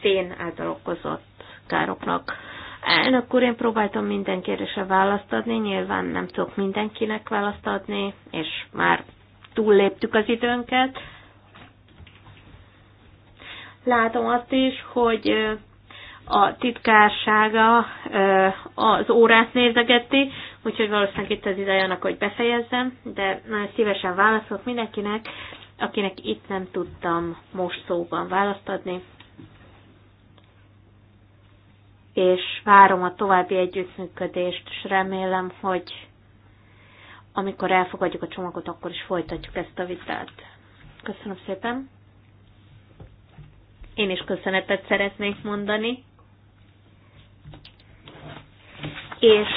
szén által okozott károknak. Elnök úr, én próbáltam minden kérdésre választ adni, nyilván nem tudok mindenkinek választ adni, és már túlléptük az időnket. Látom azt is, hogy a titkársága az órát nézegeti, úgyhogy valószínűleg itt az ideje annak, hogy befejezzem, de nagyon szívesen válaszolok mindenkinek, akinek itt nem tudtam most szóban választ adni és várom a további együttműködést, és remélem, hogy amikor elfogadjuk a csomagot, akkor is folytatjuk ezt a vitát. Köszönöm szépen! Én is köszönetet szeretnék mondani. És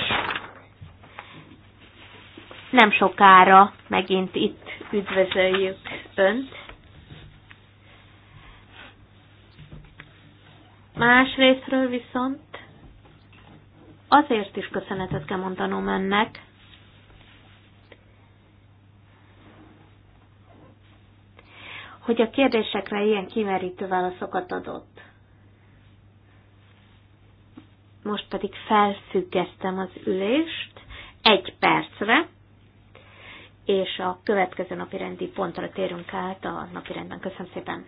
nem sokára megint itt üdvözöljük Önt. Másrésztről viszont azért is köszönetet kell mondanom ennek, hogy a kérdésekre ilyen kimerítő válaszokat adott. Most pedig felfüggesztem az ülést egy percre, és a következő napi rendi pontra térünk át a rendben. Köszönöm szépen!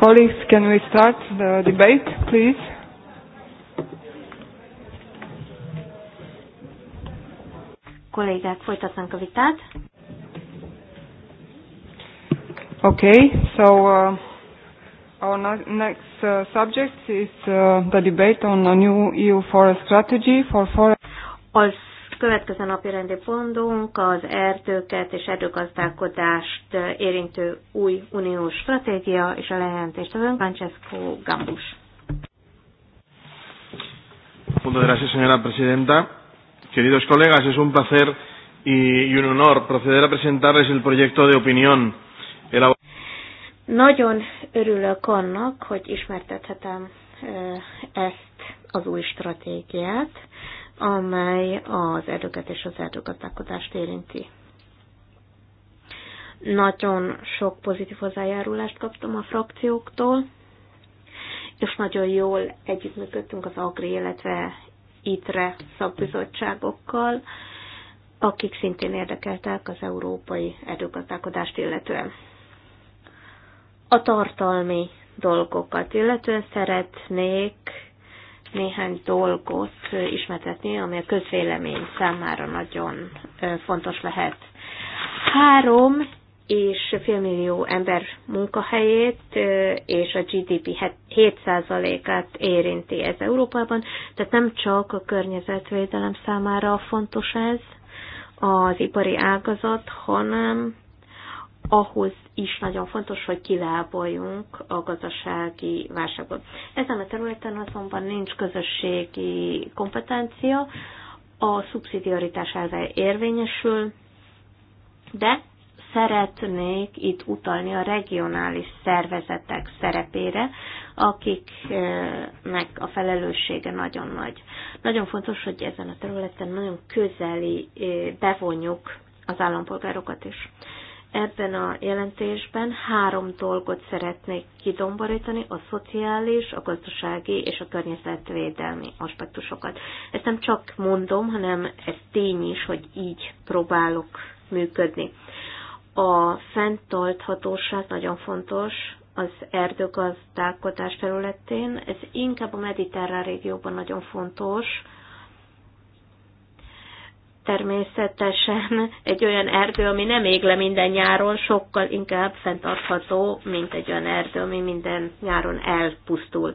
Colleagues, can we start the debate, please? Kollégák, folytatnánk a vitát. Okay, so uh, our next uh, subject is uh, the debate on a new EU forest strategy for forest. Az következő napi rendi pontunk az erdőket és erdőgazdálkodást érintő új uniós stratégia és a lejelentést az Francesco Gambus. Muchas gracias, señora presidenta. Queridos colegas, es un placer y un honor proceder a presentarles el proyecto de opinión elaborado. Nagyon örülök annak, hogy ismertethetem eh, ezt az új stratégiát, amely az erdőket és az erdőgazdálkodást érinti. Nagyon sok pozitív hozzájárulást kaptam a frakcióktól, és nagyon jól együttműködtünk az Agri, illetve ITRE szakbizottságokkal, akik szintén érdekeltek az európai erdőgazdálkodást illetően. A tartalmi dolgokat illetően szeretnék néhány dolgot ismertetni, ami a közvélemény számára nagyon fontos lehet. Három és félmillió ember munkahelyét és a GDP 7%-át érinti ez Európában, tehát nem csak a környezetvédelem számára fontos ez, az ipari ágazat, hanem ahhoz is nagyon fontos, hogy kilábaljunk a gazdasági válságból. Ezen a területen azonban nincs közösségi kompetencia, a szubszidiaritás elve érvényesül, de szeretnék itt utalni a regionális szervezetek szerepére, akiknek a felelőssége nagyon nagy. Nagyon fontos, hogy ezen a területen nagyon közeli eh, bevonjuk az állampolgárokat is ebben a jelentésben három dolgot szeretnék kidomborítani, a szociális, a gazdasági és a környezetvédelmi aspektusokat. Ezt nem csak mondom, hanem ez tény is, hogy így próbálok működni. A fenntarthatóság nagyon fontos az erdőgazdálkodás területén, ez inkább a mediterrán régióban nagyon fontos, természetesen egy olyan erdő, ami nem ég le minden nyáron, sokkal inkább fenntartható, mint egy olyan erdő, ami minden nyáron elpusztul.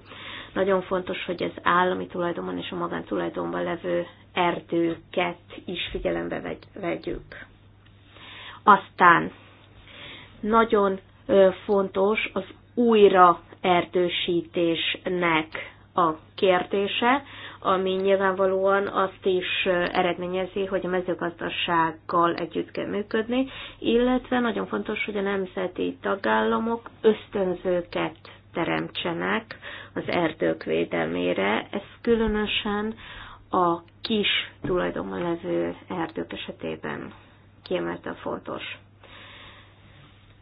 Nagyon fontos, hogy az állami tulajdonban és a magántulajdonban levő erdőket is figyelembe vegyük. Aztán nagyon fontos az újra erdősítésnek a kérdése, ami nyilvánvalóan azt is eredményezi, hogy a mezőgazdasággal együtt kell működni, illetve nagyon fontos, hogy a nemzeti tagállamok ösztönzőket teremtsenek az erdők védelmére. Ez különösen a kis tulajdonban levő erdők esetében a fontos.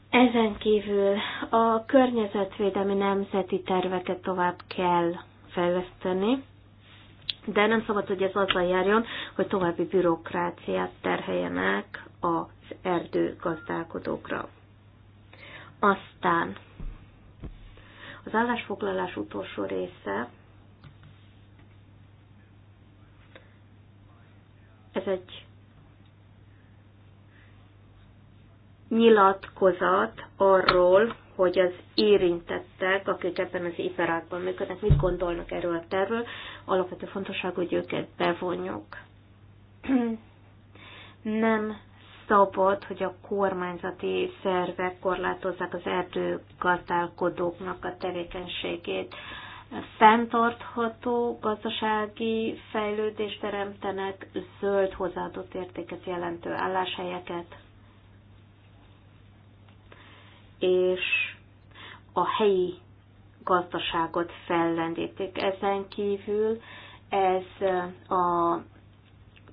Ezen kívül a környezetvédelmi nemzeti terveket tovább kell fejleszteni, de nem szabad, hogy ez azzal járjon, hogy további bürokráciát terheljenek az erdőgazdálkodókra. Aztán az állásfoglalás utolsó része, ez egy nyilatkozat arról, hogy az érintettek, akik ebben az iparágban működnek, mit gondolnak erről a tervről. Alapvető fontosság, hogy őket bevonjuk. (clears throat) Nem szabad, hogy a kormányzati szervek korlátozzák az erdőgazdálkodóknak a tevékenységét. Fenntartható gazdasági fejlődést teremtenek, zöld hozzáadott értéket jelentő álláshelyeket, és a helyi gazdaságot fellendíték. Ezen kívül ez a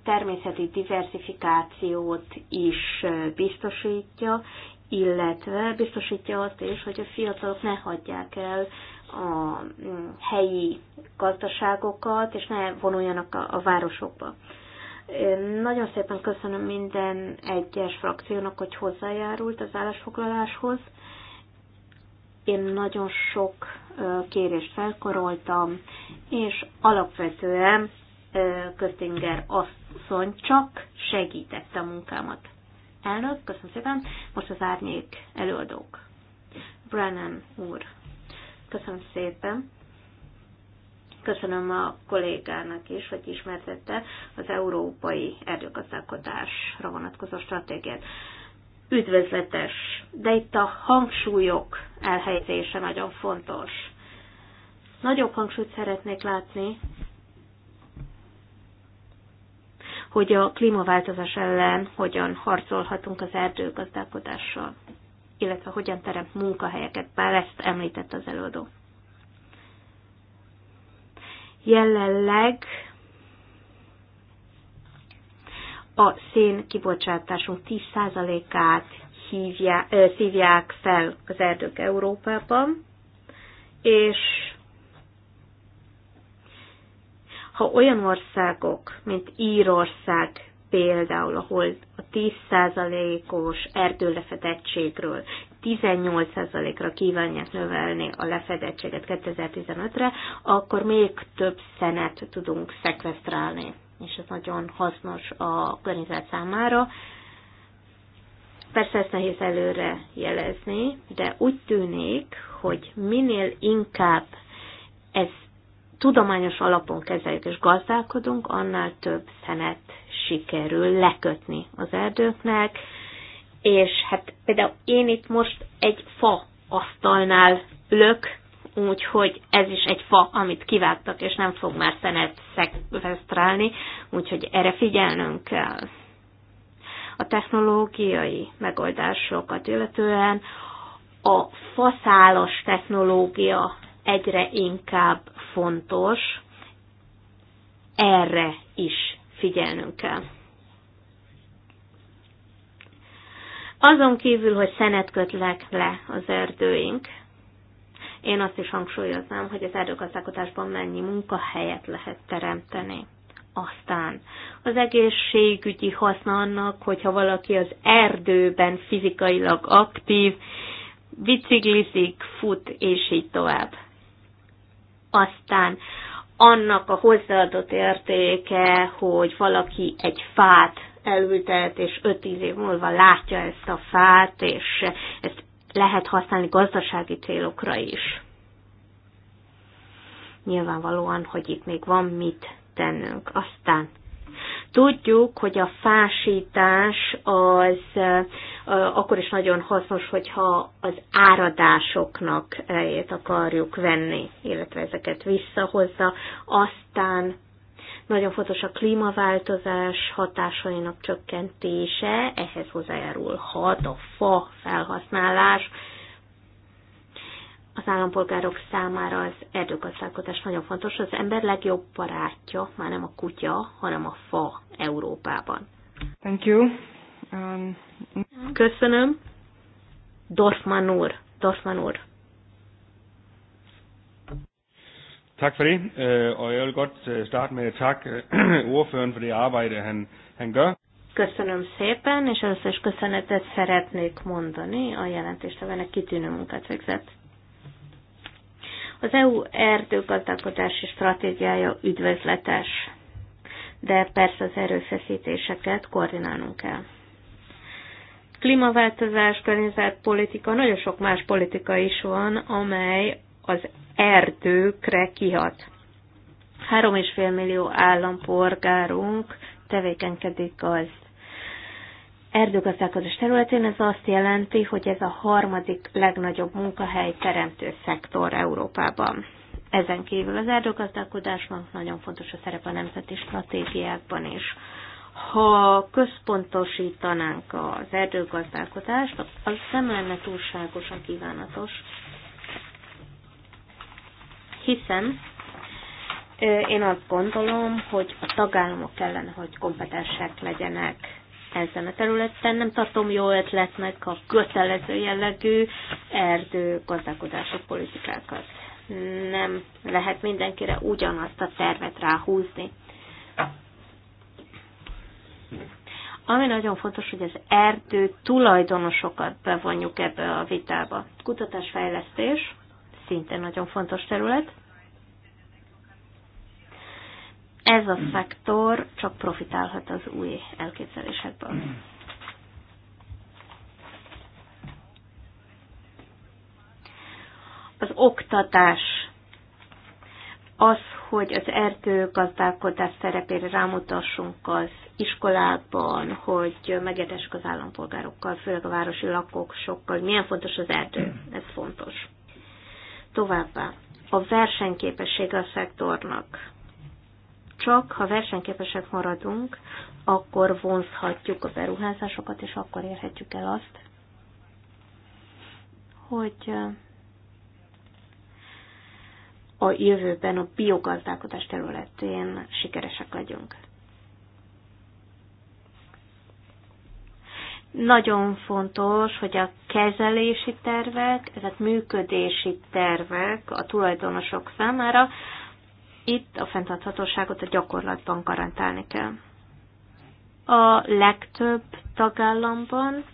természeti diversifikációt is biztosítja, illetve biztosítja azt is, hogy a fiatalok ne hagyják el a helyi gazdaságokat, és ne vonuljanak a városokba. Én nagyon szépen köszönöm minden egyes frakciónak, hogy hozzájárult az állásfoglaláshoz. Én nagyon sok kérést felkoroltam, és alapvetően Köztinger asszony csak segítette a munkámat. Elnök, köszönöm szépen. Most az árnyék előadók. Brennan úr, köszönöm szépen. Köszönöm a kollégának is, hogy ismertette az európai erdőgazdálkodásra vonatkozó stratégiát. Üdvözletes, de itt a hangsúlyok elhelyezése nagyon fontos. Nagyobb hangsúlyt szeretnék látni, hogy a klímaváltozás ellen hogyan harcolhatunk az erdőgazdálkodással, illetve hogyan teremt munkahelyeket, bár ezt említett az előadó. Jelenleg a szén kibocsátásunk 10%-át szívják fel az erdők Európában, és ha olyan országok, mint Írország például, ahol a 10%-os erdőlefedettségről 18%-ra kívánják növelni a lefedettséget 2015-re, akkor még több szenet tudunk szekvesztrálni, és ez nagyon hasznos a környezet számára. Persze ezt nehéz előre jelezni, de úgy tűnik, hogy minél inkább ez tudományos alapon kezeljük és gazdálkodunk, annál több szenet sikerül lekötni az erdőknek, és hát például én itt most egy fa asztalnál ülök, úgyhogy ez is egy fa, amit kivágtak, és nem fog már szenet szekvesztrálni, úgyhogy erre figyelnünk kell. A technológiai megoldásokat illetően a faszálas technológia egyre inkább fontos, erre is figyelnünk kell. Azon kívül, hogy szenet kötlek le az erdőink, én azt is hangsúlyoznám, hogy az erdőgazdálkodásban mennyi munkahelyet lehet teremteni. Aztán az egészségügyi haszna annak, hogyha valaki az erdőben fizikailag aktív, biciklizik, fut, és így tovább. Aztán annak a hozzáadott értéke, hogy valaki egy fát elültet, és 5-10 év múlva látja ezt a fát, és ezt lehet használni gazdasági célokra is. Nyilvánvalóan, hogy itt még van mit tennünk. Aztán Tudjuk, hogy a fásítás az akkor is nagyon hasznos, hogyha az áradásoknak eljét akarjuk venni, illetve ezeket visszahozza. Aztán nagyon fontos a klímaváltozás hatásainak csökkentése, ehhez hozzájárulhat a fa felhasználás. Az állampolgárok számára az erdőgazdálkodás nagyon fontos. Az ember legjobb barátja már nem a kutya, hanem a fa Európában. Thank you. Um... Köszönöm. Dorfman úr. Dorfman úr. Tak for det, øh, og jeg vil godt øh, starte med at takke øh, (clears throat) ordføreren for det arbejde, han, han gør. Köszönöm szépen, és az összes köszönetet szeretnék mondani a jelentéstevenek kitűnő munkát végzett. Az EU erdőgazdálkodási stratégiája üdvözletes, de persze az erőfeszítéseket koordinálnunk kell. Klímaváltozás, környezetpolitika, nagyon sok más politika is van, amely az erdőkre kihat. 3,5 millió állampolgárunk tevékenykedik az erdőgazdálkodás területén. Ez azt jelenti, hogy ez a harmadik legnagyobb munkahely teremtő szektor Európában. Ezen kívül az erdőgazdálkodásnak nagyon fontos a szerep a nemzeti stratégiákban is. Ha központosítanánk az erdőgazdálkodást, az nem lenne túlságosan kívánatos, hiszen én azt gondolom, hogy a tagállamok kellene, hogy kompetensek legyenek ezen a területen. Nem tartom jó ötletnek a kötelező jellegű erdőgazdálkodási politikákat. Nem lehet mindenkire ugyanazt a tervet ráhúzni. Ami nagyon fontos, hogy az erdő tulajdonosokat bevonjuk ebbe a vitába. Kutatásfejlesztés szintén nagyon fontos terület. Ez a szektor csak profitálhat az új elképzelésekből. Az oktatás az, hogy az erdőgazdálkodás szerepére rámutassunk az iskolákban, hogy megértessük az állampolgárokkal, főleg a városi lakók sokkal, milyen fontos az erdő. Ez fontos. Továbbá a versenyképessége a szektornak. Csak ha versenyképesek maradunk, akkor vonzhatjuk a beruházásokat, és akkor érhetjük el azt, hogy a jövőben a biogazdálkodás területén sikeresek legyünk. Nagyon fontos, hogy a kezelési tervek, tehát működési tervek a tulajdonosok számára, itt a fenntarthatóságot a gyakorlatban garantálni kell. A legtöbb tagállamban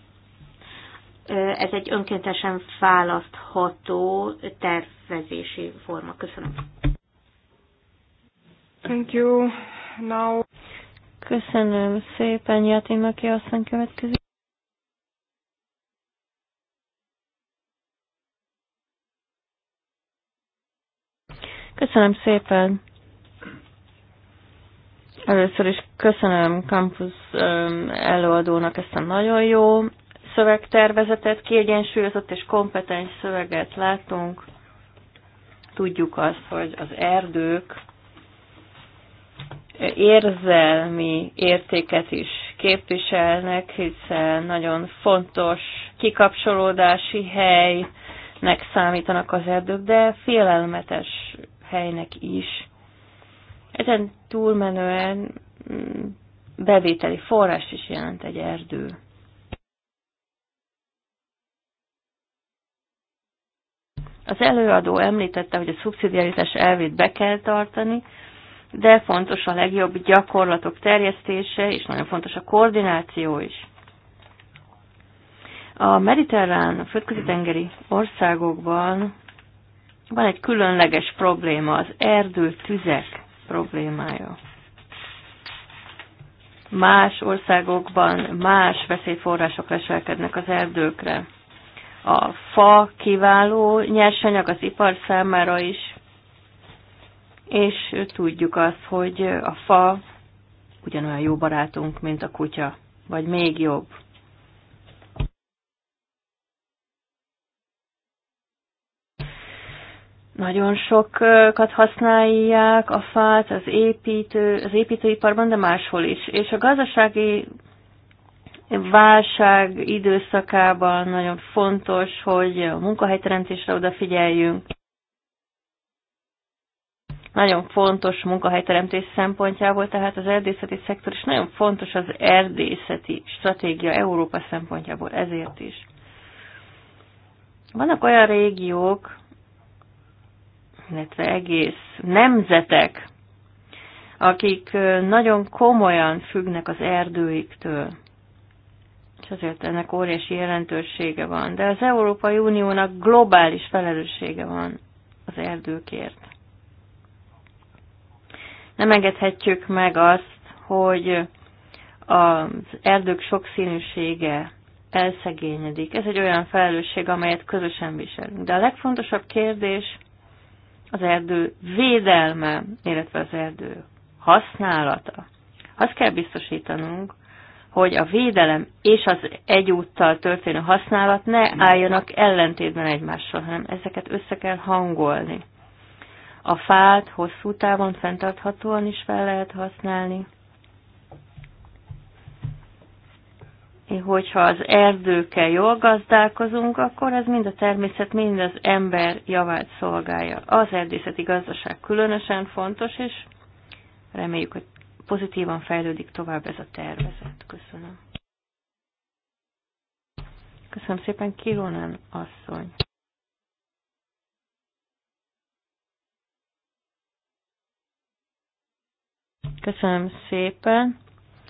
ez egy önkéntesen választható tervezési forma. Köszönöm. Thank you. Now... Köszönöm szépen, aki aztán következik. Köszönöm szépen. Először is köszönöm Campus előadónak ezt a nagyon jó szövegtervezetet, kiegyensúlyozott és kompetens szöveget látunk. Tudjuk azt, hogy az erdők érzelmi értéket is képviselnek, hiszen nagyon fontos kikapcsolódási helynek számítanak az erdők, de félelmetes helynek is. Ezen túlmenően mm, bevételi forrás is jelent egy erdő. Az előadó említette, hogy a szubszidiaritás elvét be kell tartani, de fontos a legjobb gyakorlatok terjesztése, és nagyon fontos a koordináció is. A mediterrán, földközi-tengeri országokban van egy különleges probléma, az tüzek problémája. Más országokban más veszélyforrások leselkednek az erdőkre. A fa kiváló nyersanyag az ipar számára is, és tudjuk azt, hogy a fa ugyanolyan jó barátunk, mint a kutya, vagy még jobb. Nagyon sokat használják a fát az, építő, az építőiparban, de máshol is. És a gazdasági válság időszakában nagyon fontos, hogy a munkahelyteremtésre odafigyeljünk. Nagyon fontos munkahelyteremtés szempontjából, tehát az erdészeti szektor is nagyon fontos az erdészeti stratégia Európa szempontjából, ezért is. Vannak olyan régiók, illetve egész nemzetek, akik nagyon komolyan függnek az erdőiktől. És azért ennek óriási jelentősége van. De az Európai Uniónak globális felelőssége van az erdőkért. Nem engedhetjük meg azt, hogy az erdők sokszínűsége elszegényedik. Ez egy olyan felelősség, amelyet közösen viselünk. De a legfontosabb kérdés az erdő védelme, illetve az erdő használata. Azt kell biztosítanunk, hogy a védelem és az egyúttal történő használat ne álljanak ellentétben egymással, hanem ezeket össze kell hangolni. A fát hosszú távon fenntarthatóan is fel lehet használni, hogyha az erdőkkel jól gazdálkozunk, akkor ez mind a természet, mind az ember javát szolgálja. Az erdészeti gazdaság különösen fontos, és reméljük, hogy pozitívan fejlődik tovább ez a tervezet. Köszönöm. Köszönöm szépen, Kironen asszony. Köszönöm szépen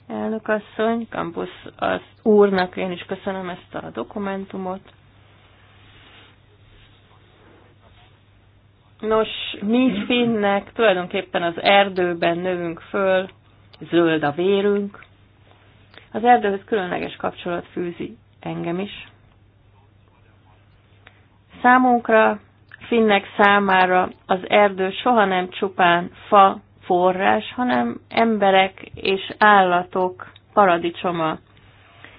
elnök asszony, Kampusz az úrnak én is köszönöm ezt a dokumentumot. Nos, mi finnek tulajdonképpen az erdőben növünk föl, zöld a vérünk. Az erdőhöz különleges kapcsolat fűzi engem is. Számunkra, finnek számára az erdő soha nem csupán fa, forrás, hanem emberek és állatok paradicsoma.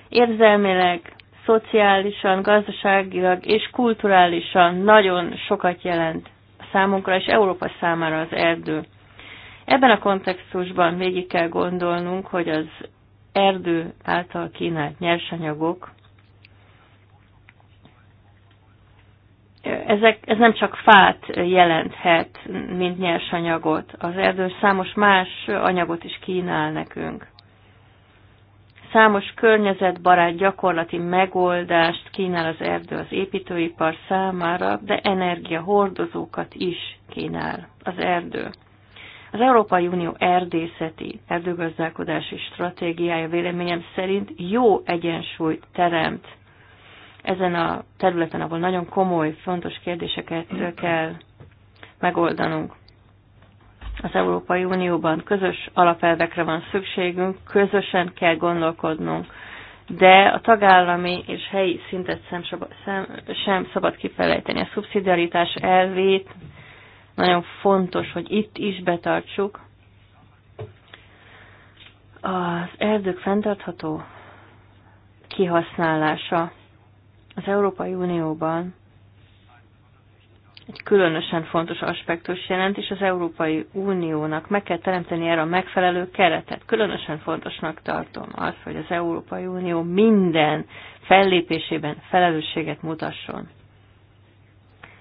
Érzelmileg, szociálisan, gazdaságilag és kulturálisan nagyon sokat jelent számunkra és Európa számára az erdő. Ebben a kontextusban végig kell gondolnunk, hogy az erdő által kínált nyersanyagok ezek, ez nem csak fát jelenthet, mint nyersanyagot. Az erdő számos más anyagot is kínál nekünk. Számos környezetbarát gyakorlati megoldást kínál az erdő az építőipar számára, de energiahordozókat is kínál az erdő. Az Európai Unió erdészeti erdőgazdálkodási stratégiája véleményem szerint jó egyensúlyt teremt ezen a területen, ahol nagyon komoly, fontos kérdéseket kell megoldanunk. Az Európai Unióban közös alapelvekre van szükségünk, közösen kell gondolkodnunk, de a tagállami és helyi szintet sem, sem, sem szabad kifelejteni. A szubszidiaritás elvét nagyon fontos, hogy itt is betartsuk. Az erdők fenntartható kihasználása az Európai Unióban egy különösen fontos aspektus jelent, és az Európai Uniónak meg kell teremteni erre a megfelelő keretet. Különösen fontosnak tartom azt, hogy az Európai Unió minden fellépésében felelősséget mutasson.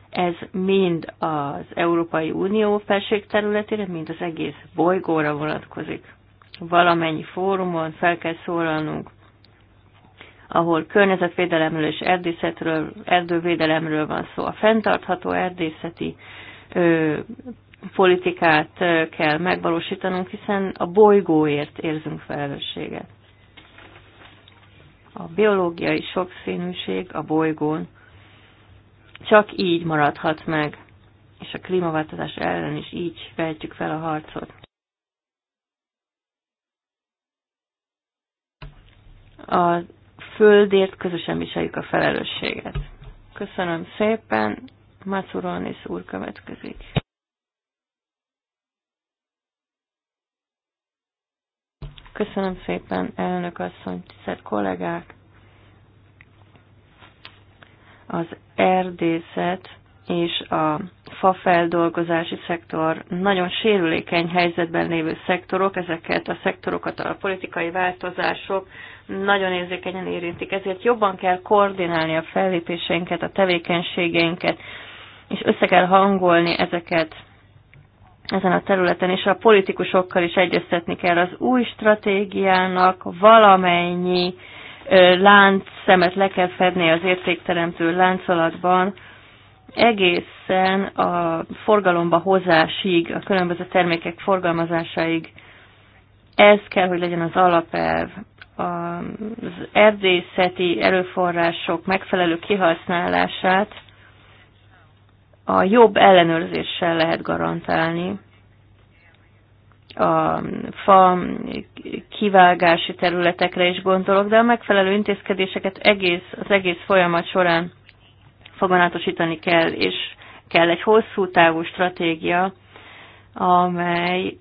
Ez mind az Európai Unió felség területére, mind az egész bolygóra vonatkozik. Valamennyi fórumon fel kell szólalnunk ahol környezetvédelemről és erdészetről, erdővédelemről van szó. A fenntartható erdészeti ö, politikát kell megvalósítanunk, hiszen a bolygóért érzünk felelősséget. A biológiai sokszínűség a bolygón csak így maradhat meg, és a klímaváltozás ellen is így vehetjük fel a harcot. Az földért közösen viseljük a felelősséget. Köszönöm szépen, Macuronis úr következik. Köszönöm szépen, elnök asszony, tisztelt kollégák! Az erdészet és a fafeldolgozási szektor nagyon sérülékeny helyzetben lévő szektorok, ezeket a szektorokat a politikai változások nagyon érzékenyen érintik, ezért jobban kell koordinálni a fellépéseinket, a tevékenységeinket, és össze kell hangolni ezeket ezen a területen, és a politikusokkal is egyeztetni kell az új stratégiának valamennyi szemet le kell fedni az értékteremtő láncolatban, egészen a forgalomba hozásig, a különböző termékek forgalmazásáig ez kell, hogy legyen az alapelv. Az erdészeti erőforrások megfelelő kihasználását a jobb ellenőrzéssel lehet garantálni. A fa kivágási területekre is gondolok, de a megfelelő intézkedéseket egész, az egész folyamat során foganatosítani kell, és kell egy hosszú távú stratégia, amely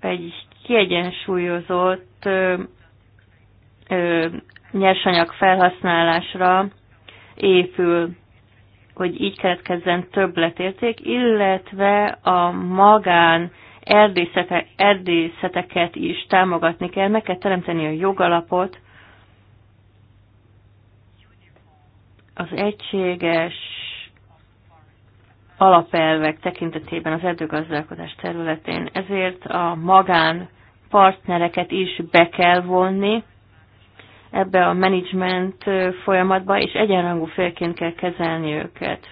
egy kiegyensúlyozott ö, ö, nyersanyag felhasználásra épül, hogy így keletkezzen többletérték, illetve a magán erdészete, erdészeteket is támogatni kell, meg kell teremteni a jogalapot, az egységes alapelvek tekintetében az erdőgazdálkodás területén. Ezért a magán partnereket is be kell vonni ebbe a management folyamatba, és egyenrangú félként kell kezelni őket.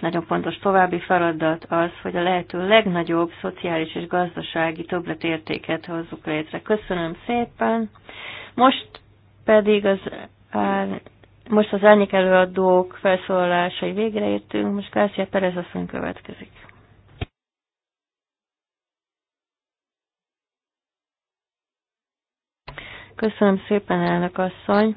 Nagyon fontos további feladat az, hogy a lehető legnagyobb szociális és gazdasági többletértéket hozzuk létre. Köszönöm szépen. Most pedig az most az elnyék előadók felszólalásai végre értünk, most Garcia Perez asszony következik. Köszönöm szépen, elnök asszony.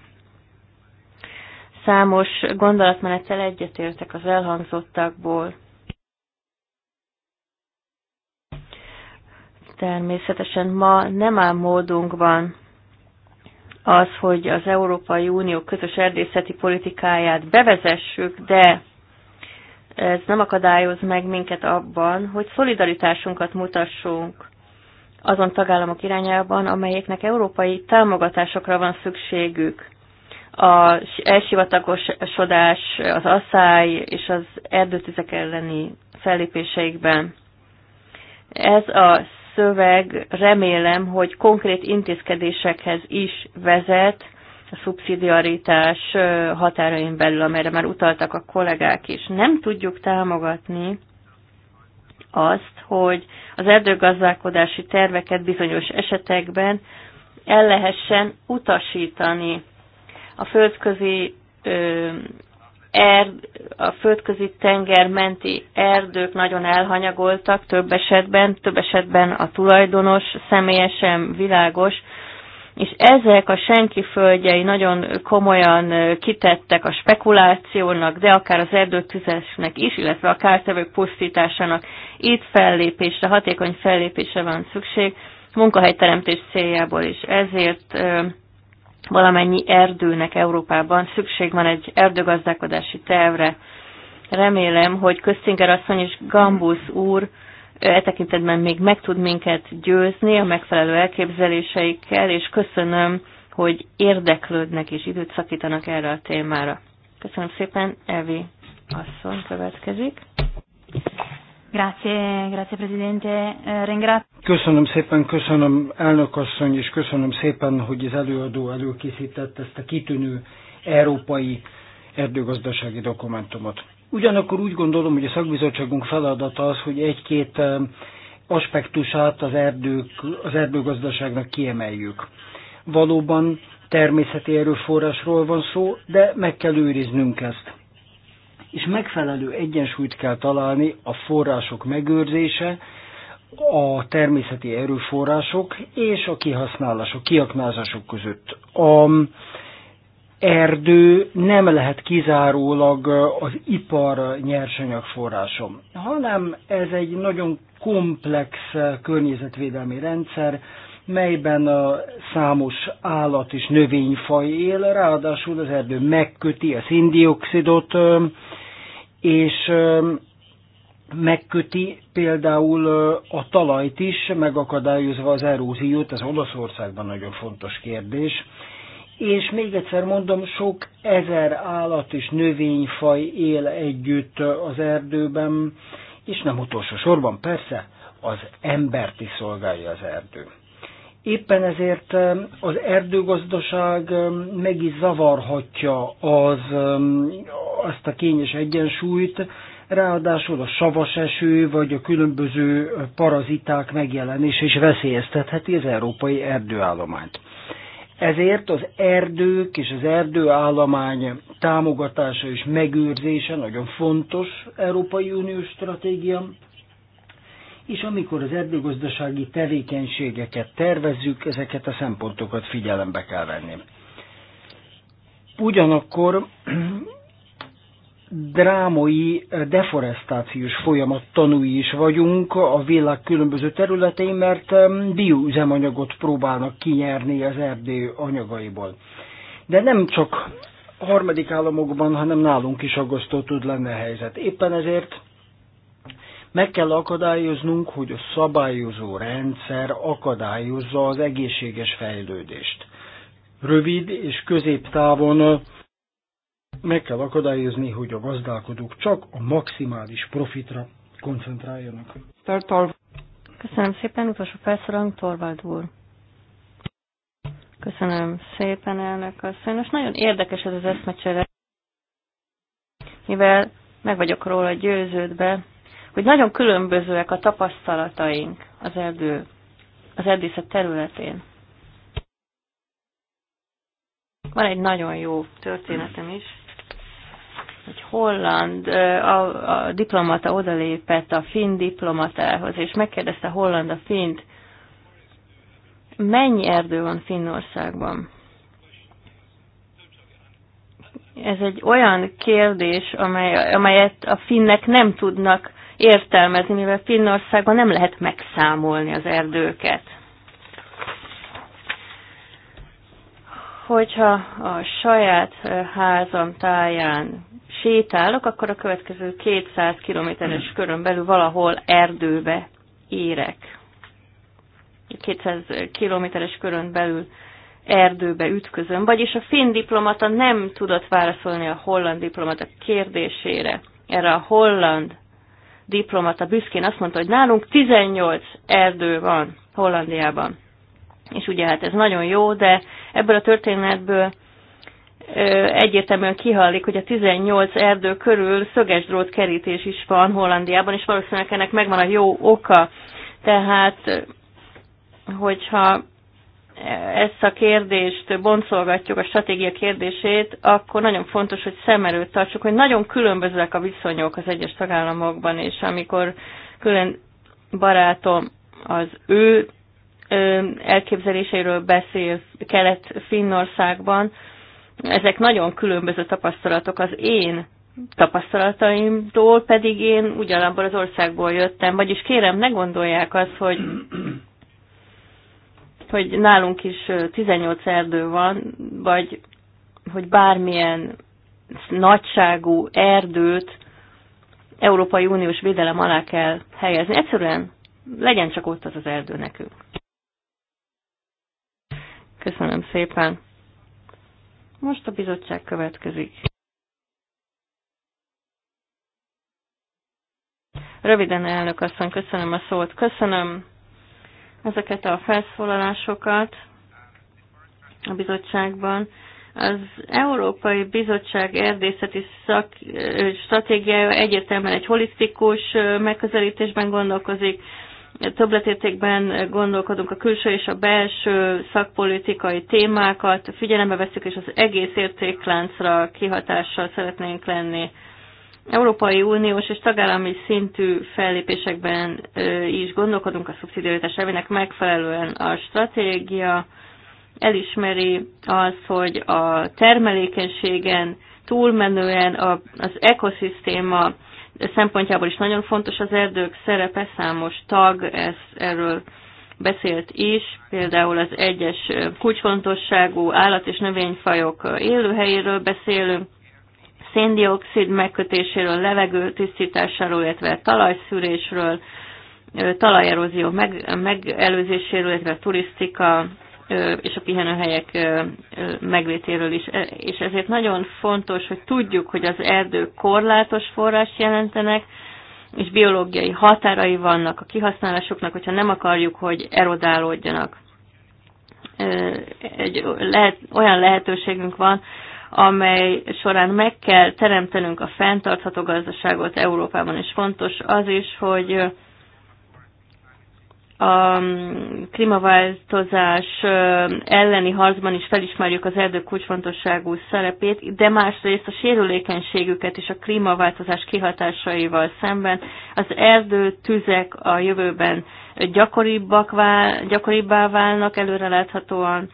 Számos gondolatmenettel egyetértek az elhangzottakból. Természetesen ma nem áll módunkban az, hogy az Európai Unió közös erdészeti politikáját bevezessük, de ez nem akadályoz meg minket abban, hogy szolidaritásunkat mutassunk azon tagállamok irányában, amelyeknek európai támogatásokra van szükségük. Az elsivatagosodás, az asszály és az erdőtüzek elleni fellépéseikben. Ez a szöveg remélem, hogy konkrét intézkedésekhez is vezet a szubszidiaritás határain belül, amelyre már utaltak a kollégák is. Nem tudjuk támogatni azt, hogy az erdőgazdálkodási terveket bizonyos esetekben el lehessen utasítani. A földközi er, a földközi tenger menti erdők nagyon elhanyagoltak több esetben, több esetben a tulajdonos személyesen világos, és ezek a senki földjei nagyon komolyan kitettek a spekulációnak, de akár az erdőtüzesnek is, illetve a kártevők pusztításának. Itt fellépésre, hatékony fellépésre van szükség, munkahelyteremtés céljából is. Ezért valamennyi erdőnek Európában szükség van egy erdőgazdálkodási tervre. Remélem, hogy Köztinger asszony és Gambusz úr e tekintetben még meg tud minket győzni a megfelelő elképzeléseikkel, és köszönöm, hogy érdeklődnek és időt szakítanak erre a témára. Köszönöm szépen, Evi asszony következik. Grazie, grazie Presidente. Eh, ringrazio. Köszönöm szépen, köszönöm elnökasszony, és köszönöm szépen, hogy az előadó előkészített ezt a kitűnő európai erdőgazdasági dokumentumot. Ugyanakkor úgy gondolom, hogy a szakbizottságunk feladata az, hogy egy-két eh, aspektusát az, erdők, az erdőgazdaságnak kiemeljük. Valóban természeti erőforrásról van szó, de meg kell őriznünk ezt és megfelelő egyensúlyt kell találni a források megőrzése, a természeti erőforrások és a kihasználások, kiaknázások között. A erdő nem lehet kizárólag az ipar nyersanyag forrásom, hanem ez egy nagyon komplex környezetvédelmi rendszer, melyben a számos állat és növényfaj él, ráadásul az erdő megköti a szindioxidot, és megköti például a talajt is, megakadályozva az eróziót, ez Olaszországban nagyon fontos kérdés. És még egyszer mondom, sok ezer állat és növényfaj él együtt az erdőben, és nem utolsó sorban persze az embert is szolgálja az erdő. Éppen ezért um, az erdőgazdaság um, meg is zavarhatja az, um, azt a kényes egyensúlyt, ráadásul a savas eső vagy a különböző paraziták megjelenése is veszélyeztetheti az európai erdőállományt. Ezért az erdők és az erdőállomány támogatása és megőrzése nagyon fontos Európai Uniós stratégia és amikor az erdőgazdasági tevékenységeket tervezzük, ezeket a szempontokat figyelembe kell venni. Ugyanakkor (clears throat) drámai deforestációs folyamat tanúi is vagyunk a világ különböző területein, mert um, bioüzemanyagot próbálnak kinyerni az erdő anyagaiból. De nem csak harmadik államokban, hanem nálunk is aggasztó tud lenne a helyzet. Éppen ezért meg kell akadályoznunk, hogy a szabályozó rendszer akadályozza az egészséges fejlődést. Rövid és középtávon meg kell akadályozni, hogy a gazdálkodók csak a maximális profitra koncentráljanak. Köszönöm szépen, utolsó felszólalunk Torvald úr. Köszönöm szépen, elnök asszony. Most nagyon érdekes ez az eszmecsere, mivel meg vagyok róla győződve, hogy nagyon különbözőek a tapasztalataink az erdő, az erdészet területén. Van egy nagyon jó történetem is, hogy Holland, a, a diplomata odalépett a finn diplomatához, és megkérdezte Holland a fint, mennyi erdő van Finnországban? ez egy olyan kérdés, amely, amelyet a finnek nem tudnak értelmezni, mivel Finnországban nem lehet megszámolni az erdőket. Hogyha a saját házam táján sétálok, akkor a következő 200 kilométeres körön belül valahol erdőbe érek. 200 kilométeres körön belül erdőbe ütközöm, vagyis a finn diplomata nem tudott válaszolni a holland diplomata kérdésére, erre a holland diplomata büszkén azt mondta, hogy nálunk 18 erdő van Hollandiában. És ugye hát ez nagyon jó, de ebből a történetből egyértelműen kihallik, hogy a 18 erdő körül szöges drótkerítés is van Hollandiában, és valószínűleg ennek megvan a jó oka. Tehát, hogyha ezt a kérdést boncolgatjuk, a stratégia kérdését, akkor nagyon fontos, hogy szem előtt tartsuk, hogy nagyon különbözőek a viszonyok az egyes tagállamokban, és amikor külön barátom az ő elképzeléseiről beszél Kelet-Finnországban, ezek nagyon különböző tapasztalatok az én tapasztalataimtól, pedig én ugyanabból az országból jöttem, vagyis kérem, ne gondolják azt, hogy hogy nálunk is 18 erdő van, vagy hogy bármilyen nagyságú erdőt Európai Uniós védelem alá kell helyezni. Egyszerűen legyen csak ott az az erdő nekünk. Köszönöm szépen. Most a bizottság következik. Röviden, elnök asszony, köszönöm a szót. Köszönöm ezeket a felszólalásokat a bizottságban. Az Európai Bizottság erdészeti szak, stratégiája egyértelműen egy holisztikus megközelítésben gondolkozik, többletértékben gondolkodunk a külső és a belső szakpolitikai témákat, figyelembe veszük, és az egész értékláncra kihatással szeretnénk lenni. Európai Uniós és tagállami szintű fellépésekben is gondolkodunk a szubszidiaritás elvének megfelelően. A stratégia elismeri az, hogy a termelékenységen túlmenően az ekoszisztéma szempontjából is nagyon fontos az erdők szerepe, számos tag ez, erről beszélt is, például az egyes kulcsfontosságú állat- és növényfajok élőhelyéről beszélünk, széndiokszid megkötéséről, levegő tisztításáról, illetve talajszűrésről, talajerózió meg, megelőzéséről, illetve turisztika és a pihenőhelyek megvétéről is. E, és ezért nagyon fontos, hogy tudjuk, hogy az erdők korlátos forrás jelentenek, és biológiai határai vannak a kihasználásoknak, hogyha nem akarjuk, hogy erodálódjanak. Egy lehet, olyan lehetőségünk van, amely során meg kell teremtenünk a fenntartható gazdaságot Európában, és fontos az is, hogy a klímaváltozás elleni harcban is felismerjük az erdők kulcsfontosságú szerepét, de másrészt a sérülékenységüket is a klímaváltozás kihatásaival szemben. Az tüzek a jövőben gyakoribbak vál, gyakoribbá válnak előreláthatóan,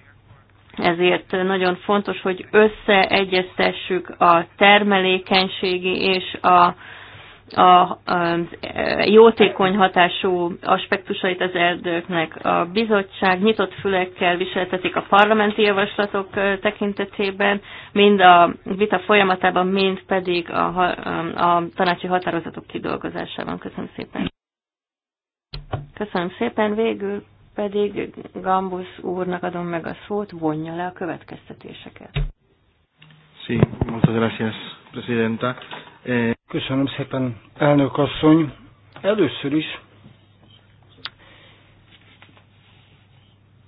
ezért nagyon fontos, hogy összeegyeztessük a termelékenységi és a, a, a jótékony hatású aspektusait az erdőknek. A bizottság nyitott fülekkel viseltetik a parlamenti javaslatok tekintetében, mind a vita folyamatában, mind pedig a, a, a tanácsi határozatok kidolgozásában. Köszönöm szépen. Köszönöm szépen. Végül pedig Gambusz úrnak adom meg a szót, vonja le a következtetéseket. Sí, muchas gracias, presidenta. Eh, Köszönöm szépen, elnök asszony. Először is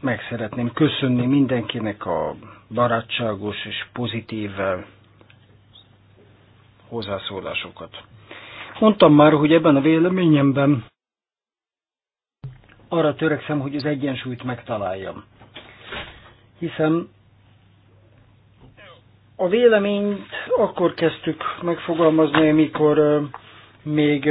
meg szeretném köszönni mindenkinek a barátságos és pozitív eh, hozzászólásokat. Mondtam már, hogy ebben a véleményemben arra törekszem, hogy az egyensúlyt megtaláljam. Hiszen a véleményt akkor kezdtük megfogalmazni, amikor még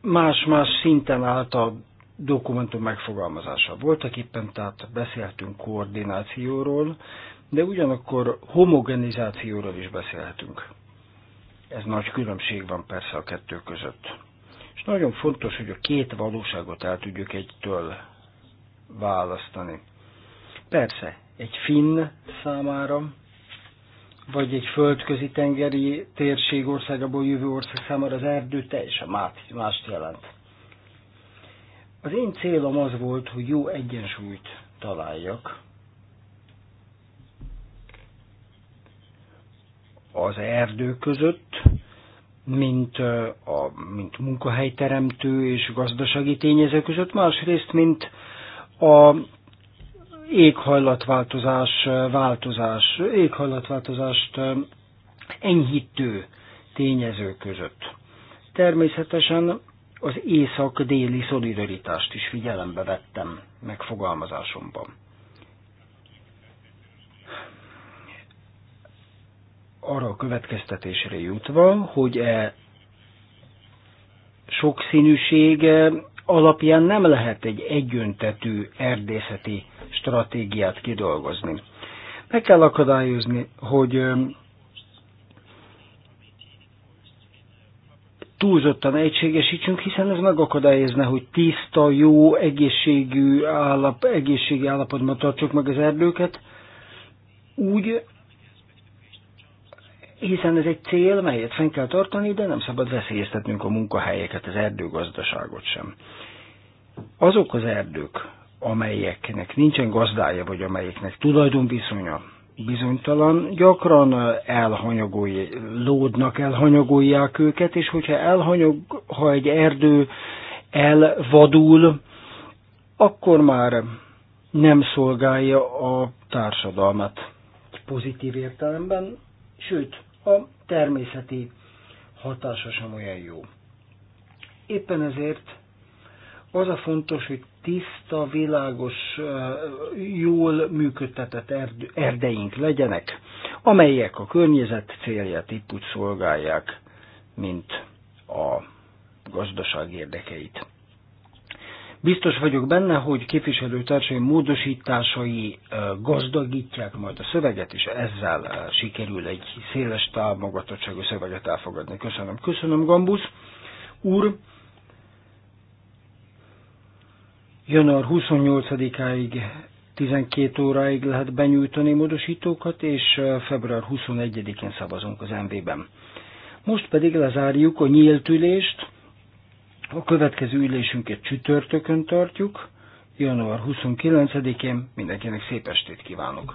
más-más szinten állt a dokumentum megfogalmazása. Voltak éppen, tehát beszéltünk koordinációról, de ugyanakkor homogenizációról is beszélhetünk. Ez nagy különbség van persze a kettő között. És nagyon fontos, hogy a két valóságot el tudjuk egytől választani. Persze, egy finn számára, vagy egy földközi tengeri térség országából jövő ország számára az erdő teljesen mást jelent. Az én célom az volt, hogy jó egyensúlyt találjak az erdő között, mint, a, mint munkahelyteremtő és gazdasági tényező között, másrészt, mint a éghajlatváltozás változás, éghajlatváltozást enyhítő tényező között. Természetesen az észak-déli szolidaritást is figyelembe vettem megfogalmazásomban. arra a következtetésre jutva, hogy e sokszínűség alapján nem lehet egy egyöntetű erdészeti stratégiát kidolgozni. Meg kell akadályozni, hogy túlzottan egységesítsünk, hiszen ez megakadályozna, hogy tiszta, jó, egészségű állap, egészségi állapotban tartsuk meg az erdőket, úgy, hiszen ez egy cél, melyet fenn kell tartani, de nem szabad veszélyeztetnünk a munkahelyeket, az erdőgazdaságot sem. Azok az erdők, amelyeknek nincsen gazdája, vagy amelyeknek tulajdonviszonya bizonytalan, gyakran elhanyagolj, lódnak, elhanyagolják őket, és hogyha elhanyag, ha egy erdő elvadul, akkor már nem szolgálja a társadalmat pozitív értelemben, sőt, a természeti hatása sem olyan jó. Éppen ezért az a fontos, hogy tiszta, világos, jól működtetett erdeink legyenek, amelyek a környezet célját épp úgy szolgálják, mint a gazdaság érdekeit. Biztos vagyok benne, hogy képviselőtársai módosításai gazdagítják majd a szöveget, és ezzel sikerül egy széles támogatottságú szöveget elfogadni. Köszönöm. Köszönöm, Gambusz. Úr, január 28-áig 12 óráig lehet benyújtani módosítókat, és február 21-én szavazunk az MV-ben. Most pedig lezárjuk a nyílt ülést, a következő ülésünket csütörtökön tartjuk, január 29-én. Mindenkinek szép estét kívánok!